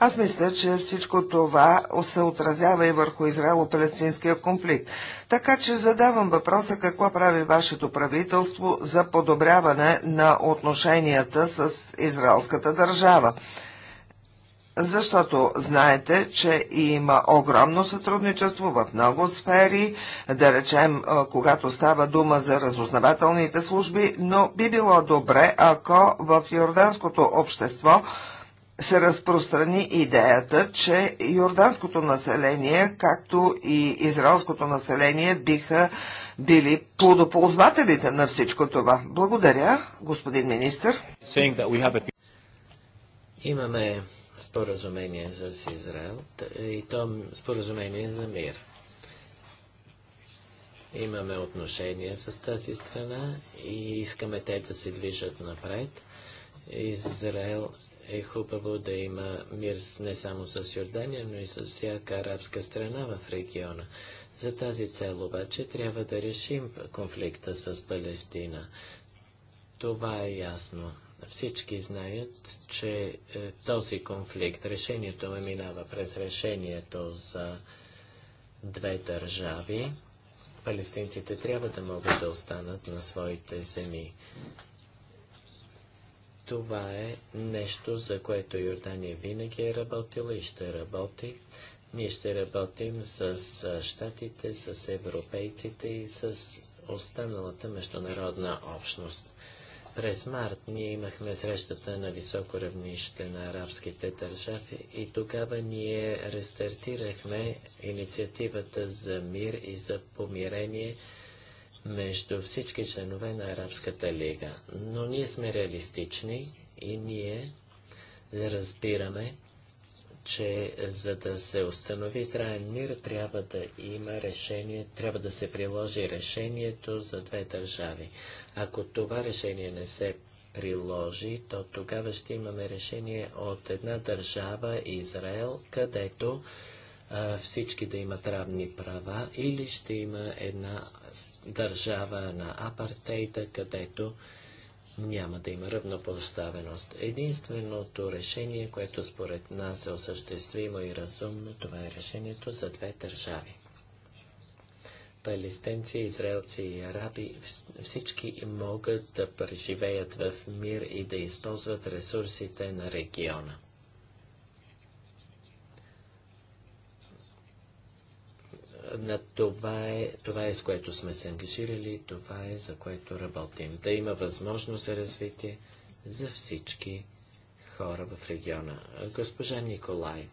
Аз мисля, че всичко това се отразява и върху Израело-палестинския конфликт. Така че задавам въпроса какво прави вашето правителство за подобряване на отношенията с израелската държава защото знаете, че има огромно сътрудничество в много сфери, да речем, е, когато става дума за разузнавателните служби, но би било добре, ако в йорданското общество се разпространи идеята, че йорданското население, както и израелското население, биха били плодоползвателите на всичко това. Благодаря, господин министр. Имаме споразумение с Израел и то споразумение за мир. Имаме отношения с тази страна и искаме те да се движат напред. Израел е хубаво да има мир не само с Йордания, но и с всяка арабска страна в региона. За тази цел обаче трябва да решим конфликта с Палестина. Това е ясно. Всички знаят, че е, този конфликт, решението му е минава през решението за две държави. Палестинците трябва да могат да останат на своите земи. Това е нещо, за което Йордания винаги е работила и ще работи. Ние ще работим с е, щатите, с европейците и с останалата международна общност. През март ние имахме срещата на високо равнище на арабските държави и тогава ние рестартирахме инициативата за мир и за помирение между всички членове на Арабската лига. Но ние сме реалистични и ние разбираме, че за да се установи траен мир, трябва да има решение, трябва да се приложи решението за две държави. Ако това решение не се приложи, то тогава ще имаме решение от една държава, Израел, където а, всички да имат равни права, или ще има една държава на апартейда, където няма да има равнопоставеност. Единственото решение, което според нас е осъществимо и разумно, това е решението за две държави. Палестинци, израелци и араби, всички могат да преживеят в мир и да използват ресурсите на региона. на това е, това е с което сме се ангажирали, това е за което работим. Да има възможност за развитие за всички хора в региона. Госпожа Николай,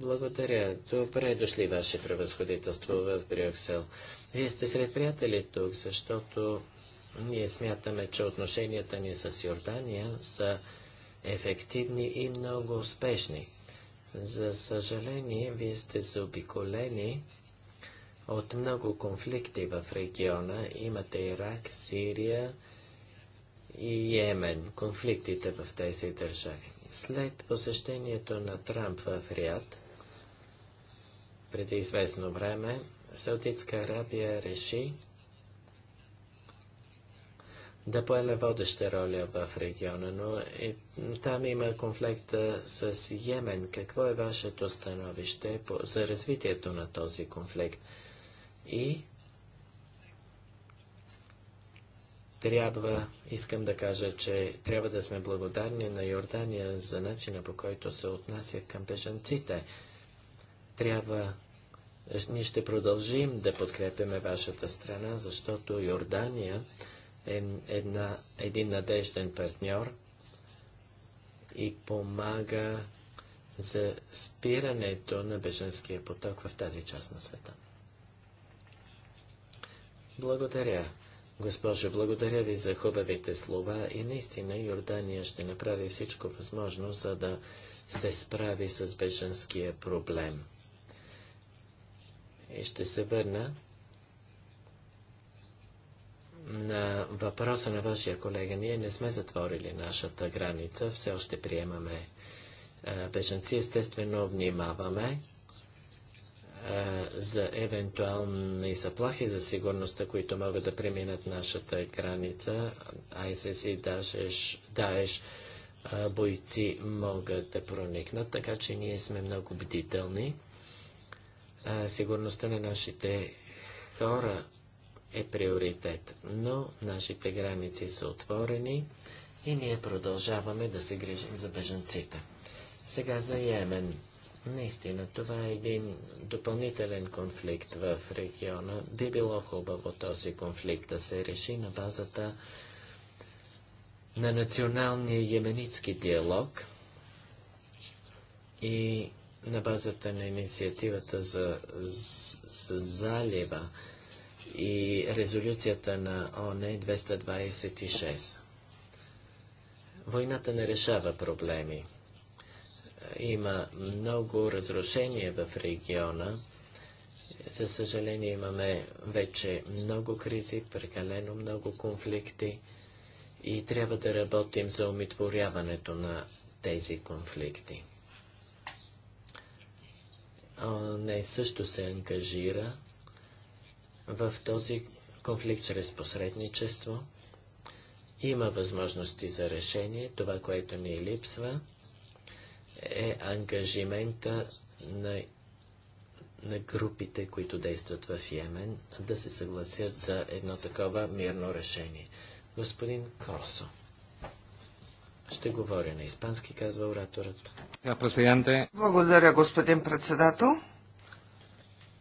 благодаря. Добре дошли, Ваше превъзходителство в Брюксел. Вие сте сред приятели тук, защото ние смятаме, че отношенията ни с Йордания са ефективни и много успешни. За съжаление, вие сте заобиколени от много конфликти в региона. Имате Ирак, Сирия и Йемен, конфликтите в тези държави. След посещението на Трамп в Риад, преди известно време, Саудитска Арабия реши да поеме водеща роля в региона, но е, там има конфликт с Йемен. Какво е вашето становище по, за развитието на този конфликт? И трябва, искам да кажа, че трябва да сме благодарни на Йордания за начина по който се отнася към бежанците. Трябва е, ние ще продължим да подкрепяме вашата страна, защото Йордания една, един надежден партньор и помага за спирането на беженския поток в тази част на света. Благодаря, госпожо, благодаря ви за хубавите слова и наистина Йордания ще направи всичко възможно, за да се справи с беженския проблем. И ще се върна на въпроса на вашия колега, ние не сме затворили нашата граница, все още приемаме е, беженци, естествено внимаваме за евентуални заплахи за сигурността, които могат да преминат нашата граница. ISIS и Даеш, Даеш бойци могат да проникнат, така че ние сме много бдителни. Сигурността на нашите хора е приоритет, но нашите граници са отворени и ние продължаваме да се грижим за бежанците. Сега за Йемен. Наистина, това е един допълнителен конфликт в региона. Би било хубаво този конфликт да се реши на базата на националния йеменитски диалог и на базата на инициативата за, за залива и резолюцията на ОНЕ 226. Войната не решава проблеми. Има много разрушения в региона. За съжаление имаме вече много кризи, прекалено много конфликти и трябва да работим за умитворяването на тези конфликти. Не също се ангажира в този конфликт чрез посредничество. Има възможности за решение. Това, което ни липсва, е ангажимента на, на групите, които действат в Йемен, да се съгласят за едно такова мирно решение. Господин Корсо. Ще говоря на испански, казва ораторът. Благодаря, господин председател.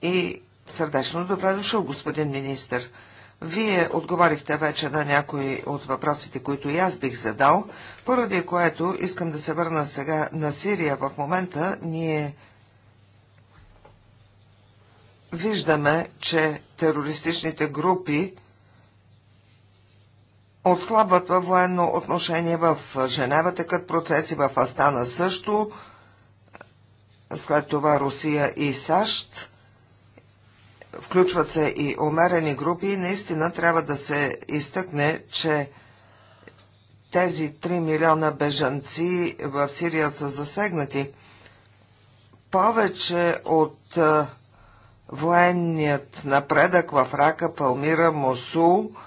И Сърдечно добре дошъл, господин министр. Вие отговорихте вече на някои от въпросите, които и аз бих задал, поради което искам да се върна сега на Сирия. В момента ние виждаме, че терористичните групи отслабват във военно отношение в Женева, тъкат процеси в Астана също, след това Русия и САЩ включват се и умерени групи, наистина трябва да се изтъкне, че тези 3 милиона бежанци в Сирия са засегнати. Повече от военният напредък в Рака, Палмира, Мосул –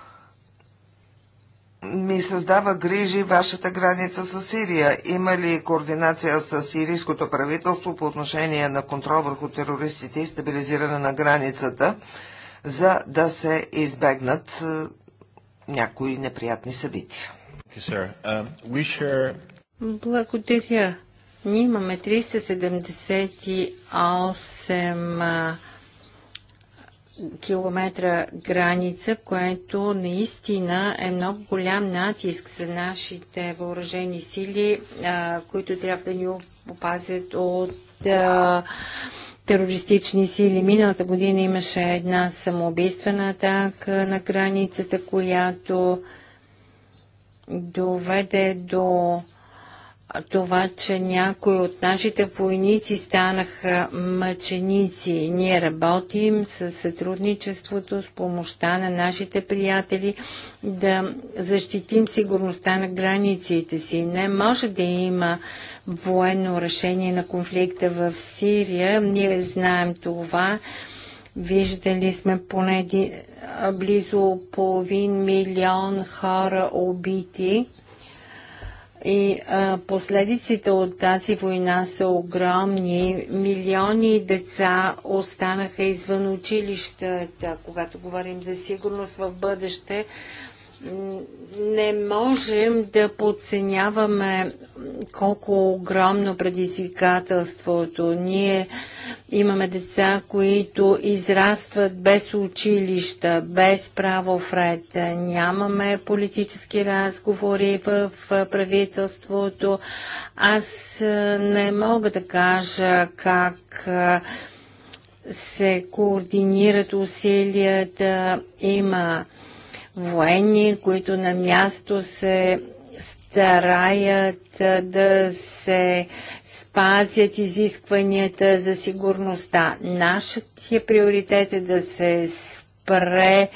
ми създава грижи вашата граница с Сирия. Има ли координация с сирийското правителство по отношение на контрол върху терористите и стабилизиране на границата, за да се избегнат е, някои неприятни събития? Um, Благодаря. Ние имаме 378 километра граница, което наистина е много голям натиск за нашите въоръжени сили, а, които трябва да ни опазят от а, терористични сили. Миналата година имаше една самоубийствена атака на границата, която доведе до това, че някои от нашите войници станаха мъченици. Ние работим с сътрудничеството, с помощта на нашите приятели да защитим сигурността на границите си. Не може да има военно решение на конфликта в Сирия. Ние знаем това. Виждали сме поне близо половин милион хора убити и а, последиците от тази война са огромни. Милиони деца останаха извън училищата. Когато говорим за сигурност в бъдеще, не можем да подценяваме колко огромно предизвикателството. Ние имаме деца, които израстват без училища, без право в ред. Нямаме политически разговори в правителството. Аз не мога да кажа как се координират усилията. има военни, които на място се стараят да се спазят изискванията за сигурността. е приоритет е да се спре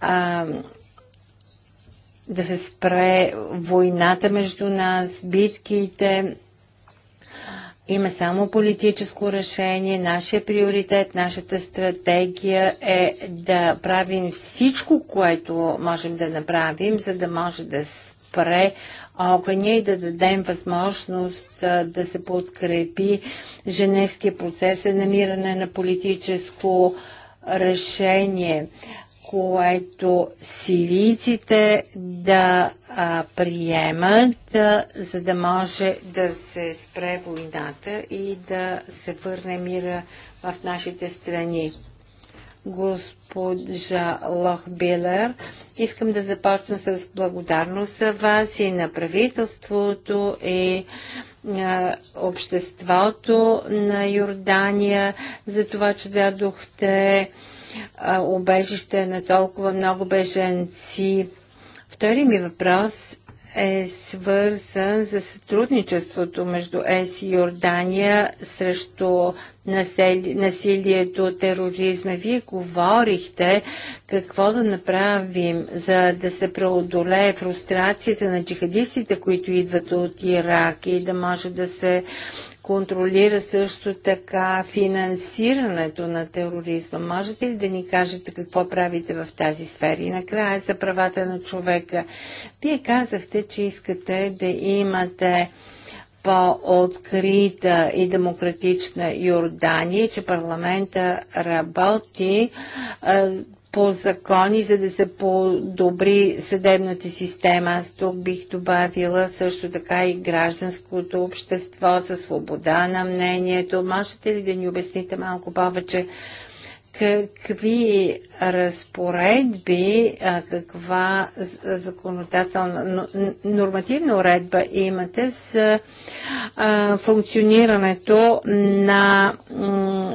а, да се спре войната между нас, битките има само политическо решение. Нашия приоритет, нашата стратегия е да правим всичко, което можем да направим, за да може да спре огъня и да дадем възможност да се подкрепи женевския процес за намиране на политическо решение което сирийците да а, приемат, а, за да може да се спре войната и да се върне мира в нашите страни. Госпожа Лохбилер, искам да започна с благодарност за вас и на правителството и обществото на Йордания за това, че дадохте убежище на толкова много беженци. Втори ми въпрос е свързан за сътрудничеството между ЕС и Йордания срещу насилието, тероризма. Вие говорихте какво да направим, за да се преодолее фрустрацията на джихадистите, които идват от Ирак и да може да се контролира също така финансирането на тероризма. Можете ли да ни кажете какво правите в тази сфера? И накрая за правата на човека. Вие казахте, че искате да имате по-открита и демократична Йордания, че парламента работи по закони, за да се подобри съдебната система. Аз тук бих добавила също така и гражданското общество със свобода на мнението. Можете ли да ни обясните малко повече какви разпоредби, каква законодателна нормативна уредба имате с функционирането на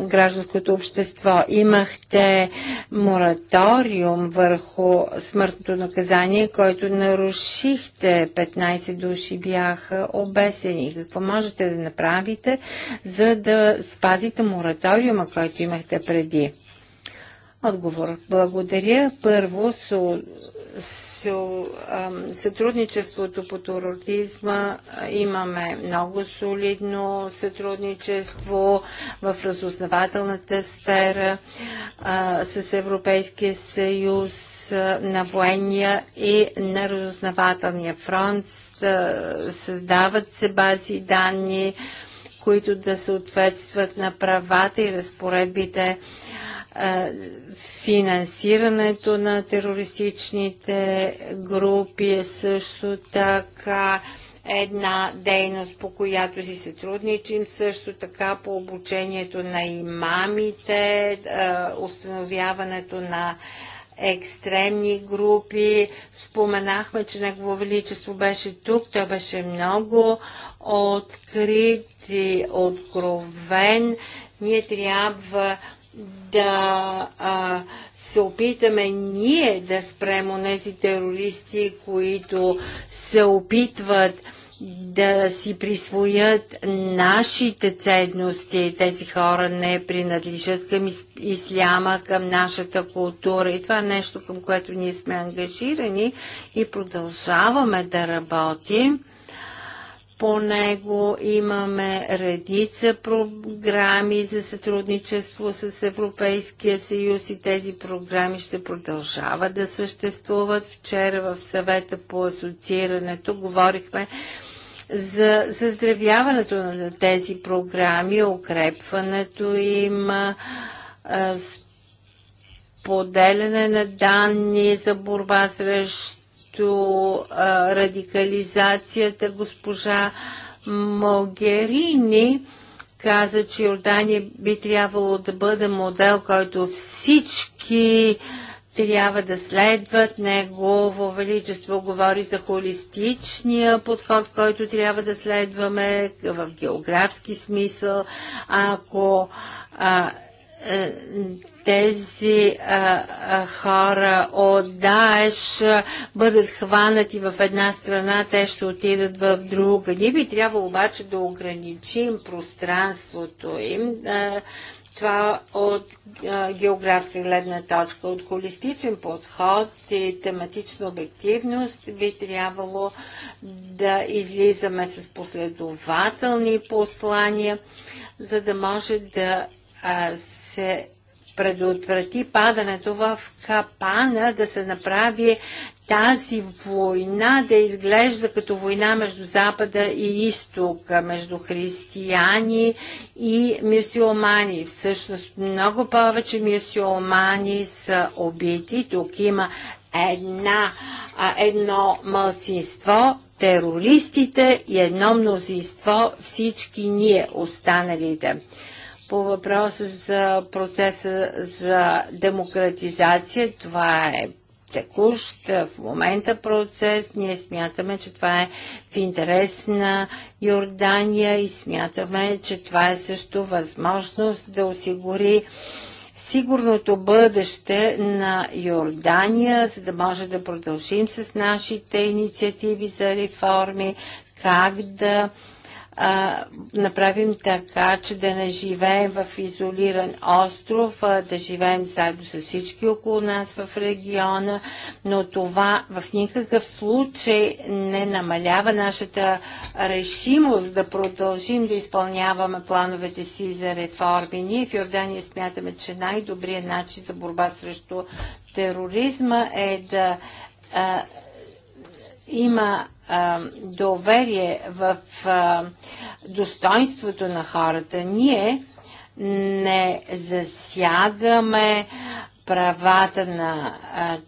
гражданското общество. Имахте мораториум върху смъртното наказание, който нарушихте. 15 души бяха обесени. Какво можете да направите, за да спазите мораториума, който имахте преди? Отговор. Благодаря. Първо, со, со, а, сътрудничеството по тероризма имаме много солидно сътрудничество в разузнавателната сфера а, с Европейския съюз на военния и на разузнавателния фронт. Създават се бази данни, които да съответстват на правата и разпоредбите Финансирането на терористичните групи е също така една дейност, по която си се трудничим също така по обучението на имамите, установяването на екстремни групи. Споменахме, че Негово Величество беше тук. Той беше много открит и откровен. Ние трябва да а, се опитаме ние да спрем онези терористи, които се опитват да си присвоят нашите ценности. Тези хора не принадлежат към исляма, към нашата култура. И това е нещо, към което ние сме ангажирани и продължаваме да работим по него. Имаме редица програми за сътрудничество с Европейския съюз и тези програми ще продължават да съществуват. Вчера в съвета по асоциирането говорихме за заздравяването на тези програми, укрепването им, споделяне на данни за борба срещу срещу радикализацията. Госпожа Могерини каза, че Йордания би трябвало да бъде модел, който всички трябва да следват. Негово Величество говори за холистичния подход, който трябва да следваме в географски смисъл. Ако а, е, тези а, а, хора от Даеш бъдат хванати в една страна, те ще отидат в друга. Ние би трябвало обаче да ограничим пространството им. А, това от а, географска гледна точка, от холистичен подход и тематична обективност би трябвало да излизаме с последователни послания, за да може да а, се предотврати падането в капана, да се направи тази война да изглежда като война между Запада и Изтока, между християни и мюсюлмани. Всъщност много повече мюсюлмани са убити. Тук има една, едно мълцинство, терористите и едно мнозинство, всички ние останалите. Да. По въпроса за процеса за демократизация, това е текущ в момента процес. Ние смятаме, че това е в интерес на Йордания и смятаме, че това е също възможност да осигури сигурното бъдеще на Йордания, за да може да продължим с нашите инициативи за реформи, как да а, направим така, че да не живеем в изолиран остров, а, да живеем заедно с всички около нас в региона, но това в никакъв случай не намалява нашата решимост да продължим да изпълняваме плановете си за реформи. Ние в Йордания смятаме, че най-добрият начин за борба срещу тероризма е да а, има а, доверие в а, достоинството на хората, ние не засягаме правата на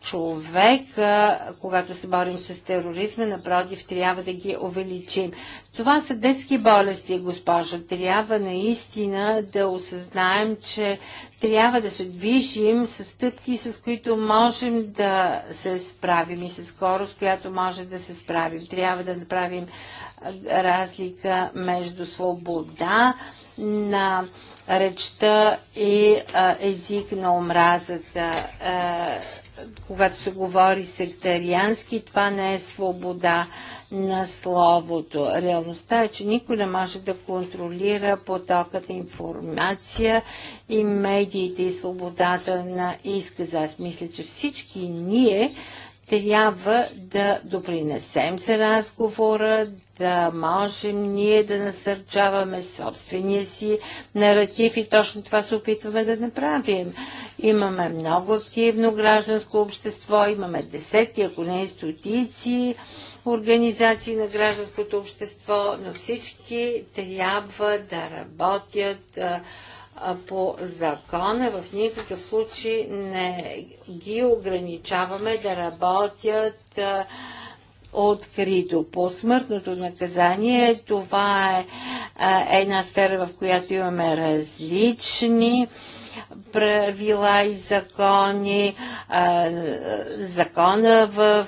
човека, когато се борим с тероризма, напротив, трябва да ги увеличим. Това са детски болести, госпожа. Трябва наистина да осъзнаем, че трябва да се движим с стъпки, с които можем да се справим и с скорост, която може да се справим. Трябва да направим разлика между свобода на речта и а, език на омразата. А, когато се говори сектариански, това не е свобода на словото. Реалността е, че никой не може да контролира потокът информация и медиите и свободата на изказа. Аз мисля, че всички ние трябва да допринесем за разговора, да можем ние да насърчаваме собствения си наратив и точно това се опитваме да направим. Имаме много активно гражданско общество, имаме десетки, ако не и стотици организации на гражданското общество, но всички трябва да работят по закона в никакъв случай не ги ограничаваме да работят а, открито. По смъртното наказание това е една сфера, в която имаме различни правила и закони. закона в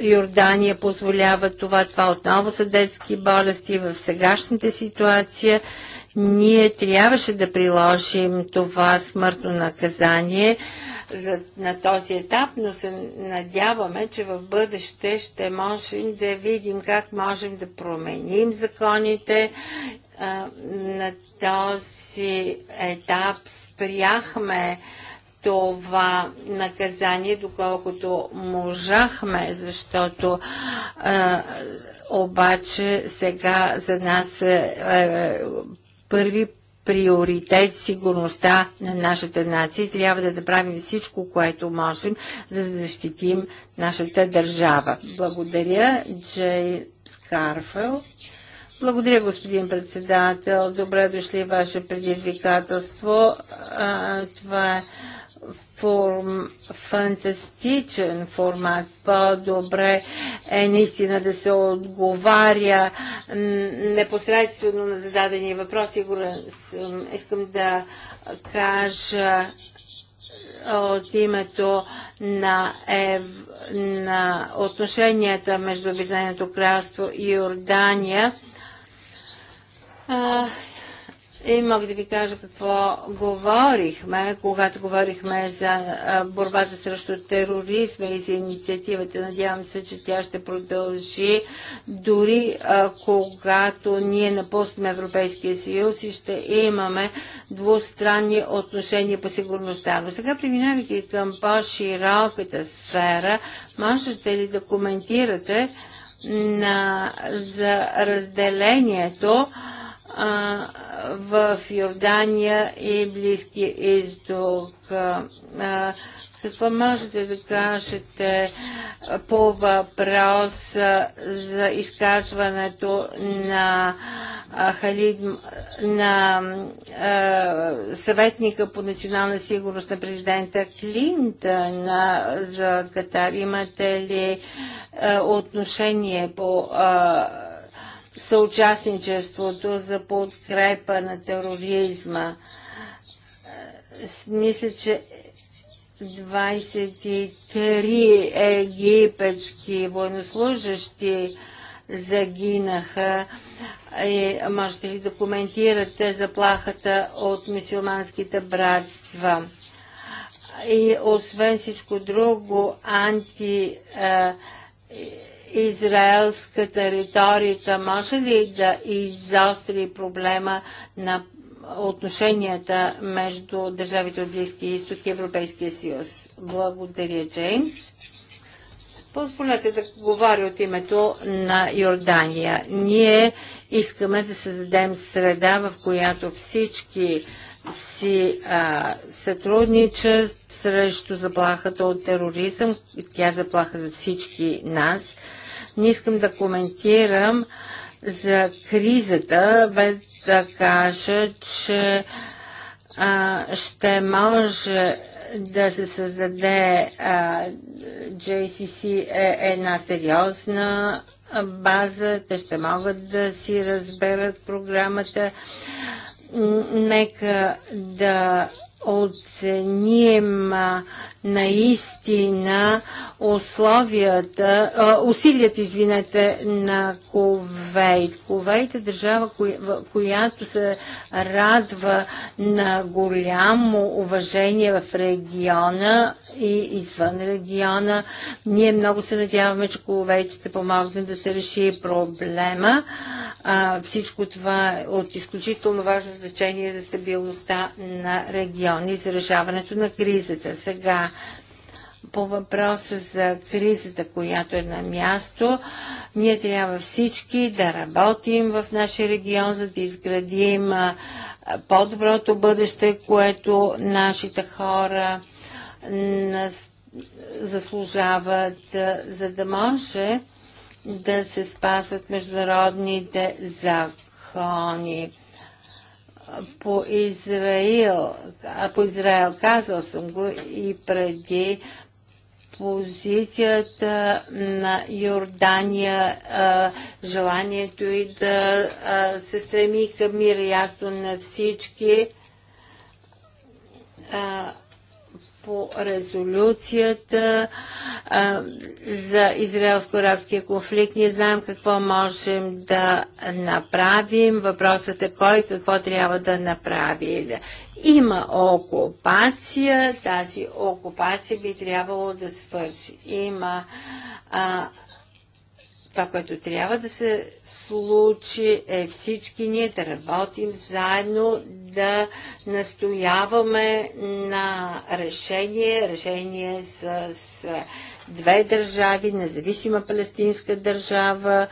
Йордания позволява това. Това отново са детски болести в сегашната ситуация. Ние трябваше да приложим това смъртно наказание за, на този етап, но се надяваме, че в бъдеще ще можем да видим как можем да променим законите. А, на този етап спряхме това наказание, доколкото можахме, защото а, обаче сега за нас е, е първи приоритет сигурността на нашата нация и трябва да направим всичко, което можем, за да защитим нашата държава. Благодаря, Джей Скарфел. Благодаря, господин председател. Добре дошли ваше предизвикателство. А, това е форм, фантастичен формат. По-добре е наистина да се отговаря непосредствено на зададени въпроси. Искам да кажа от името на, Ев, на отношенията между Обединеното кралство и Йордания. И мога да ви кажа какво говорихме, когато говорихме за борбата срещу тероризма и за инициативата. Надявам се, че тя ще продължи дори когато ние напуснем Европейския съюз и ще имаме двустранни отношения по сигурността. Но сега, преминавайки към по-широката сфера, можете ли да коментирате на, за разделението? в Йордания и Близкия изток. какво можете да кажете по въпрос за изказването на Халид, на съветника по национална сигурност на президента Клинтън за Катар? Имате ли отношение по съучастничеството за подкрепа на тероризма. Мисля, че 23 египетски военнослужащи загинаха. И можете ли да коментирате заплахата от мусулманските братства? И освен всичко друго, анти Е, израелската риторика може ли да изостри проблема на отношенията между държавите от Близкия изток и Европейския съюз? Благодаря, Джеймс. Позволете да говоря от името на Йордания. Ние искаме да създадем среда, в която всички си а, сътрудничат срещу заплахата от тероризъм. Тя е заплаха за всички нас. Не искам да коментирам за кризата, без да кажа, че а, ще може да се създаде а, JCC е една сериозна база, те ще могат да си разберат програмата. Нека да оценим наистина условията, усилият, усилията, извинете, на Кувейт. Кувейт е държава, която се радва на голямо уважение в региона и извън региона. Ние много се надяваме, че Кувейт ще помогне да се реши проблема. всичко това е от изключително важно значение за стабилността на региона и за решаването на кризата. Сега по въпроса за кризата, която е на място, ние трябва всички да работим в нашия регион, за да изградим по-доброто бъдеще, което нашите хора заслужават, за да може да се спазват международните закони по Израил, а по Израел казвал съм го и преди позицията на Йордания, а, желанието и да а, се стреми към мир ясно на всички. А, по резолюцията а, за израелско-арабския конфликт. Ние знаем какво можем да направим. Въпросът е кой какво трябва да направи. Има окупация. Тази окупация би трябвало да свърши. Има а, това, което трябва да се случи е всички ние да работим заедно, да настояваме на решение, решение с, с две държави, независима палестинска държава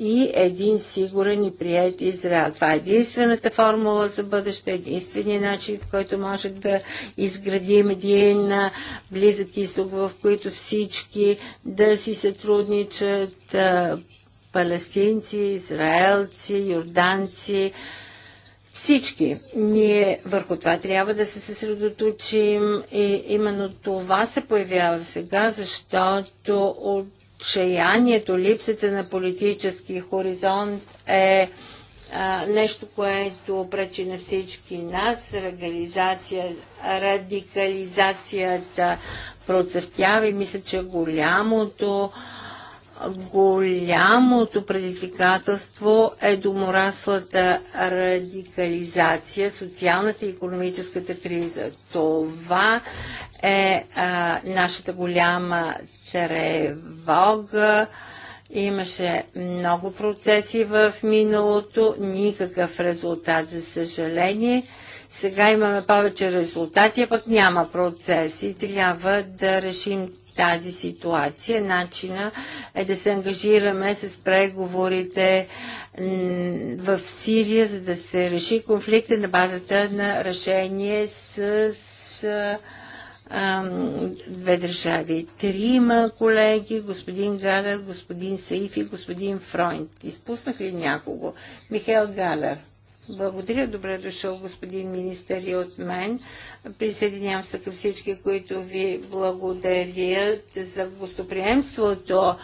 и един сигурен и прият Израел. Това е единствената формула за бъдеще, единствения начин, в който може да изградим един близък изток, в който всички да си сътрудничат палестинци, израелци, юрданци, всички. Ние върху това трябва да се съсредоточим и именно това се появява сега, защото от отчаянието, липсата на политически хоризонт е а, нещо, което пречи на всички нас. Радикализация, радикализацията процъфтява и мисля, че голямото а, голямото предизвикателство е домораслата радикализация, социалната и економическата криза. Това е а, нашата голяма тревога. Имаше много процеси в миналото, никакъв резултат, за съжаление. Сега имаме повече резултати, а пък няма процеси. Трябва да решим тази ситуация. Начина е да се ангажираме с преговорите в Сирия, за да се реши конфликта на базата на решение с, с две държави. Трима колеги, господин Галер, господин Саиф и господин Фройнт. Изпуснах ли някого? Михаил Галер. Благодаря. Добре дошъл, господин министър и от мен. Присъединявам се към всички, които ви благодарят за гостоприемството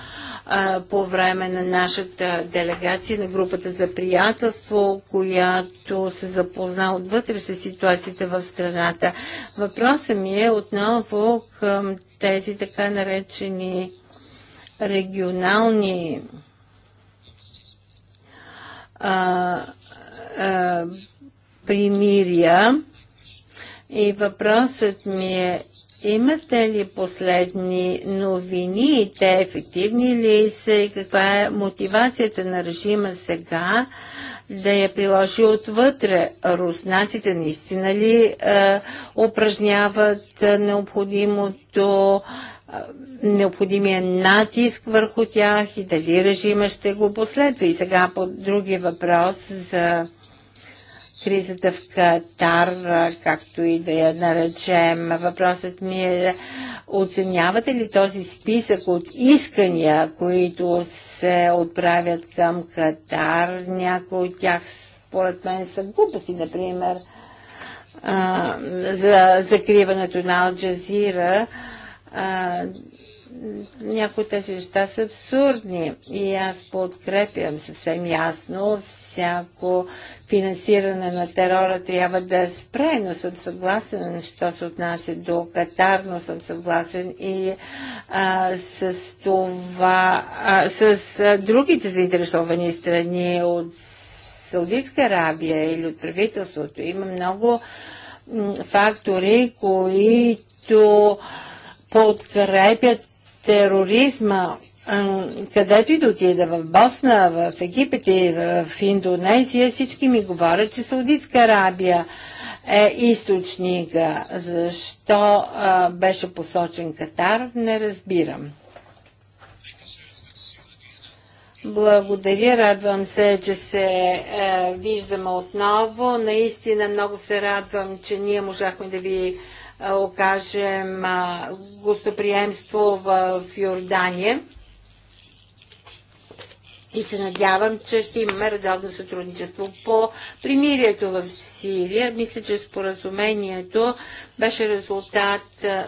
а, по време на нашата делегация на групата за приятелство, която се запозна отвътре с ситуацията в страната. Въпросът ми е отново към тези така наречени регионални а, примирия. И въпросът ми е, имате ли последни новини и те ефективни ли са и каква е мотивацията на режима сега да я приложи отвътре? Руснаците наистина ли е, упражняват необходимото е, необходимия натиск върху тях и дали режима ще го последва. И сега по други въпрос за кризата в Катар, както и да я наречем. Въпросът ми е, оценявате ли този списък от искания, които се отправят към Катар? Някои от тях, според мен, са глупости, например, за закриването на Алджазира някои от тези неща са абсурдни и аз подкрепям съвсем ясно всяко финансиране на терора трябва да е спре, но съм съгласен, що се отнася до Катар, но съм съгласен и а, с това, а, с а, другите заинтересовани страни от Саудитска Арабия или от правителството. Има много фактори, които подкрепят тероризма, където и да отида в Босна, в Египет и в Индонезия, всички ми говорят, че Саудитска Арабия е източника. Защо а, беше посочен Катар, не разбирам. Благодаря, радвам се, че се е, виждаме отново. Наистина много се радвам, че ние можахме да ви окажем гостоприемство в Йордания. И се надявам, че ще имаме редовно сътрудничество по примирието в Сирия. Мисля, че споразумението беше резултат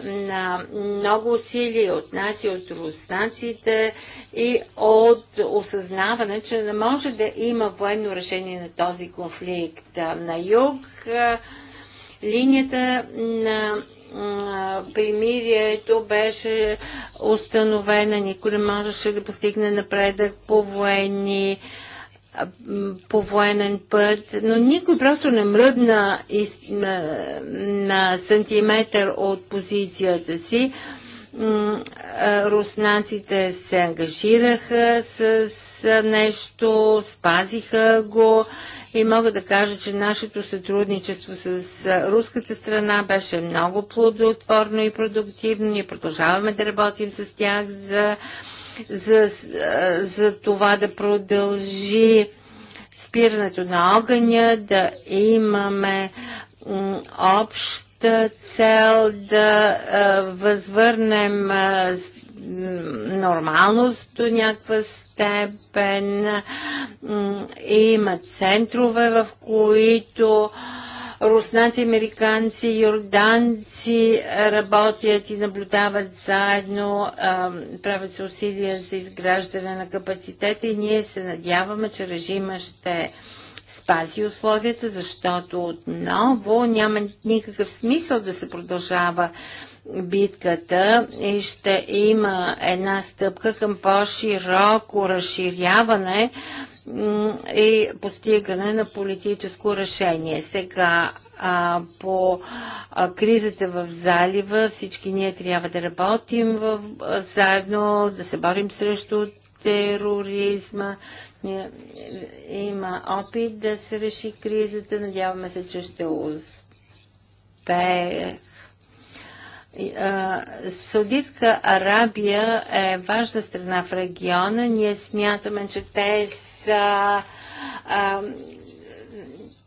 на много усилия от нас и от руснаците и от осъзнаване, че не може да има военно решение на този конфликт на юг Линията на примирието беше установена, никой не можеше да постигне напредък по военни по военен път, но никой просто не мръдна из, на, на сантиметър от позицията си. Руснаците се ангажираха с, с нещо, спазиха го и мога да кажа, че нашето сътрудничество с руската страна беше много плодотворно и продуктивно. Ние продължаваме да работим с тях за, за, за това да продължи спирането на огъня, да имаме общ цел да възвърнем нормалност до някаква степен. Има центрове, в които руснаци, американци, йорданци работят и наблюдават заедно, правят се усилия за изграждане на капацитета и ние се надяваме, че режима ще спази условията, защото отново няма никакъв смисъл да се продължава битката и ще има една стъпка към по-широко разширяване и постигане на политическо решение. Сега а, по а, кризата в залива всички ние трябва да работим в, а, заедно, да се борим срещу тероризма, е, има опит да се реши кризата. Надяваме се, че ще успее. Саудитска Арабия е важна страна в региона. Ние смятаме, че те са а,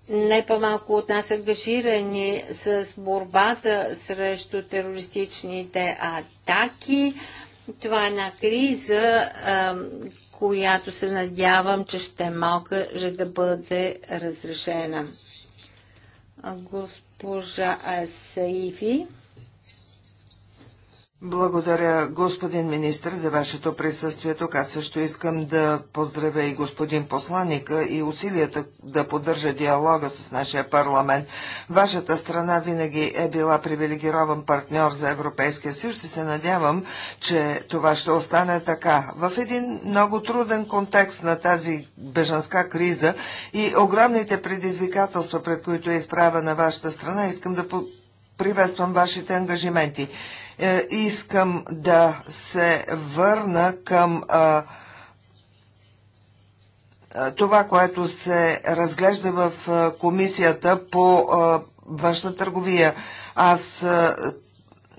не по-малко от нас ангажирани с борбата срещу терористичните атаки. Това е една криза, която се надявам, че ще малка же да бъде разрешена. Госпожа Саифи. Благодаря, господин министр, за вашето присъствие тук. Аз също искам да поздравя и господин посланика и усилията да поддържа диалога с нашия парламент. Вашата страна винаги е била привилегирован партньор за Европейския съюз и се надявам, че това ще остане така. В един много труден контекст на тази бежанска криза и огромните предизвикателства, пред които е изправена вашата страна, искам да приветствам вашите ангажименти. Е, искам да се върна към това, което се разглежда в комисията по външна търговия. Аз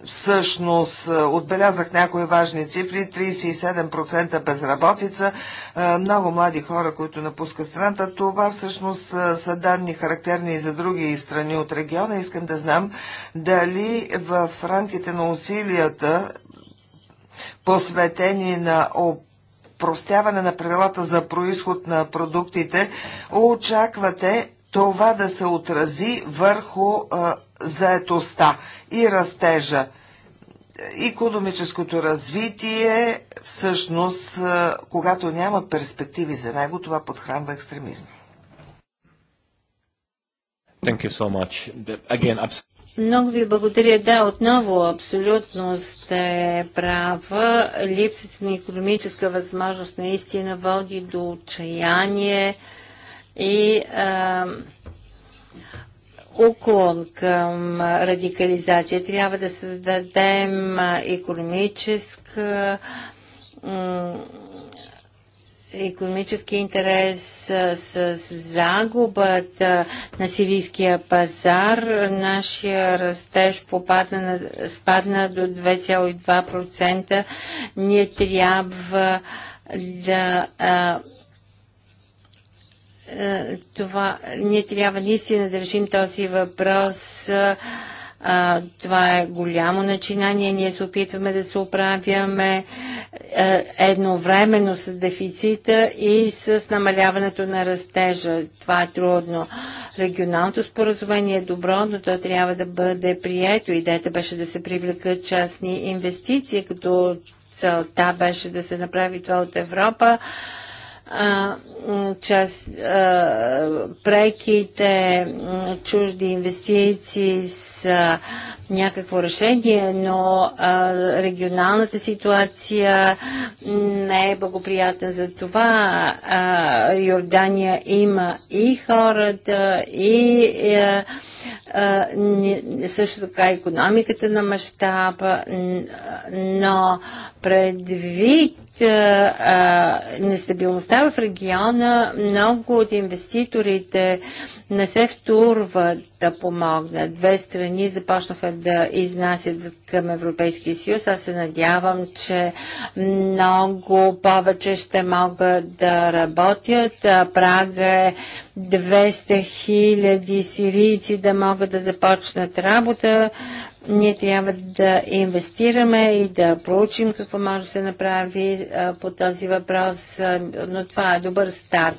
Всъщност е, отбелязах някои важни цифри. 37% безработица, е, много млади хора, които напускат страната. Това всъщност е, са данни характерни и за други страни от региона. Искам да знам дали в рамките на усилията посветени на простяване на правилата за происход на продуктите, очаквате това да се отрази върху заетостта и растежа. Икономическото развитие, всъщност, когато няма перспективи за него, това подхранва екстремизма. Много ви благодаря. Да, отново абсолютно сте права. Липсата на економическа възможност наистина води до отчаяние и а, уклон към радикализация. Трябва да създадем економическа економически интерес с, с загубата на сирийския пазар. Нашия растеж попадна, спадна до 2,2%. Ние трябва да а, е, това, ние трябва наистина да решим този въпрос. Е, е, това е голямо начинание. Ние се опитваме да се оправяме едновременно с дефицита и с намаляването на растежа. Това е трудно. Регионалното споразумение е добро, но то трябва да бъде прието. Идеята беше да се привлекат частни инвестиции, като целта беше да се направи това от Европа а, част, а, преките чужди инвестиции а, някакво решение, но а, регионалната ситуация не е благоприятна за това. А, Йордания има и хората, и е, а, а, също така економиката на мащаба, но предвид е, нестабилността в региона, много от инвеститорите не се втурват да помогнат. Две страни започнаха да изнасят към Европейския съюз. Аз се надявам, че много повече ще могат да работят. Прага е 200 хиляди сирийци да могат да започнат работа ние трябва да инвестираме и да проучим какво може да се направи по този въпрос, но това е добър старт.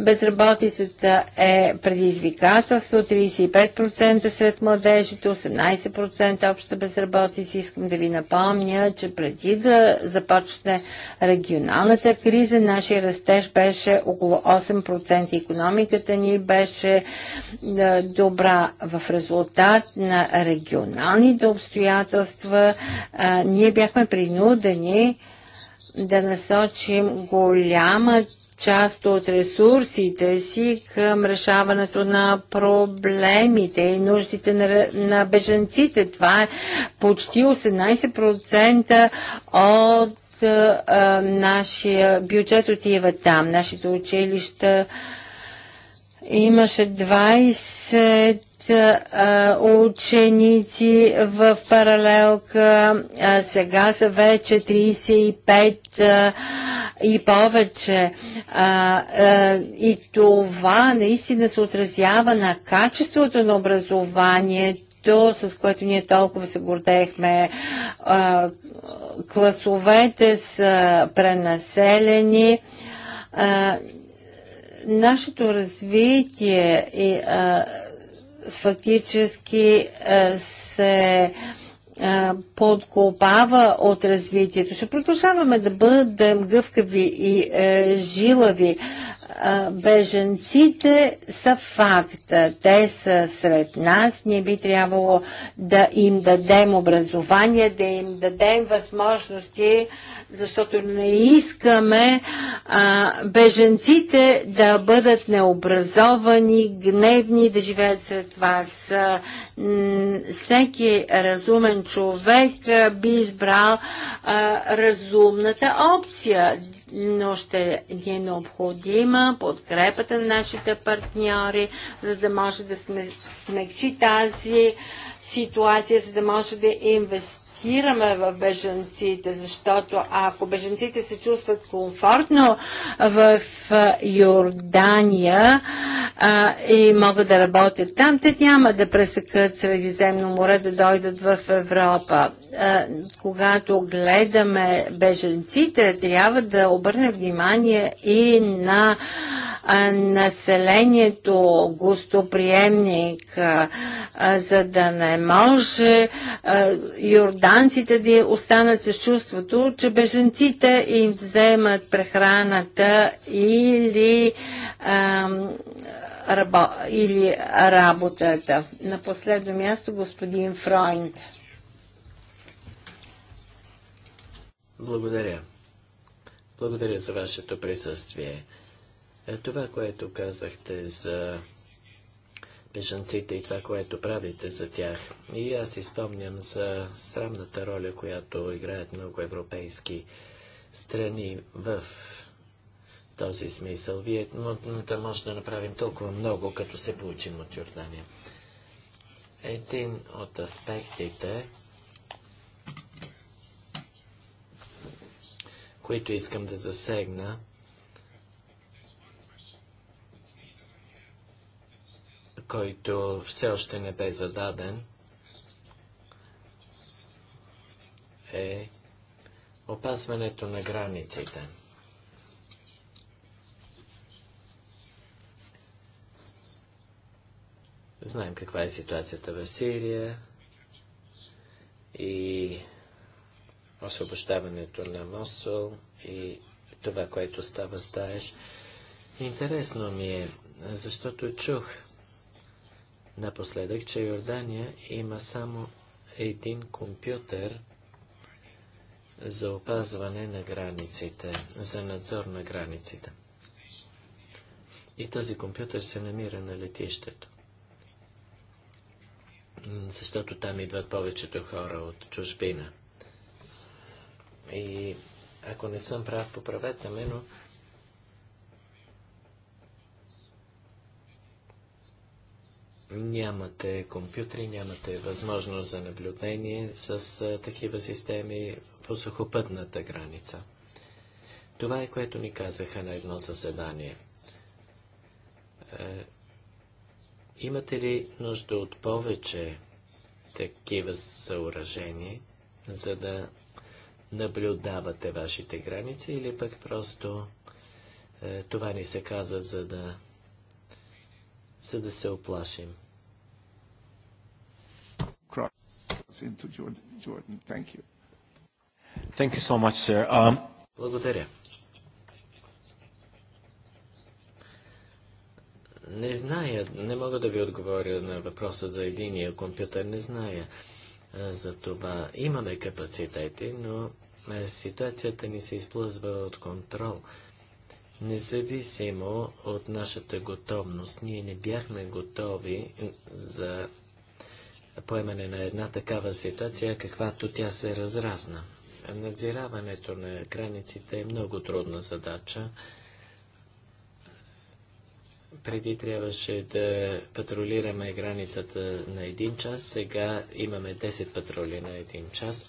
Безработицата е предизвикателство, 35% сред младежите, 18% обща безработица. Искам да ви напомня, че преди да започне регионалната криза, нашия растеж беше около 8%. Економиката ни беше добра в резултат на регионалната социалните обстоятелства а, ние бяхме принудени да насочим голяма част от ресурсите си към решаването на проблемите и нуждите на, на беженците. Това е почти 18% от а, нашия бюджет отива там. Нашите училища имаше 20 а, ученици в паралелка, а сега са вече 35 а, и повече. А, а, и това наистина се отразява на качеството на образованието то, с което ние толкова се гордеехме. класовете са пренаселени. А, нашето развитие и а, фактически е, се е, подкопава от развитието. Ще продължаваме да бъдем гъвкави и е, жилави, беженците са факта, Те са сред нас. Ние би трябвало да им дадем образование, да им дадем възможности, защото не искаме а, беженците да бъдат необразовани, гневни, да живеят сред вас. Всеки разумен човек би избрал а, разумната опция но ще ни е необходима подкрепата на нашите партньори, за да може да смекчи тази ситуация, за да може да инвестира инвестираме в бежанците, защото ако бежанците се чувстват комфортно в Йордания а, и могат да работят там, те няма да пресекат Средиземно море да дойдат в Европа. А, когато гледаме бежанците, трябва да обърнем внимание и на населението, гостоприемник, а, за да не може Йордания афгастанците да останат с чувството, че беженците им вземат прехраната или, ам, рабо, или работата. На последно място господин Фройнд. Благодаря. Благодаря за вашето присъствие. Е, това, което казахте за бежанците и това, което правите за тях. И аз изпомням за срамната роля, която играят много европейски страни в този смисъл. Вие да може да направим толкова много, като се получим от Йордания. Един от аспектите, които искам да засегна, който все още не бе зададен, е опазването на границите. Знаем каква е ситуацията в Сирия и освобождаването на Мосул и това, което става с Интересно ми е, защото чух напоследък, че Йордания има само един компютър за опазване на границите, за надзор на границите. И този компютър се намира на летището. Защото там идват повечето хора от чужбина. И ако не съм прав, поправете ме, но нямате компютри, нямате възможност за наблюдение с а, такива системи по сухопътната граница. Това е което ми казаха на едно заседание. Е, имате ли нужда от повече такива съоръжения, за да наблюдавате вашите граници или пък просто е, това ни се каза, за да за да се оплашим. Um, Благодаря. Не зная, не мога да ви отговоря на въпроса за единия компютър, не зная за това. Имаме капацитети, но ситуацията ни се изплъзва от контрол. Независимо от нашата готовност, ние не бяхме готови за поемане на една такава ситуация, каквато тя се разразна. Надзираването на границите е много трудна задача. Преди трябваше да патрулираме границата на един час, сега имаме 10 патрули на един час,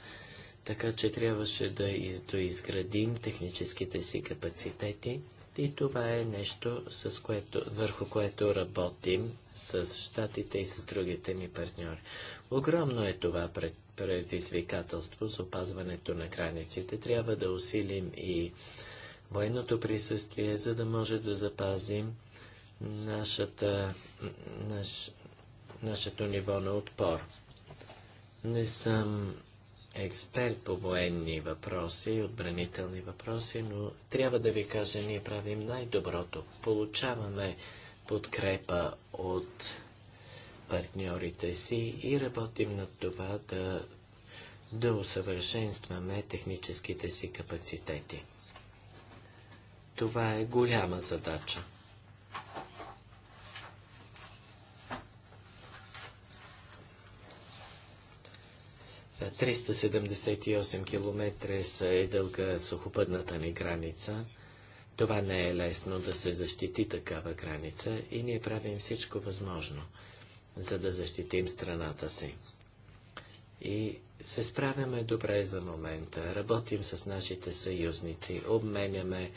така че трябваше да доизградим техническите си капацитети. И това е нещо, с което, върху което работим с щатите и с другите ми партньори. Огромно е това пред, предизвикателство с опазването на границите. Трябва да усилим и военното присъствие, за да може да запазим нашата, наш, нашето ниво на отпор. Не съм експерт по военни въпроси и отбранителни въпроси, но трябва да ви кажа, ние правим най-доброто. Получаваме подкрепа от партньорите си и работим над това да, да усъвършенстваме техническите си капацитети. Това е голяма задача. 378 км е дълга сухопътната ни граница. Това не е лесно да се защити такава граница и ние правим всичко възможно, за да защитим страната си. И се справяме добре за момента. Работим с нашите съюзници, обменяме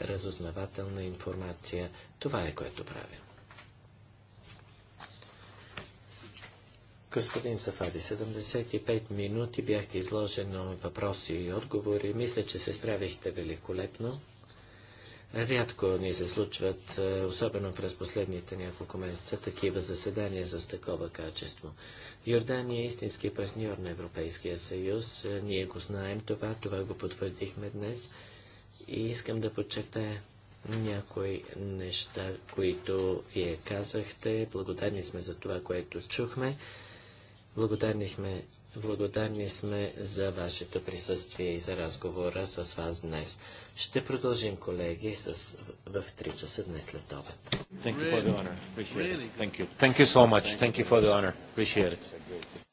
разузнавателна информация. Това е което правим. Господин Сафади, 75 минути бяхте изложено въпроси и отговори. Мисля, че се справихте великолепно. Рядко ни се случват, е, особено през последните няколко месеца, такива заседания с такова качество. Йордания е истински партньор на Европейския съюз. Е, ние го знаем това, това го потвърдихме днес. И искам да подчертая някои неща, които вие казахте. Благодарни сме за това, което чухме. Благодарни сме, благодарни сме за вашето присъствие и за разговора с вас днес. Ще продължим, колеги, с, в, в 3 часа днес след обед. Thank you for the honor. Appreciate it. Thank you. Thank you so much. Thank you for the honor. Appreciate it.